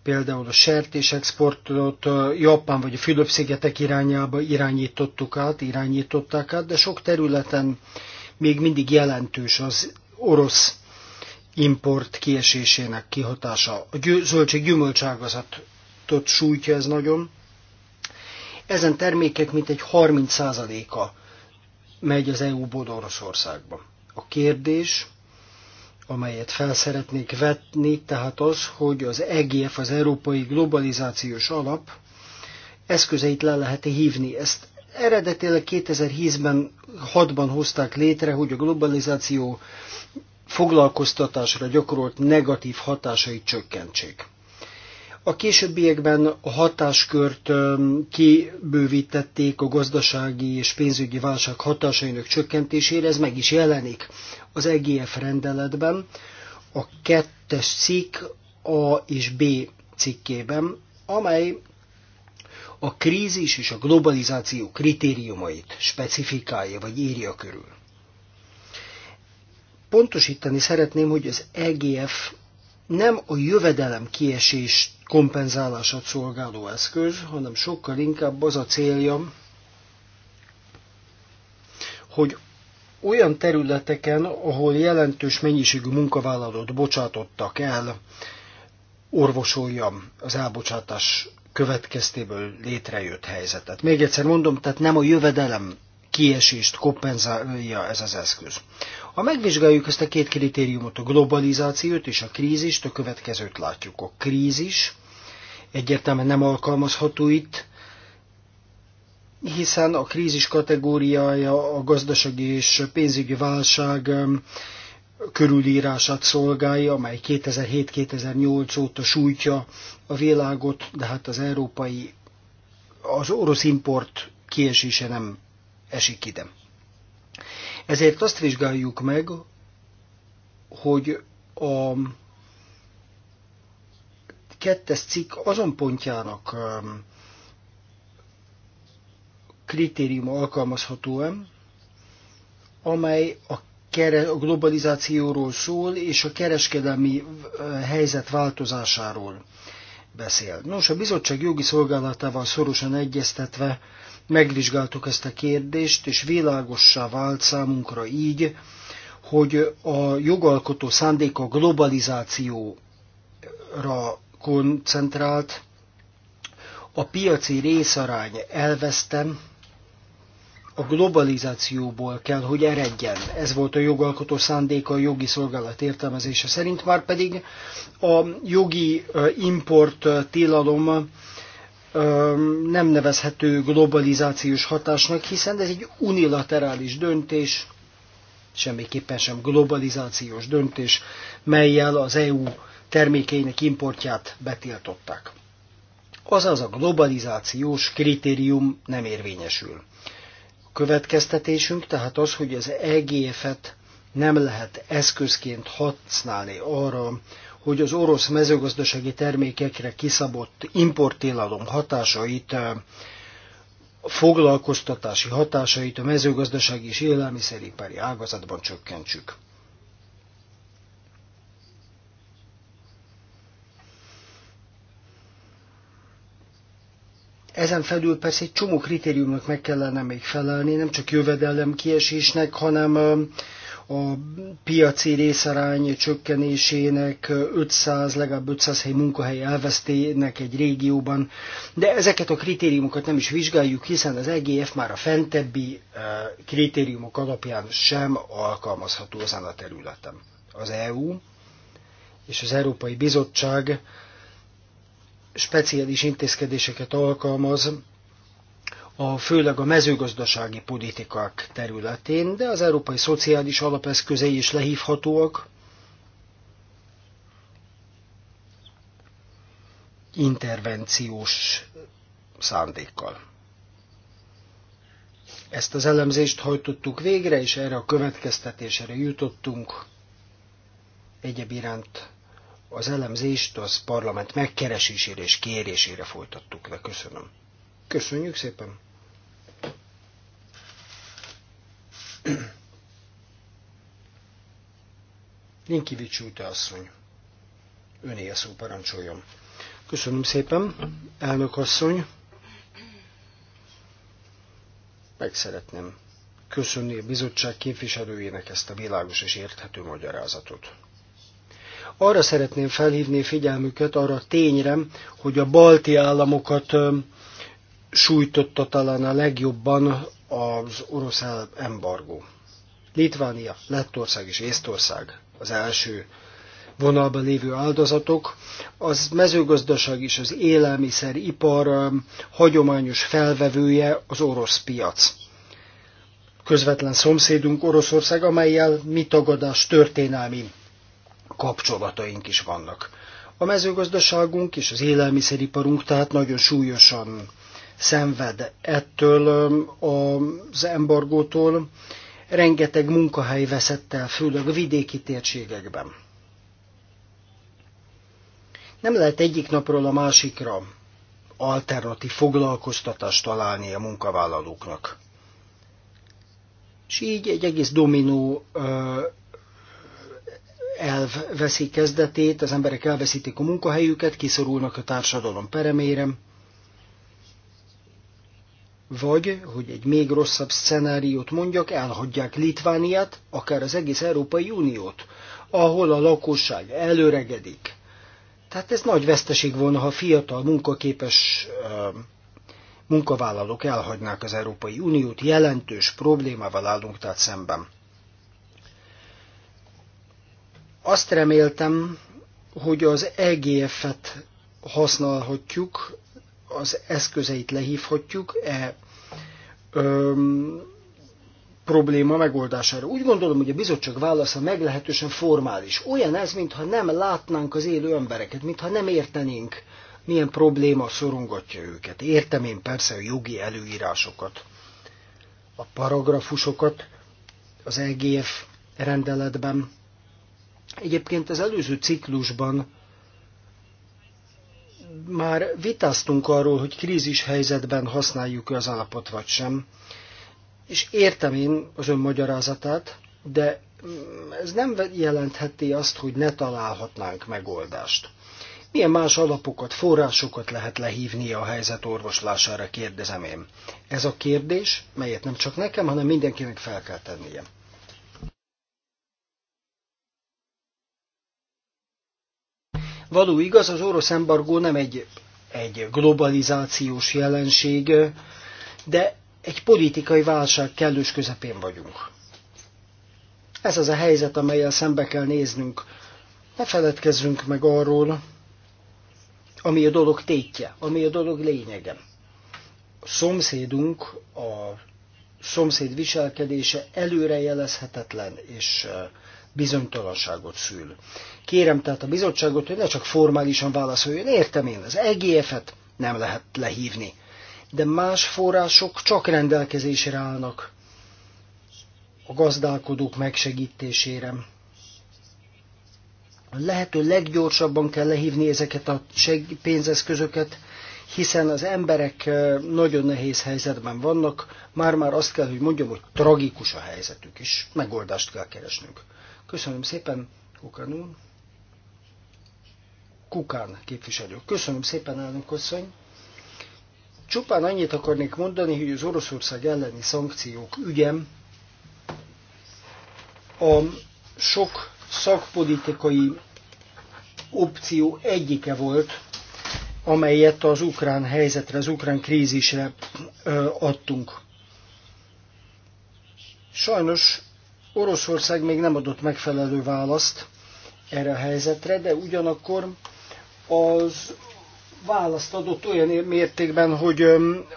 Például a sertés exportot Japán vagy a Fülöp-szigetek irányába irányítottuk át, irányították át, de sok területen még mindig jelentős az orosz import kiesésének kihatása. A zöldség gyümölcságazatot sújtja ez nagyon. Ezen termékek mintegy 30%-a megy az EU-ból Oroszországba. A kérdés, amelyet fel szeretnék vetni, tehát az, hogy az EGF, az Európai Globalizációs Alap eszközeit le lehet -e hívni. Ezt eredetileg 2010-ben, 6-ban hozták létre, hogy a globalizáció foglalkoztatásra gyakorolt negatív hatásait csökkentsék. A későbbiekben a hatáskört kibővítették a gazdasági és pénzügyi válság hatásainak csökkentésére, ez meg is jelenik az EGF rendeletben, a kettes cikk A és B cikkében, amely a krízis és a globalizáció kritériumait specifikálja vagy írja körül. Pontosítani szeretném, hogy az EGF nem a jövedelem kiesés kompenzálását szolgáló eszköz, hanem sokkal inkább az a célja, hogy olyan területeken, ahol jelentős mennyiségű munkavállalót bocsátottak el, orvosoljam az elbocsátás következtéből létrejött helyzetet. Még egyszer mondom, tehát nem a jövedelem kiesést kompenzálja ez az eszköz. Ha megvizsgáljuk ezt a két kritériumot, a globalizációt és a krízist, a következőt látjuk. A krízis egyértelműen nem alkalmazható itt, hiszen a krízis kategóriája a gazdasági és pénzügyi válság körülírását szolgálja, amely 2007-2008 óta sújtja a világot, de hát az európai, az orosz import kiesése nem esik ide. Ezért azt vizsgáljuk meg, hogy a kettes cikk azon pontjának um, kritérium alkalmazható-e, amely a a globalizációról szól, és a kereskedelmi uh, helyzet változásáról beszél. Nos, a bizottság jogi szolgálatával szorosan egyeztetve megvizsgáltuk ezt a kérdést, és világossá vált számunkra így, hogy a jogalkotó szándéka globalizációra koncentrált, a piaci részarány elvesztem, a globalizációból kell, hogy eredjen. Ez volt a jogalkotó szándéka a jogi szolgálat értelmezése szerint, már pedig a jogi import tilalom nem nevezhető globalizációs hatásnak, hiszen ez egy unilaterális döntés, semmiképpen sem globalizációs döntés, melyel az EU termékeinek importját betiltották. Azaz a globalizációs kritérium nem érvényesül következtetésünk tehát az, hogy az EGF-et nem lehet eszközként használni arra, hogy az orosz mezőgazdasági termékekre kiszabott importtilalom hatásait, foglalkoztatási hatásait a mezőgazdasági és élelmiszeripari ágazatban csökkentsük. Ezen felül persze egy csomó kritériumnak meg kellene még felelni, nem csak jövedelem kiesésnek, hanem a piaci részarány csökkenésének 500, legalább 500 hely munkahely elvesztének egy régióban, de ezeket a kritériumokat nem is vizsgáljuk, hiszen az EGF már a fentebbi kritériumok alapján sem alkalmazható ezen a területen. Az EU és az Európai Bizottság speciális intézkedéseket alkalmaz, a, főleg a mezőgazdasági politikák területén, de az európai szociális alapeszközei is lehívhatóak. intervenciós szándékkal. Ezt az elemzést hajtottuk végre, és erre a következtetésre jutottunk. Egyeb iránt az elemzést az parlament megkeresésére és kérésére folytattuk le. Köszönöm. Köszönjük szépen! Linkivics úte asszony. Öné a szó, parancsoljon. Köszönöm szépen, elnök asszony. Meg szeretném köszönni a bizottság képviselőjének ezt a világos és érthető magyarázatot. Arra szeretném felhívni figyelmüket, arra a tényre, hogy a balti államokat sújtotta talán a legjobban az orosz embargó. Litvánia, Lettország és Észtország az első vonalban lévő áldozatok, az mezőgazdaság és az élelmiszeripar hagyományos felvevője az orosz piac. Közvetlen szomszédunk Oroszország, amelyel mi tagadás történelmi kapcsolataink is vannak. A mezőgazdaságunk és az élelmiszeriparunk tehát nagyon súlyosan szenved ettől az embargótól. Rengeteg munkahely veszett el, főleg a vidéki térségekben. Nem lehet egyik napról a másikra alternatív foglalkoztatást találni a munkavállalóknak. És így egy egész dominó elv veszi kezdetét, az emberek elveszítik a munkahelyüket, kiszorulnak a társadalom peremére, vagy, hogy egy még rosszabb szenáriót mondjak, elhagyják Litvániát, akár az egész Európai Uniót, ahol a lakosság előregedik. Tehát ez nagy veszteség volna, ha fiatal, munkaképes munkavállalók elhagynák az Európai Uniót, jelentős problémával állunk tehát szemben. Azt reméltem, hogy az EGF-et használhatjuk, az eszközeit lehívhatjuk e öm, probléma megoldására. Úgy gondolom, hogy a bizottság válasza meglehetősen formális. Olyan ez, mintha nem látnánk az élő embereket, mintha nem értenénk, milyen probléma szorongatja őket. Értem én persze a jogi előírásokat, a paragrafusokat az EGF rendeletben, Egyébként az előző ciklusban már vitáztunk arról, hogy krízis helyzetben használjuk az alapot vagy sem. És értem én az ön magyarázatát, de ez nem jelentheti azt, hogy ne találhatnánk megoldást. Milyen más alapokat, forrásokat lehet lehívni a helyzet orvoslására, kérdezem én. Ez a kérdés, melyet nem csak nekem, hanem mindenkinek fel kell tennie. Való igaz, az orosz embargó nem egy, egy globalizációs jelenség, de egy politikai válság kellős közepén vagyunk. Ez az a helyzet, amelyel szembe kell néznünk. Ne feledkezzünk meg arról, ami a dolog tétje, ami a dolog lényege. A szomszédunk, a szomszéd viselkedése előrejelezhetetlen és eh, bizonytalanságot szül. Kérem tehát a bizottságot, hogy ne csak formálisan válaszoljon, értem én, az EGF-et nem lehet lehívni, de más források csak rendelkezésre állnak a gazdálkodók megsegítésére. A lehető leggyorsabban kell lehívni ezeket a pénzeszközöket, hiszen az emberek nagyon nehéz helyzetben vannak, már-már azt kell, hogy mondjam, hogy tragikus a helyzetük, és megoldást kell keresnünk. Köszönöm szépen, Kukan Kukán képviselő. Köszönöm szépen, elnök asszony. Csupán annyit akarnék mondani, hogy az Oroszország elleni szankciók ügyem a sok szakpolitikai opció egyike volt, amelyet az ukrán helyzetre, az ukrán krízisre adtunk. Sajnos Oroszország még nem adott megfelelő választ erre a helyzetre, de ugyanakkor az választ adott olyan mértékben, hogy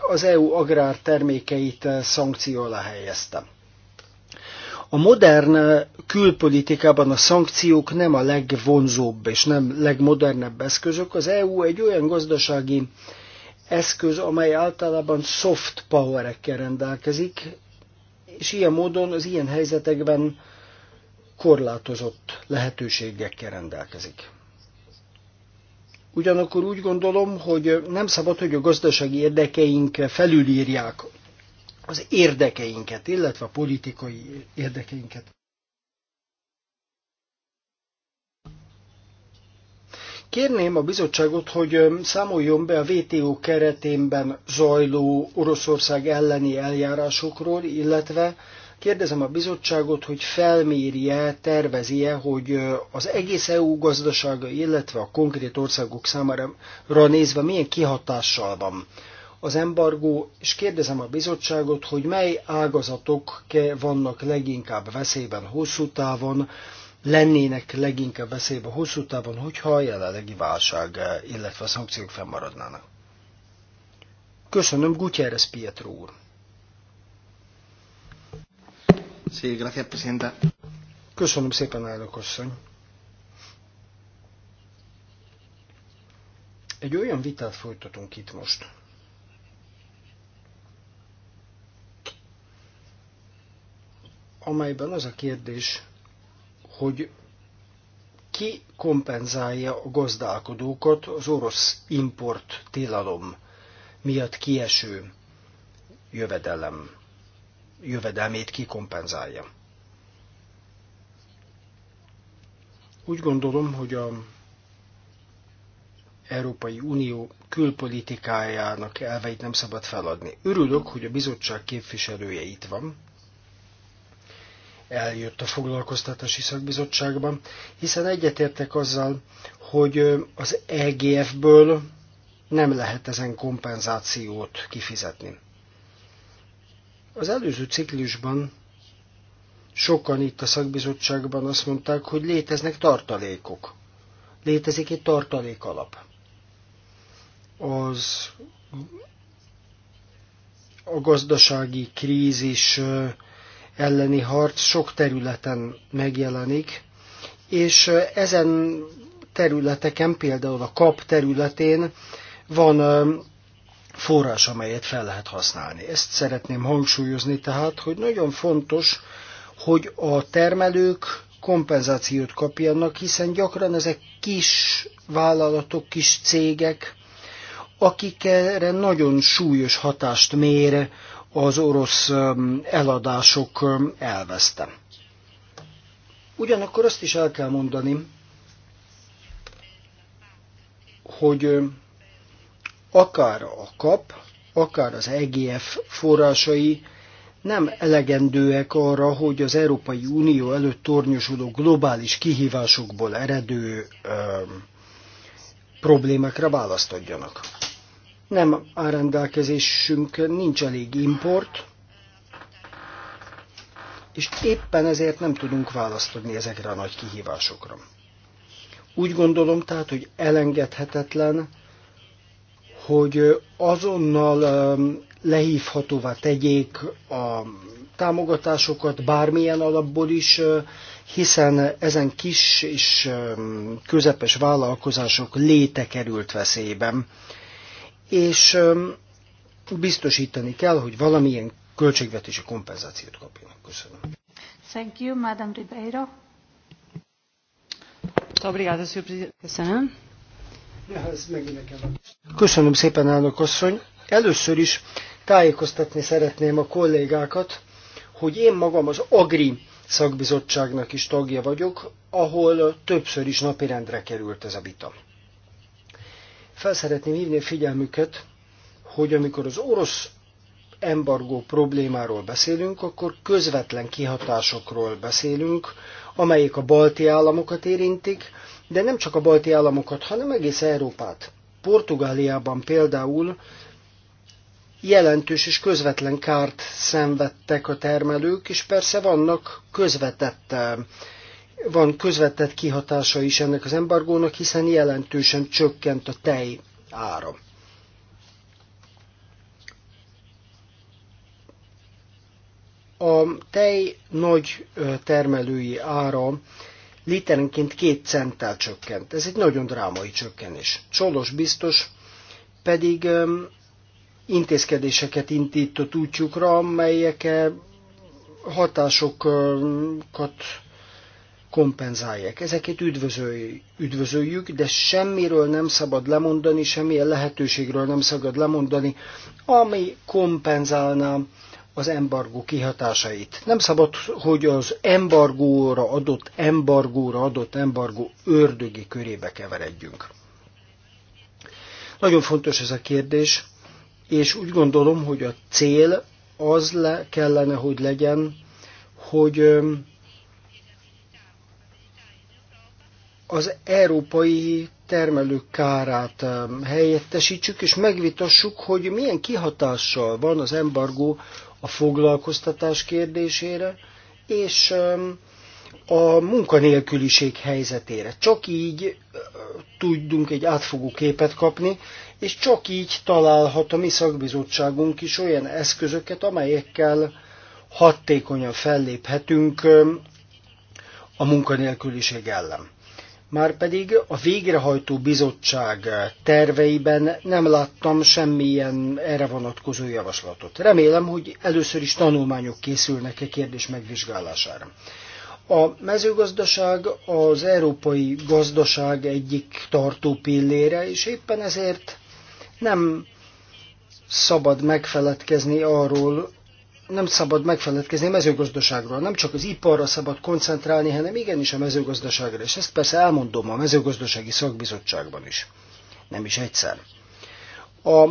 az EU agrártermékeit szankció alá helyezte. A modern külpolitikában a szankciók nem a legvonzóbb és nem legmodernebb eszközök. Az EU egy olyan gazdasági eszköz, amely általában soft powerekkel rendelkezik, és ilyen módon az ilyen helyzetekben korlátozott lehetőségekkel rendelkezik. Ugyanakkor úgy gondolom, hogy nem szabad, hogy a gazdasági érdekeink felülírják az érdekeinket, illetve a politikai érdekeinket. Kérném a bizottságot, hogy számoljon be a WTO keretében zajló Oroszország elleni eljárásokról, illetve Kérdezem a bizottságot, hogy felmérje, tervezie, hogy az egész EU gazdasága, illetve a konkrét országok számára nézve milyen kihatással van az embargó, és kérdezem a bizottságot, hogy mely ágazatok vannak leginkább veszélyben hosszú távon, lennének leginkább veszélyben hosszú távon, hogyha a jelenlegi válság, e, illetve a szankciók fennmaradnának. Köszönöm, Gutierrez Pietro úr! Sí, gracias, presidenta. Köszönöm szépen, elnök asszony. Egy olyan vitát folytatunk itt most, amelyben az a kérdés, hogy ki kompenzálja a gazdálkodókat az orosz import tilalom miatt kieső jövedelem jövedelmét kikompenzálja. Úgy gondolom, hogy a Európai Unió külpolitikájának elveit nem szabad feladni. Örülök, hogy a bizottság képviselője itt van, eljött a foglalkoztatási szakbizottságban, hiszen egyetértek azzal, hogy az EGF-ből nem lehet ezen kompenzációt kifizetni. Az előző ciklusban sokan itt a szakbizottságban azt mondták, hogy léteznek tartalékok. Létezik egy tartalék alap. Az a gazdasági krízis elleni harc sok területen megjelenik, és ezen területeken, például a kap területén van forrás, amelyet fel lehet használni. Ezt szeretném hangsúlyozni tehát, hogy nagyon fontos, hogy a termelők kompenzációt kapjanak, hiszen gyakran ezek kis vállalatok, kis cégek, akikre nagyon súlyos hatást mér az orosz eladások elveszte. Ugyanakkor azt is el kell mondani, hogy akár a kap, akár az EGF forrásai nem elegendőek arra, hogy az Európai Unió előtt tornyosodó globális kihívásokból eredő ö, problémákra választ adjanak. Nem áll rendelkezésünk, nincs elég import, és éppen ezért nem tudunk választ adni ezekre a nagy kihívásokra. Úgy gondolom tehát, hogy elengedhetetlen, hogy azonnal lehívhatóvá tegyék a támogatásokat bármilyen alapból is, hiszen ezen kis és közepes vállalkozások léte került veszélyben. És biztosítani kell, hogy valamilyen költségvetési kompenzációt kapjanak. Köszönöm. Thank you, Madam Ribeiro. Köszönöm. Köszönöm szépen, elnök asszony. Először is tájékoztatni szeretném a kollégákat, hogy én magam az Agri szakbizottságnak is tagja vagyok, ahol többször is napirendre került ez a vita. Felszeretném hívni a figyelmüket, hogy amikor az orosz embargó problémáról beszélünk, akkor közvetlen kihatásokról beszélünk, amelyek a balti államokat érintik, de nem csak a balti államokat, hanem egész Európát. Portugáliában például jelentős és közvetlen kárt szenvedtek a termelők, és persze vannak közvetett, van közvetett kihatása is ennek az embargónak, hiszen jelentősen csökkent a tej ára. A tej nagy termelői ára literenként két centtel csökkent. Ez egy nagyon drámai csökkenés. Csolos biztos pedig öm, intézkedéseket indított útjukra, amelyek eh, hatásokat kompenzálják. Ezeket üdvözöljük, üdvözöljük, de semmiről nem szabad lemondani, semmilyen lehetőségről nem szabad lemondani, ami kompenzálná az embargó kihatásait. Nem szabad, hogy az embargóra adott, embargóra adott embargó ördögi körébe keveredjünk. Nagyon fontos ez a kérdés, és úgy gondolom, hogy a cél az le kellene, hogy legyen, hogy az európai termelők kárát helyettesítsük, és megvitassuk, hogy milyen kihatással van az embargó a foglalkoztatás kérdésére, és a munkanélküliség helyzetére. Csak így tudunk egy átfogó képet kapni, és csak így találhat a mi szakbizottságunk is olyan eszközöket, amelyekkel hatékonyan felléphetünk a munkanélküliség ellen. Márpedig a végrehajtó bizottság terveiben nem láttam semmilyen erre vonatkozó javaslatot. Remélem, hogy először is tanulmányok készülnek e kérdés megvizsgálására. A mezőgazdaság az európai gazdaság egyik tartó pillére, és éppen ezért nem szabad megfeledkezni arról, nem szabad megfeledkezni a mezőgazdaságról. Nem csak az iparra szabad koncentrálni, hanem igenis a mezőgazdaságra. És ezt persze elmondom a mezőgazdasági szakbizottságban is. Nem is egyszer. A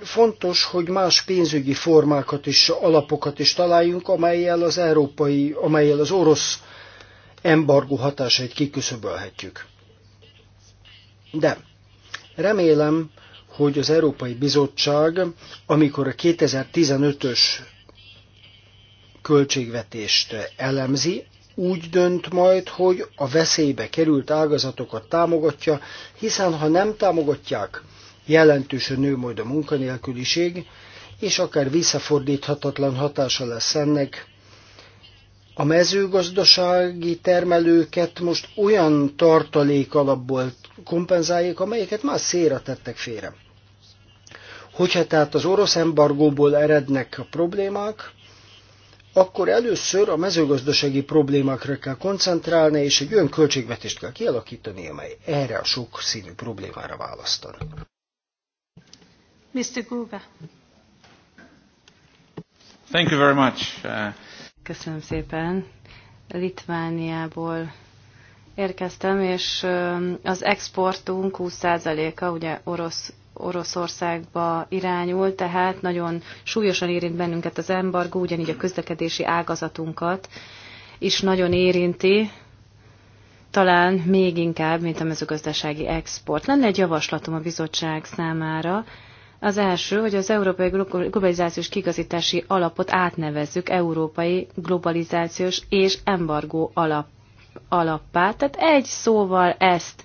fontos, hogy más pénzügyi formákat és alapokat is találjunk, amelyel az európai, amelyel az orosz embargó hatásait kiküszöbölhetjük. De remélem, hogy az Európai Bizottság, amikor a 2015-ös költségvetést elemzi, úgy dönt majd, hogy a veszélybe került ágazatokat támogatja, hiszen ha nem támogatják, jelentősen nő majd a munkanélküliség, és akár visszafordíthatatlan hatása lesz ennek. A mezőgazdasági termelőket most olyan tartalék alapból kompenzáljuk, amelyeket már szélre tettek félre. Hogyha tehát az orosz embargóból erednek a problémák, akkor először a mezőgazdasági problémákra kell koncentrálni, és egy olyan költségvetést kell kialakítani, amely erre a sok színű problémára választan. Mr. Guga. Thank you very much. Uh... Köszönöm szépen. Litvániából érkeztem, és az exportunk 20%-a ugye orosz Oroszországba irányul, tehát nagyon súlyosan érint bennünket az embargó, ugyanígy a közlekedési ágazatunkat is nagyon érinti, talán még inkább, mint a mezőgazdasági export. Lenne egy javaslatom a bizottság számára. Az első, hogy az Európai Globalizációs Kigazítási Alapot átnevezzük Európai Globalizációs és Embargó Alap, alappá. Tehát egy szóval ezt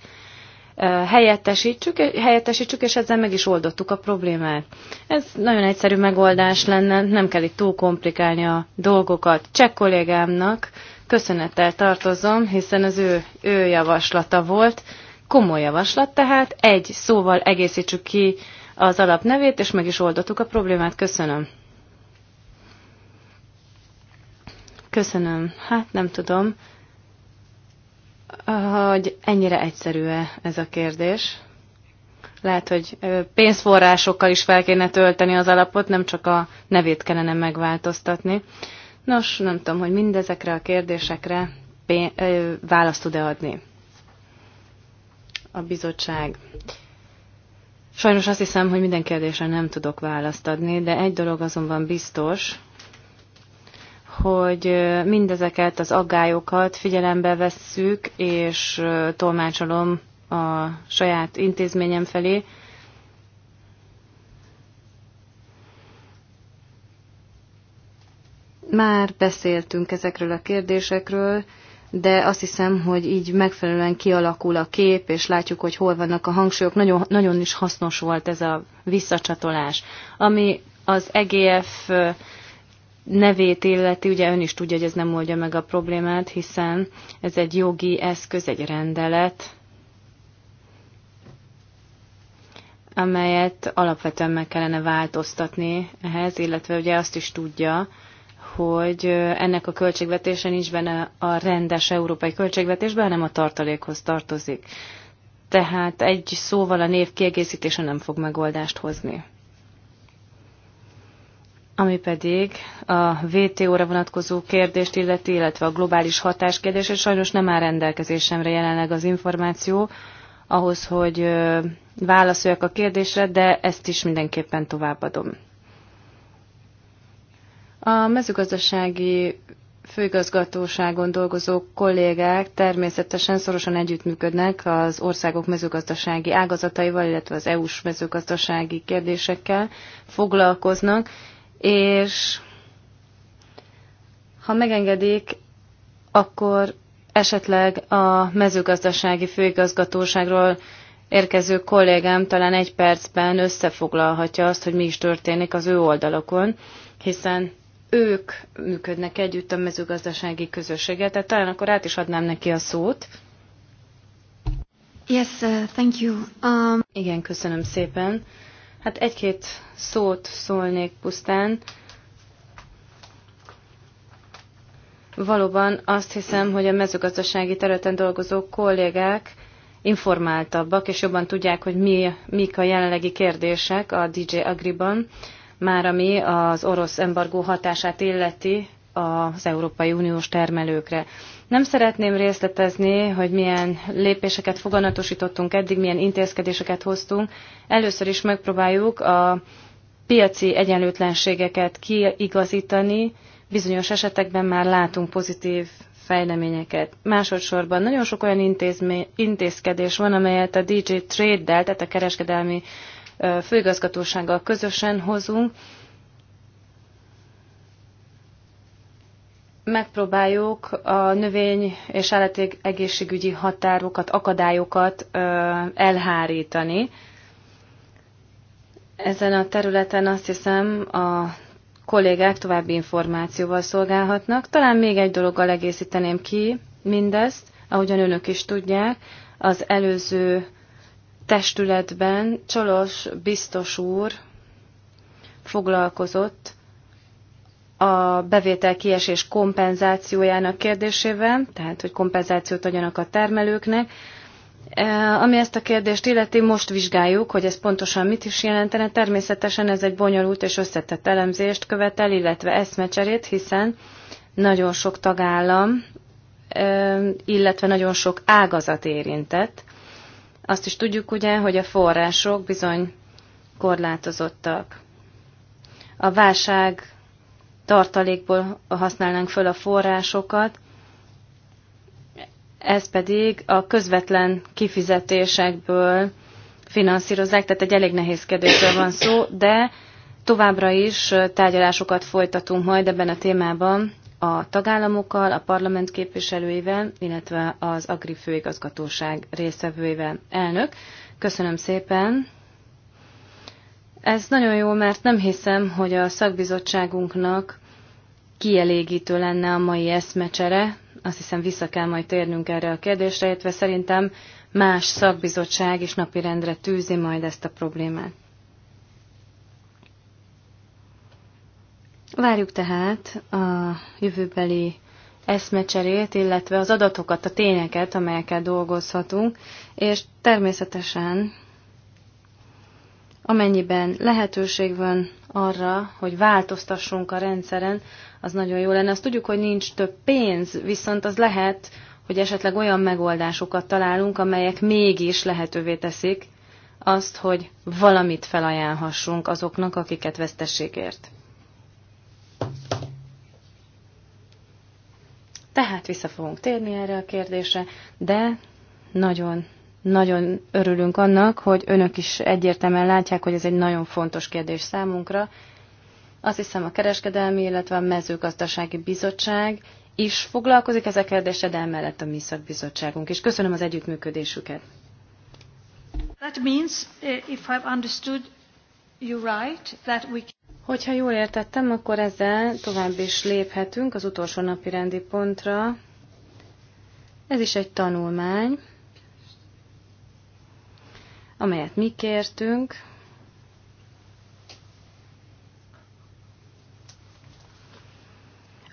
helyettesítsük, helyettesítsük, és ezzel meg is oldottuk a problémát. Ez nagyon egyszerű megoldás lenne, nem kell itt túl komplikálni a dolgokat. Cseh kollégámnak köszönettel tartozom, hiszen az ő, ő javaslata volt, komoly javaslat, tehát egy szóval egészítsük ki az alapnevét, és meg is oldottuk a problémát. Köszönöm. Köszönöm. Hát nem tudom hogy ennyire egyszerű-e ez a kérdés. Lehet, hogy pénzforrásokkal is fel kéne tölteni az alapot, nem csak a nevét kellene megváltoztatni. Nos, nem tudom, hogy mindezekre a kérdésekre választ tud-e adni a bizottság. Sajnos azt hiszem, hogy minden kérdésre nem tudok választ adni, de egy dolog azonban biztos, hogy mindezeket az aggályokat figyelembe vesszük, és tolmácsolom a saját intézményem felé. Már beszéltünk ezekről a kérdésekről, de azt hiszem, hogy így megfelelően kialakul a kép, és látjuk, hogy hol vannak a hangsúlyok. Nagyon, nagyon is hasznos volt ez a visszacsatolás. Ami az EGF nevét illeti, ugye ön is tudja, hogy ez nem oldja meg a problémát, hiszen ez egy jogi eszköz, egy rendelet, amelyet alapvetően meg kellene változtatni ehhez, illetve ugye azt is tudja, hogy ennek a költségvetése nincs benne a rendes európai költségvetésben, hanem a tartalékhoz tartozik. Tehát egy szóval a név kiegészítése nem fog megoldást hozni ami pedig a VTO-ra vonatkozó kérdést illeti, illetve a globális hatáskérdés, és sajnos nem áll rendelkezésemre jelenleg az információ ahhoz, hogy válaszoljak a kérdésre, de ezt is mindenképpen továbbadom. A mezőgazdasági főigazgatóságon dolgozó kollégák természetesen szorosan együttműködnek az országok mezőgazdasági ágazataival, illetve az EU-s mezőgazdasági kérdésekkel foglalkoznak, és ha megengedik, akkor esetleg a mezőgazdasági főigazgatóságról érkező kollégám talán egy percben összefoglalhatja azt, hogy mi is történik az ő oldalokon, hiszen ők működnek együtt a mezőgazdasági közösséget, tehát talán akkor át is adnám neki a szót. Yes, uh, thank you. Um... Igen, köszönöm szépen. Hát egy-két szót szólnék pusztán. Valóban azt hiszem, hogy a mezőgazdasági területen dolgozó kollégák informáltabbak, és jobban tudják, hogy mi, mik a jelenlegi kérdések a DJ Agriban, már ami az orosz embargó hatását illeti az Európai Uniós termelőkre. Nem szeretném részletezni, hogy milyen lépéseket foganatosítottunk eddig, milyen intézkedéseket hoztunk. Először is megpróbáljuk a piaci egyenlőtlenségeket kiigazítani, bizonyos esetekben már látunk pozitív fejleményeket. Másodszorban nagyon sok olyan intézkedés van, amelyet a DJ Trade-del, tehát a kereskedelmi főigazgatósággal közösen hozunk, megpróbáljuk a növény és állati egészségügyi határokat, akadályokat elhárítani. Ezen a területen azt hiszem a kollégák további információval szolgálhatnak. Talán még egy dologgal egészíteném ki mindezt, ahogyan önök is tudják, az előző testületben Csolos biztos úr foglalkozott a bevétel kiesés kompenzációjának kérdésével, tehát hogy kompenzációt adjanak a termelőknek. E, ami ezt a kérdést illeti, most vizsgáljuk, hogy ez pontosan mit is jelentene. Természetesen ez egy bonyolult és összetett elemzést követel, illetve eszmecserét, hiszen nagyon sok tagállam, e, illetve nagyon sok ágazat érintett. Azt is tudjuk ugye, hogy a források bizony korlátozottak. A válság tartalékból használnánk föl a forrásokat, ez pedig a közvetlen kifizetésekből finanszírozzák, tehát egy elég nehéz kérdésről van szó, de továbbra is tárgyalásokat folytatunk majd ebben a témában a tagállamokkal, a parlament képviselőivel, illetve az Agri főigazgatóság részvevőivel. Elnök, köszönöm szépen! Ez nagyon jó, mert nem hiszem, hogy a szakbizottságunknak kielégítő lenne a mai eszmecsere. Azt hiszem vissza kell majd térnünk erre a kérdésre, illetve szerintem más szakbizottság is napirendre tűzi majd ezt a problémát. Várjuk tehát a jövőbeli eszmecserét, illetve az adatokat, a tényeket, amelyekkel dolgozhatunk, és természetesen amennyiben lehetőség van arra, hogy változtassunk a rendszeren, az nagyon jó lenne. Azt tudjuk, hogy nincs több pénz, viszont az lehet, hogy esetleg olyan megoldásokat találunk, amelyek mégis lehetővé teszik azt, hogy valamit felajánlhassunk azoknak, akiket vesztességért. Tehát vissza fogunk térni erre a kérdésre, de nagyon, nagyon örülünk annak, hogy önök is egyértelműen látják, hogy ez egy nagyon fontos kérdés számunkra, azt hiszem a Kereskedelmi, illetve a Mezőgazdasági Bizottság is foglalkozik ezek kérdése, de emellett a mi szakbizottságunk is. Köszönöm az együttműködésüket. That means, eh, if I've understood you right, that we Hogyha jól értettem, akkor ezzel tovább is léphetünk az utolsó napi rendi pontra. Ez is egy tanulmány, amelyet mi kértünk.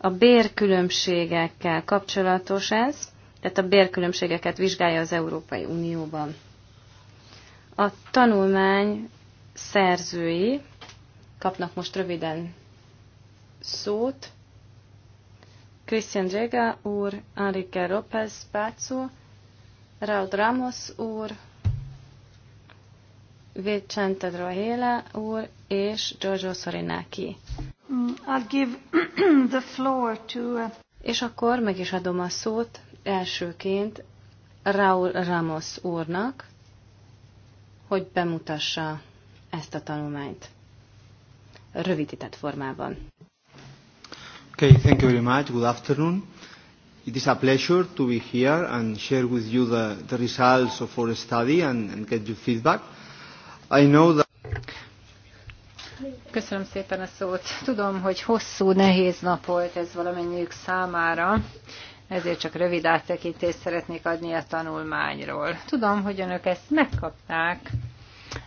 A bérkülönbségekkel kapcsolatos ez, tehát a bérkülönbségeket vizsgálja az Európai Unióban. A tanulmány szerzői kapnak most röviden szót. Christian Drega úr, Enrique López Pácu, Raúl Ramos úr, Vicente Drahéla úr és Giorgio Sorinaki. Mm, I'll give the floor to... Uh, és akkor meg is adom a szót elsőként Raúl Ramos úrnak, hogy bemutassa ezt a tanulmányt rövidített formában. Okay, thank you very much. Good afternoon. It is a pleasure to be here and share with you the, the results of our study and, and get your feedback. I know that Köszönöm szépen a szót. Tudom, hogy hosszú, nehéz nap volt ez valamennyiük számára, ezért csak rövid áttekintést szeretnék adni a tanulmányról. Tudom, hogy önök ezt megkapták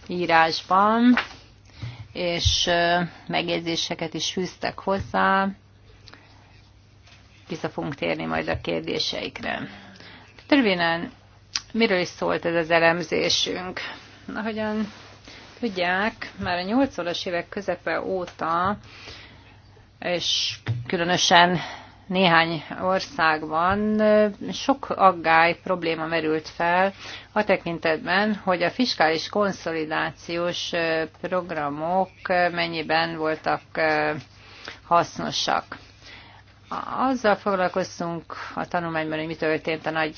írásban, és megjegyzéseket is fűztek hozzá. Vissza fogunk térni majd a kérdéseikre. Törvényen, miről is szólt ez az elemzésünk? Ahogyan tudják, már a 80-as évek közepe óta, és különösen néhány országban sok aggály, probléma merült fel a tekintetben, hogy a fiskális konszolidációs programok mennyiben voltak hasznosak. Azzal foglalkoztunk a tanulmányban, hogy mi történt a nagy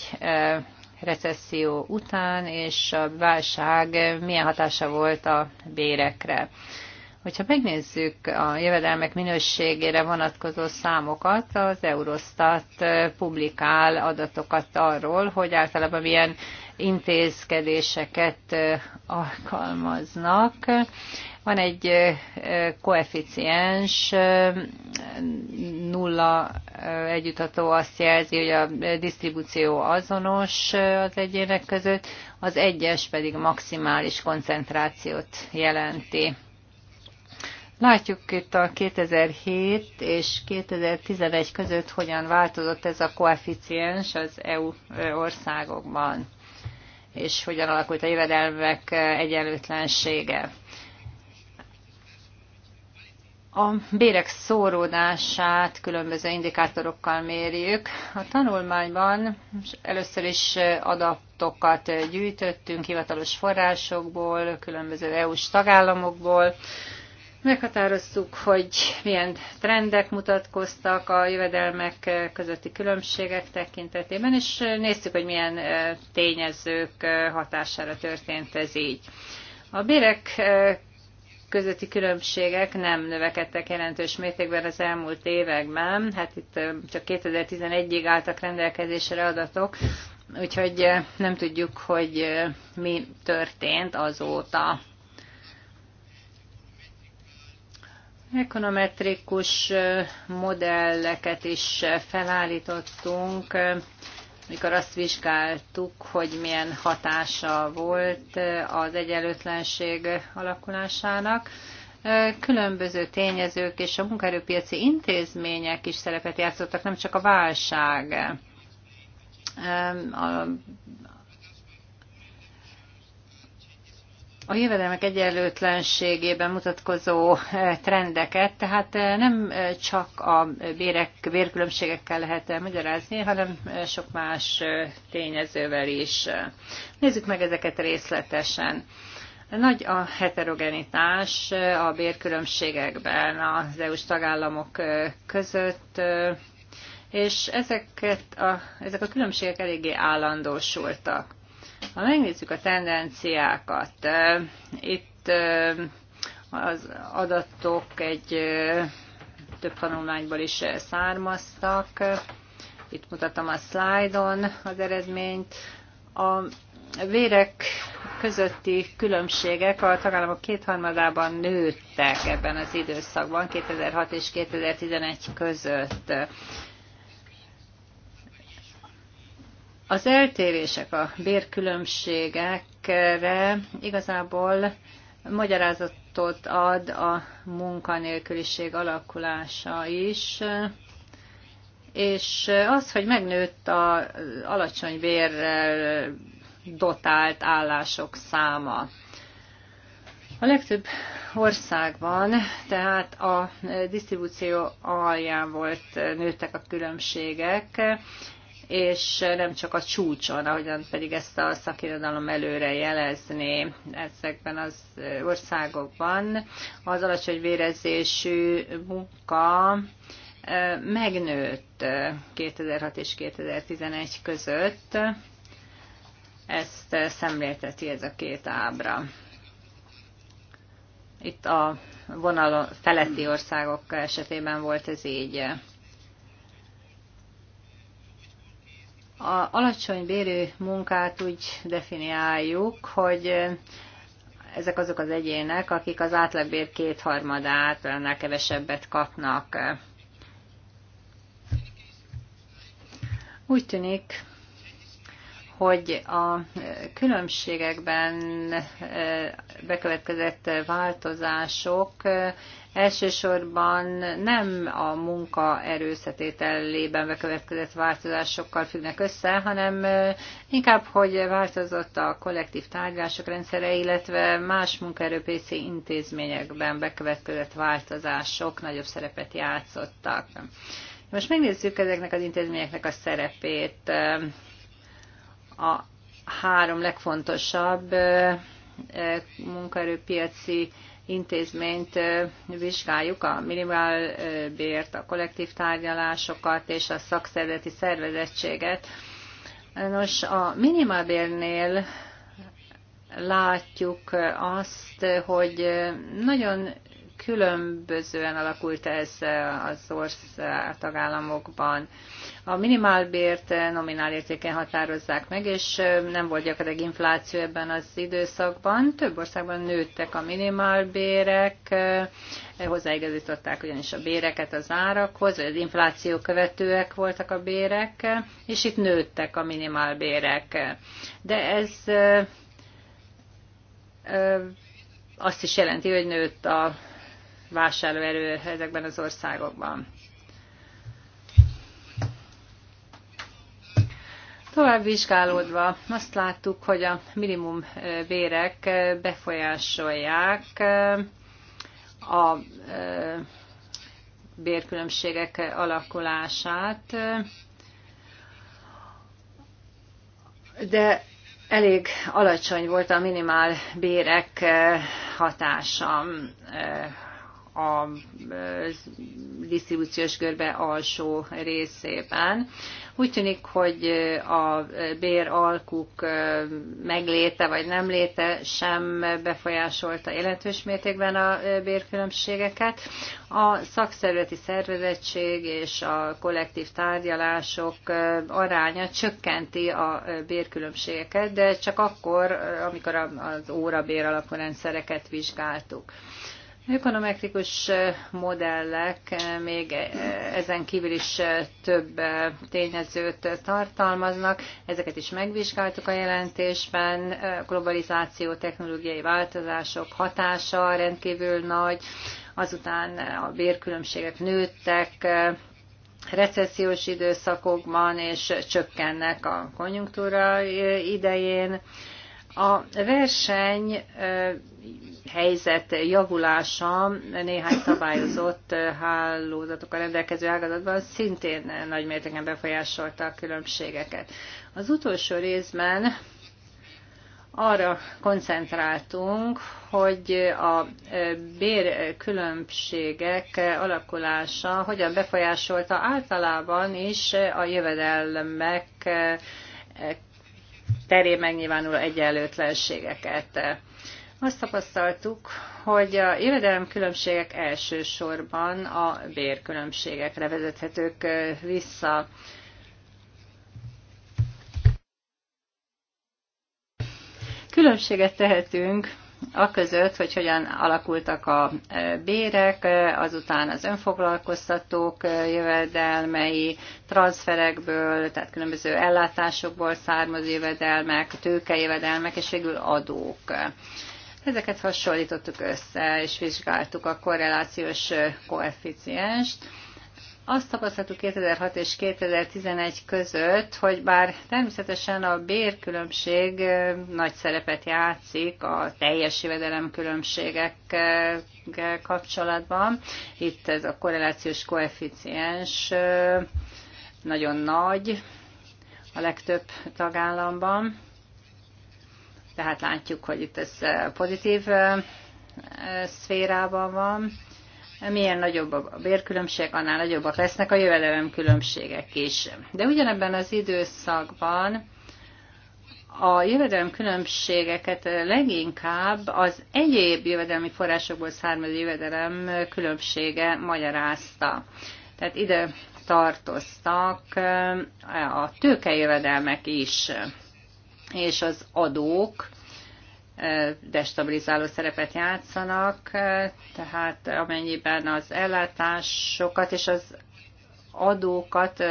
recesszió után, és a válság milyen hatása volt a bérekre. Hogyha megnézzük a jövedelmek minőségére vonatkozó számokat, az Eurostat publikál adatokat arról, hogy általában milyen intézkedéseket alkalmaznak. Van egy koeficiens, nulla együttató azt jelzi, hogy a disztribúció azonos az egyének között, az egyes pedig maximális koncentrációt jelenti. Látjuk itt a 2007 és 2011 között hogyan változott ez a koeficiens az EU országokban és hogyan alakult a jövedelmek eh, egyenlőtlensége. A bérek szóródását különböző indikátorokkal mérjük. A tanulmányban először is adatokat gyűjtöttünk hivatalos forrásokból, különböző EU-s tagállamokból, Meghatároztuk, hogy milyen trendek mutatkoztak a jövedelmek közötti különbségek tekintetében, és néztük, hogy milyen tényezők hatására történt ez így. A bérek közötti különbségek nem növekedtek jelentős mértékben az elmúlt években, hát itt csak 2011-ig álltak rendelkezésre adatok, úgyhogy nem tudjuk, hogy mi történt azóta. Ekonometrikus modelleket is felállítottunk, mikor azt vizsgáltuk, hogy milyen hatása volt az egyenlőtlenség alakulásának. Különböző tényezők és a munkaerőpiaci intézmények is szerepet játszottak, nem csak a válság a a jövedelmek egyenlőtlenségében mutatkozó eh, trendeket, tehát eh, nem eh, csak a bérek, bérkülönbségekkel lehet magyarázni, hanem sok más tényezővel is. Nézzük meg ezeket részletesen. Nagy a heterogenitás a bérkülönbségekben az EU-s tagállamok között, és ezeket a, ezek a különbségek eléggé állandósultak. Ha megnézzük a tendenciákat, itt az adatok egy több tanulmányból is származtak. Itt mutatom a szlájdon az eredményt. A vérek közötti különbségek a tagállamok kétharmadában nőttek ebben az időszakban, 2006 és 2011 között. Az eltérések, a bérkülönbségekre igazából magyarázatot ad a munkanélküliség alakulása is, és az, hogy megnőtt az alacsony bérrel dotált állások száma. A legtöbb országban, tehát a disztribúció alján volt, nőttek a különbségek, és nem csak a csúcson, ahogyan pedig ezt a szakirodalom előre jelezni ezekben az országokban. Az alacsony vérezésű munka megnőtt 2006 és 2011 között. Ezt szemlélteti ez a két ábra. Itt a vonal feletti országok esetében volt ez így. a alacsony bérű munkát úgy definiáljuk, hogy eh, ezek azok az egyének, akik az átlagbér kétharmadát, eh, annál kevesebbet kapnak. Úgy tűnik, hogy a eh, különbségekben bekövetkezett változások elsősorban nem a munka erőszetételében bekövetkezett változásokkal függnek össze, hanem inkább, hogy változott a kollektív tárgyalások rendszere, illetve más munkaerőpéci intézményekben bekövetkezett változások nagyobb szerepet játszottak. Most megnézzük ezeknek az intézményeknek a szerepét. A három legfontosabb munkaerőpiaci intézményt vizsgáljuk, a minimálbért, a kollektív tárgyalásokat és a szakszervezeti szervezettséget. Nos, a minimálbérnél látjuk azt, hogy nagyon különbözően alakult ez az ország tagállamokban. A minimálbért nominál értéken határozzák meg, és nem volt gyakorlatilag infláció ebben az időszakban. Több országban nőttek a minimálbérek, hozzáigazították ugyanis a béreket az árakhoz, vagy az infláció követőek voltak a bérek, és itt nőttek a minimálbérek. De ez azt is jelenti, hogy nőtt a vásárlóerő ezekben az országokban. Tovább vizsgálódva azt láttuk, hogy a minimum bérek befolyásolják a bérkülönbségek alakulását, de elég alacsony volt a minimál bérek hatása a disztribúciós görbe alsó részében. Úgy tűnik, hogy a béralkuk megléte vagy nem léte sem befolyásolta jelentős mértékben a bérkülönbségeket. A szakszervezeti szervezettség és a kollektív tárgyalások aránya csökkenti a bérkülönbségeket, de csak akkor, amikor az órabér alapú rendszereket vizsgáltuk. Ökonometrikus eh, modellek eh, még eh, ezen kívül is több tényezőt tartalmaznak. Ezeket is megvizsgáltuk a jelentésben. Globalizáció, technológiai változások hatása rendkívül nagy. Azután a bérkülönbségek nőttek, recessziós időszakokban, és csökkennek a konjunktúra idején a verseny helyzet javulása néhány szabályozott hálózatokkal rendelkező ágazatban szintén nagy mértékben befolyásolta a különbségeket. Az utolsó részben arra koncentráltunk, hogy a bérkülönbségek alakulása hogyan befolyásolta általában is a jövedelmek terén megnyilvánuló egyenlőtlenségeket. Azt tapasztaltuk, hogy a különbségek elsősorban a bérkülönbségekre vezethetők vissza. Különbséget tehetünk a között, hogy hogyan alakultak a e, bérek, e, azután az önfoglalkoztatók e, jövedelmei, transferekből, tehát különböző ellátásokból származó jövedelmek, tőkejövedelmek, és végül adók. Ezeket hasonlítottuk össze, és vizsgáltuk a korrelációs koeficienst azt tapasztaltuk 2006 és 2011 között, hogy bár természetesen a bérkülönbség nagy szerepet játszik a teljes jövedelem különbségek kapcsolatban, itt ez a korrelációs koeficiens nagyon nagy a legtöbb tagállamban, tehát látjuk, hogy itt ez pozitív szférában van, milyen nagyobb a bérkülönbség, annál nagyobbak lesznek a jövedelem különbségek is. De ugyanebben az időszakban a jövedelem különbségeket leginkább az egyéb jövedelmi forrásokból származó jövedelem különbsége magyarázta. Tehát ide tartoztak eh, a tőkejövedelmek is, és az adók, destabilizáló szerepet játszanak, tehát amennyiben az ellátásokat és az adókat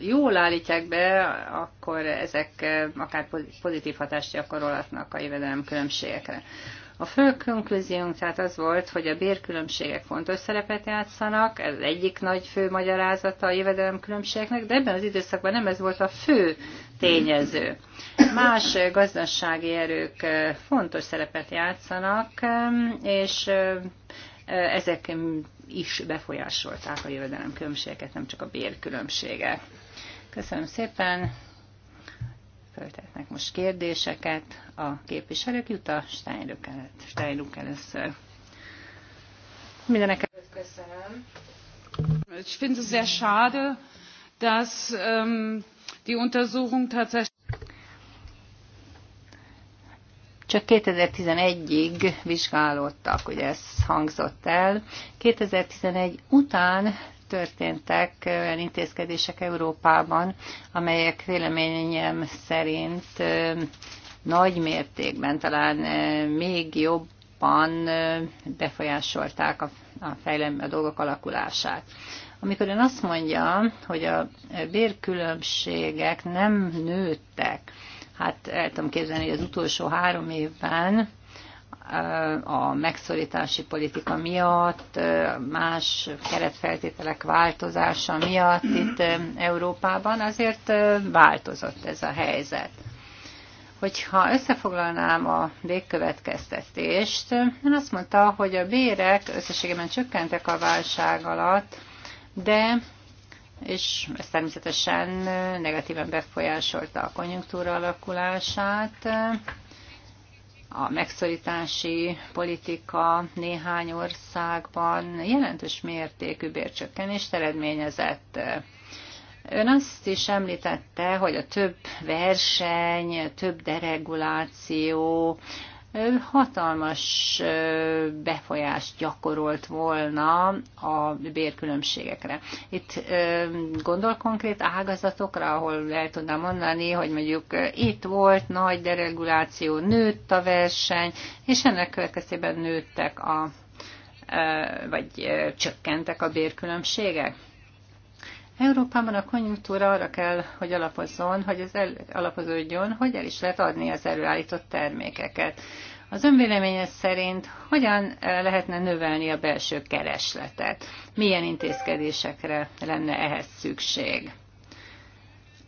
jól állítják be, akkor ezek akár pozitív hatást gyakorolhatnak a jövedelem különbségekre. A fő konklúziónk tehát az volt, hogy a bérkülönbségek fontos szerepet játszanak, ez egyik nagy fő magyarázata a jövedelemkülönbségeknek, de ebben az időszakban nem ez volt a fő tényező. Más gazdasági erők eh, fontos szerepet játszanak, eh, és eh, ezek is befolyásolták a jövedelemkülönbségeket, nem csak a bérkülönbségek. Köszönöm szépen! föltetnek most kérdéseket a képviselők. Juta Steinruck először. Mindenek előtt köszönöm. Ich finde es sehr schade, dass um, die Untersuchung tatsächlich csak 2011-ig vizsgálódtak, hogy ez hangzott el. 2011 után történtek olyan intézkedések Európában, amelyek véleményem szerint nagy mértékben, talán még jobban befolyásolták a, a, fejlem, a dolgok alakulását. Amikor ön azt mondja, hogy a bérkülönbségek nem nőttek, hát el tudom képzelni, hogy az utolsó három évben a megszorítási politika miatt, más keretfeltételek változása miatt itt Európában azért változott ez a helyzet. Hogyha összefoglalnám a végkövetkeztetést, én azt mondta, hogy a bérek összességében csökkentek a válság alatt, de és ez természetesen negatíven befolyásolta a konjunktúra alakulását, a megszorítási politika néhány országban jelentős mértékű bércsökkenést eredményezett. Ön azt is említette, hogy a több verseny, több dereguláció hatalmas befolyást gyakorolt volna a bérkülönbségekre. Itt gondol konkrét ágazatokra, ahol el tudnám mondani, hogy mondjuk itt volt nagy dereguláció, nőtt a verseny, és ennek következtében nőttek a vagy csökkentek a bérkülönbségek? Európában a konjunktúra arra kell, hogy alapozzon, hogy ez el, alapozódjon, hogy el is lehet adni az előállított termékeket. Az önvéleménye szerint hogyan eh, lehetne növelni a belső keresletet? Milyen intézkedésekre lenne ehhez szükség?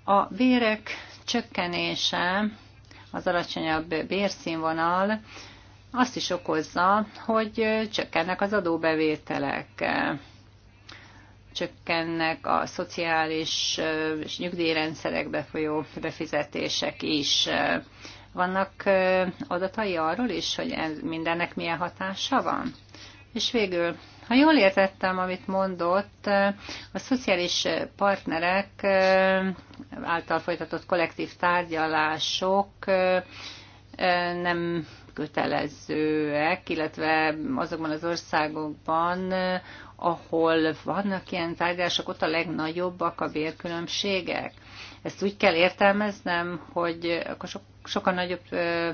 A bérek csökkenése, az alacsonyabb bérszínvonal azt is okozza, hogy eh, csökkennek az adóbevételek csökkennek a szociális és nyugdíjrendszerekbe folyó befizetések is. Vannak adatai arról is, hogy ez mindennek milyen hatása van? És végül, ha jól értettem, amit mondott, a szociális partnerek által folytatott kollektív tárgyalások nem kötelezőek, illetve azokban az országokban, ahol vannak ilyen tárgyalások, ott a legnagyobbak a vérkülönbségek. Ezt úgy kell értelmeznem, hogy akkor so, sokkal nagyobb ö,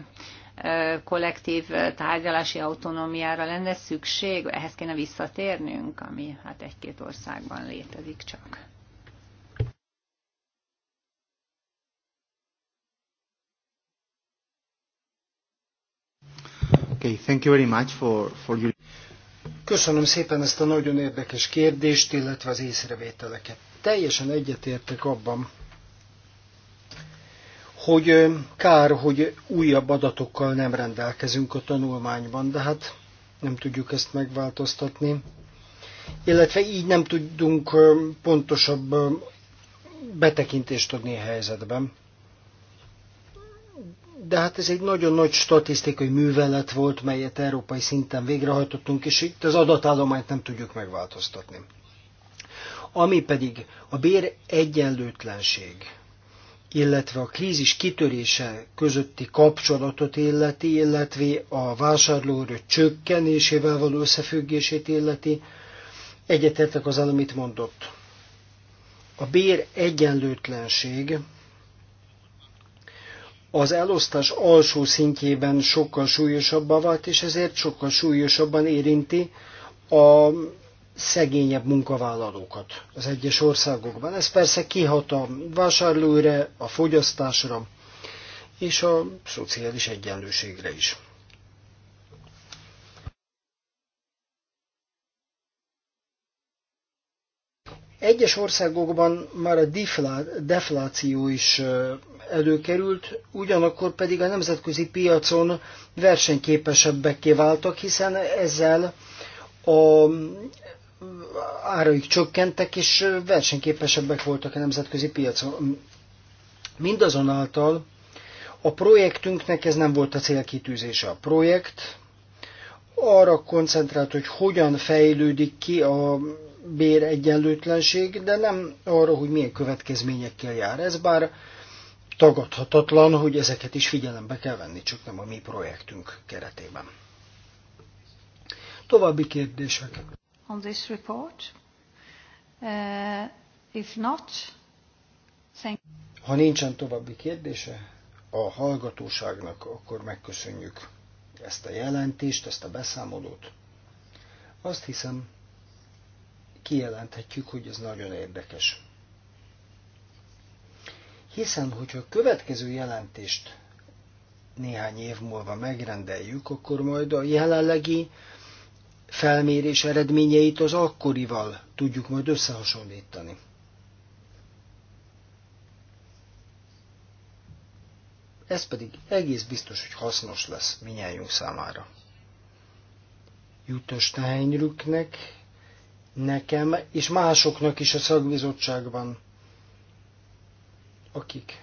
ö, kollektív tárgyalási autonómiára lenne szükség, ehhez kéne visszatérnünk, ami hát egy-két országban létezik csak. Okay, thank you very much for, for your... Köszönöm szépen ezt a nagyon érdekes kérdést, illetve az észrevételeket. Teljesen egyetértek abban, hogy kár, hogy újabb adatokkal nem rendelkezünk a tanulmányban, de hát nem tudjuk ezt megváltoztatni. Illetve így nem tudunk pontosabb betekintést adni a helyzetben de hát ez egy nagyon nagy statisztikai művelet volt, melyet európai szinten végrehajtottunk, és itt az adatállományt nem tudjuk megváltoztatni. Ami pedig a bér egyenlőtlenség, illetve a krízis kitörése közötti kapcsolatot illeti, illetve a vásárlóerő csökkenésével való összefüggését illeti, egyetértek az, amit mondott. A bér egyenlőtlenség az elosztás alsó szintjében sokkal súlyosabbá vált, és ezért sokkal súlyosabban érinti a szegényebb munkavállalókat az egyes országokban. Ez persze kihat a vásárlóra, a fogyasztásra és a szociális egyenlőségre is. Egyes országokban már a defláció is előkerült, ugyanakkor pedig a nemzetközi piacon versenyképesebbeké váltak, hiszen ezzel a áraik csökkentek, és versenyképesebbek voltak a nemzetközi piacon. Mindazonáltal a projektünknek ez nem volt a célkitűzése. A projekt arra koncentrált, hogy hogyan fejlődik ki a béregyenlőtlenség, de nem arra, hogy milyen következményekkel jár. Ez bár tagadhatatlan, hogy ezeket is figyelembe kell venni, csak nem a mi projektünk keretében. További kérdések. On this report? Uh, if not, thank ha nincsen további kérdése a hallgatóságnak, akkor megköszönjük ezt a jelentést, ezt a beszámolót. Azt hiszem, kijelenthetjük, hogy ez nagyon érdekes hiszen, hogyha a következő jelentést néhány év múlva megrendeljük, akkor majd a jelenlegi felmérés eredményeit az akkorival tudjuk majd összehasonlítani. Ez pedig egész biztos, hogy hasznos lesz minnyájunk számára. Jutos Steinrücknek, nekem és másoknak is a szakbizottságban akik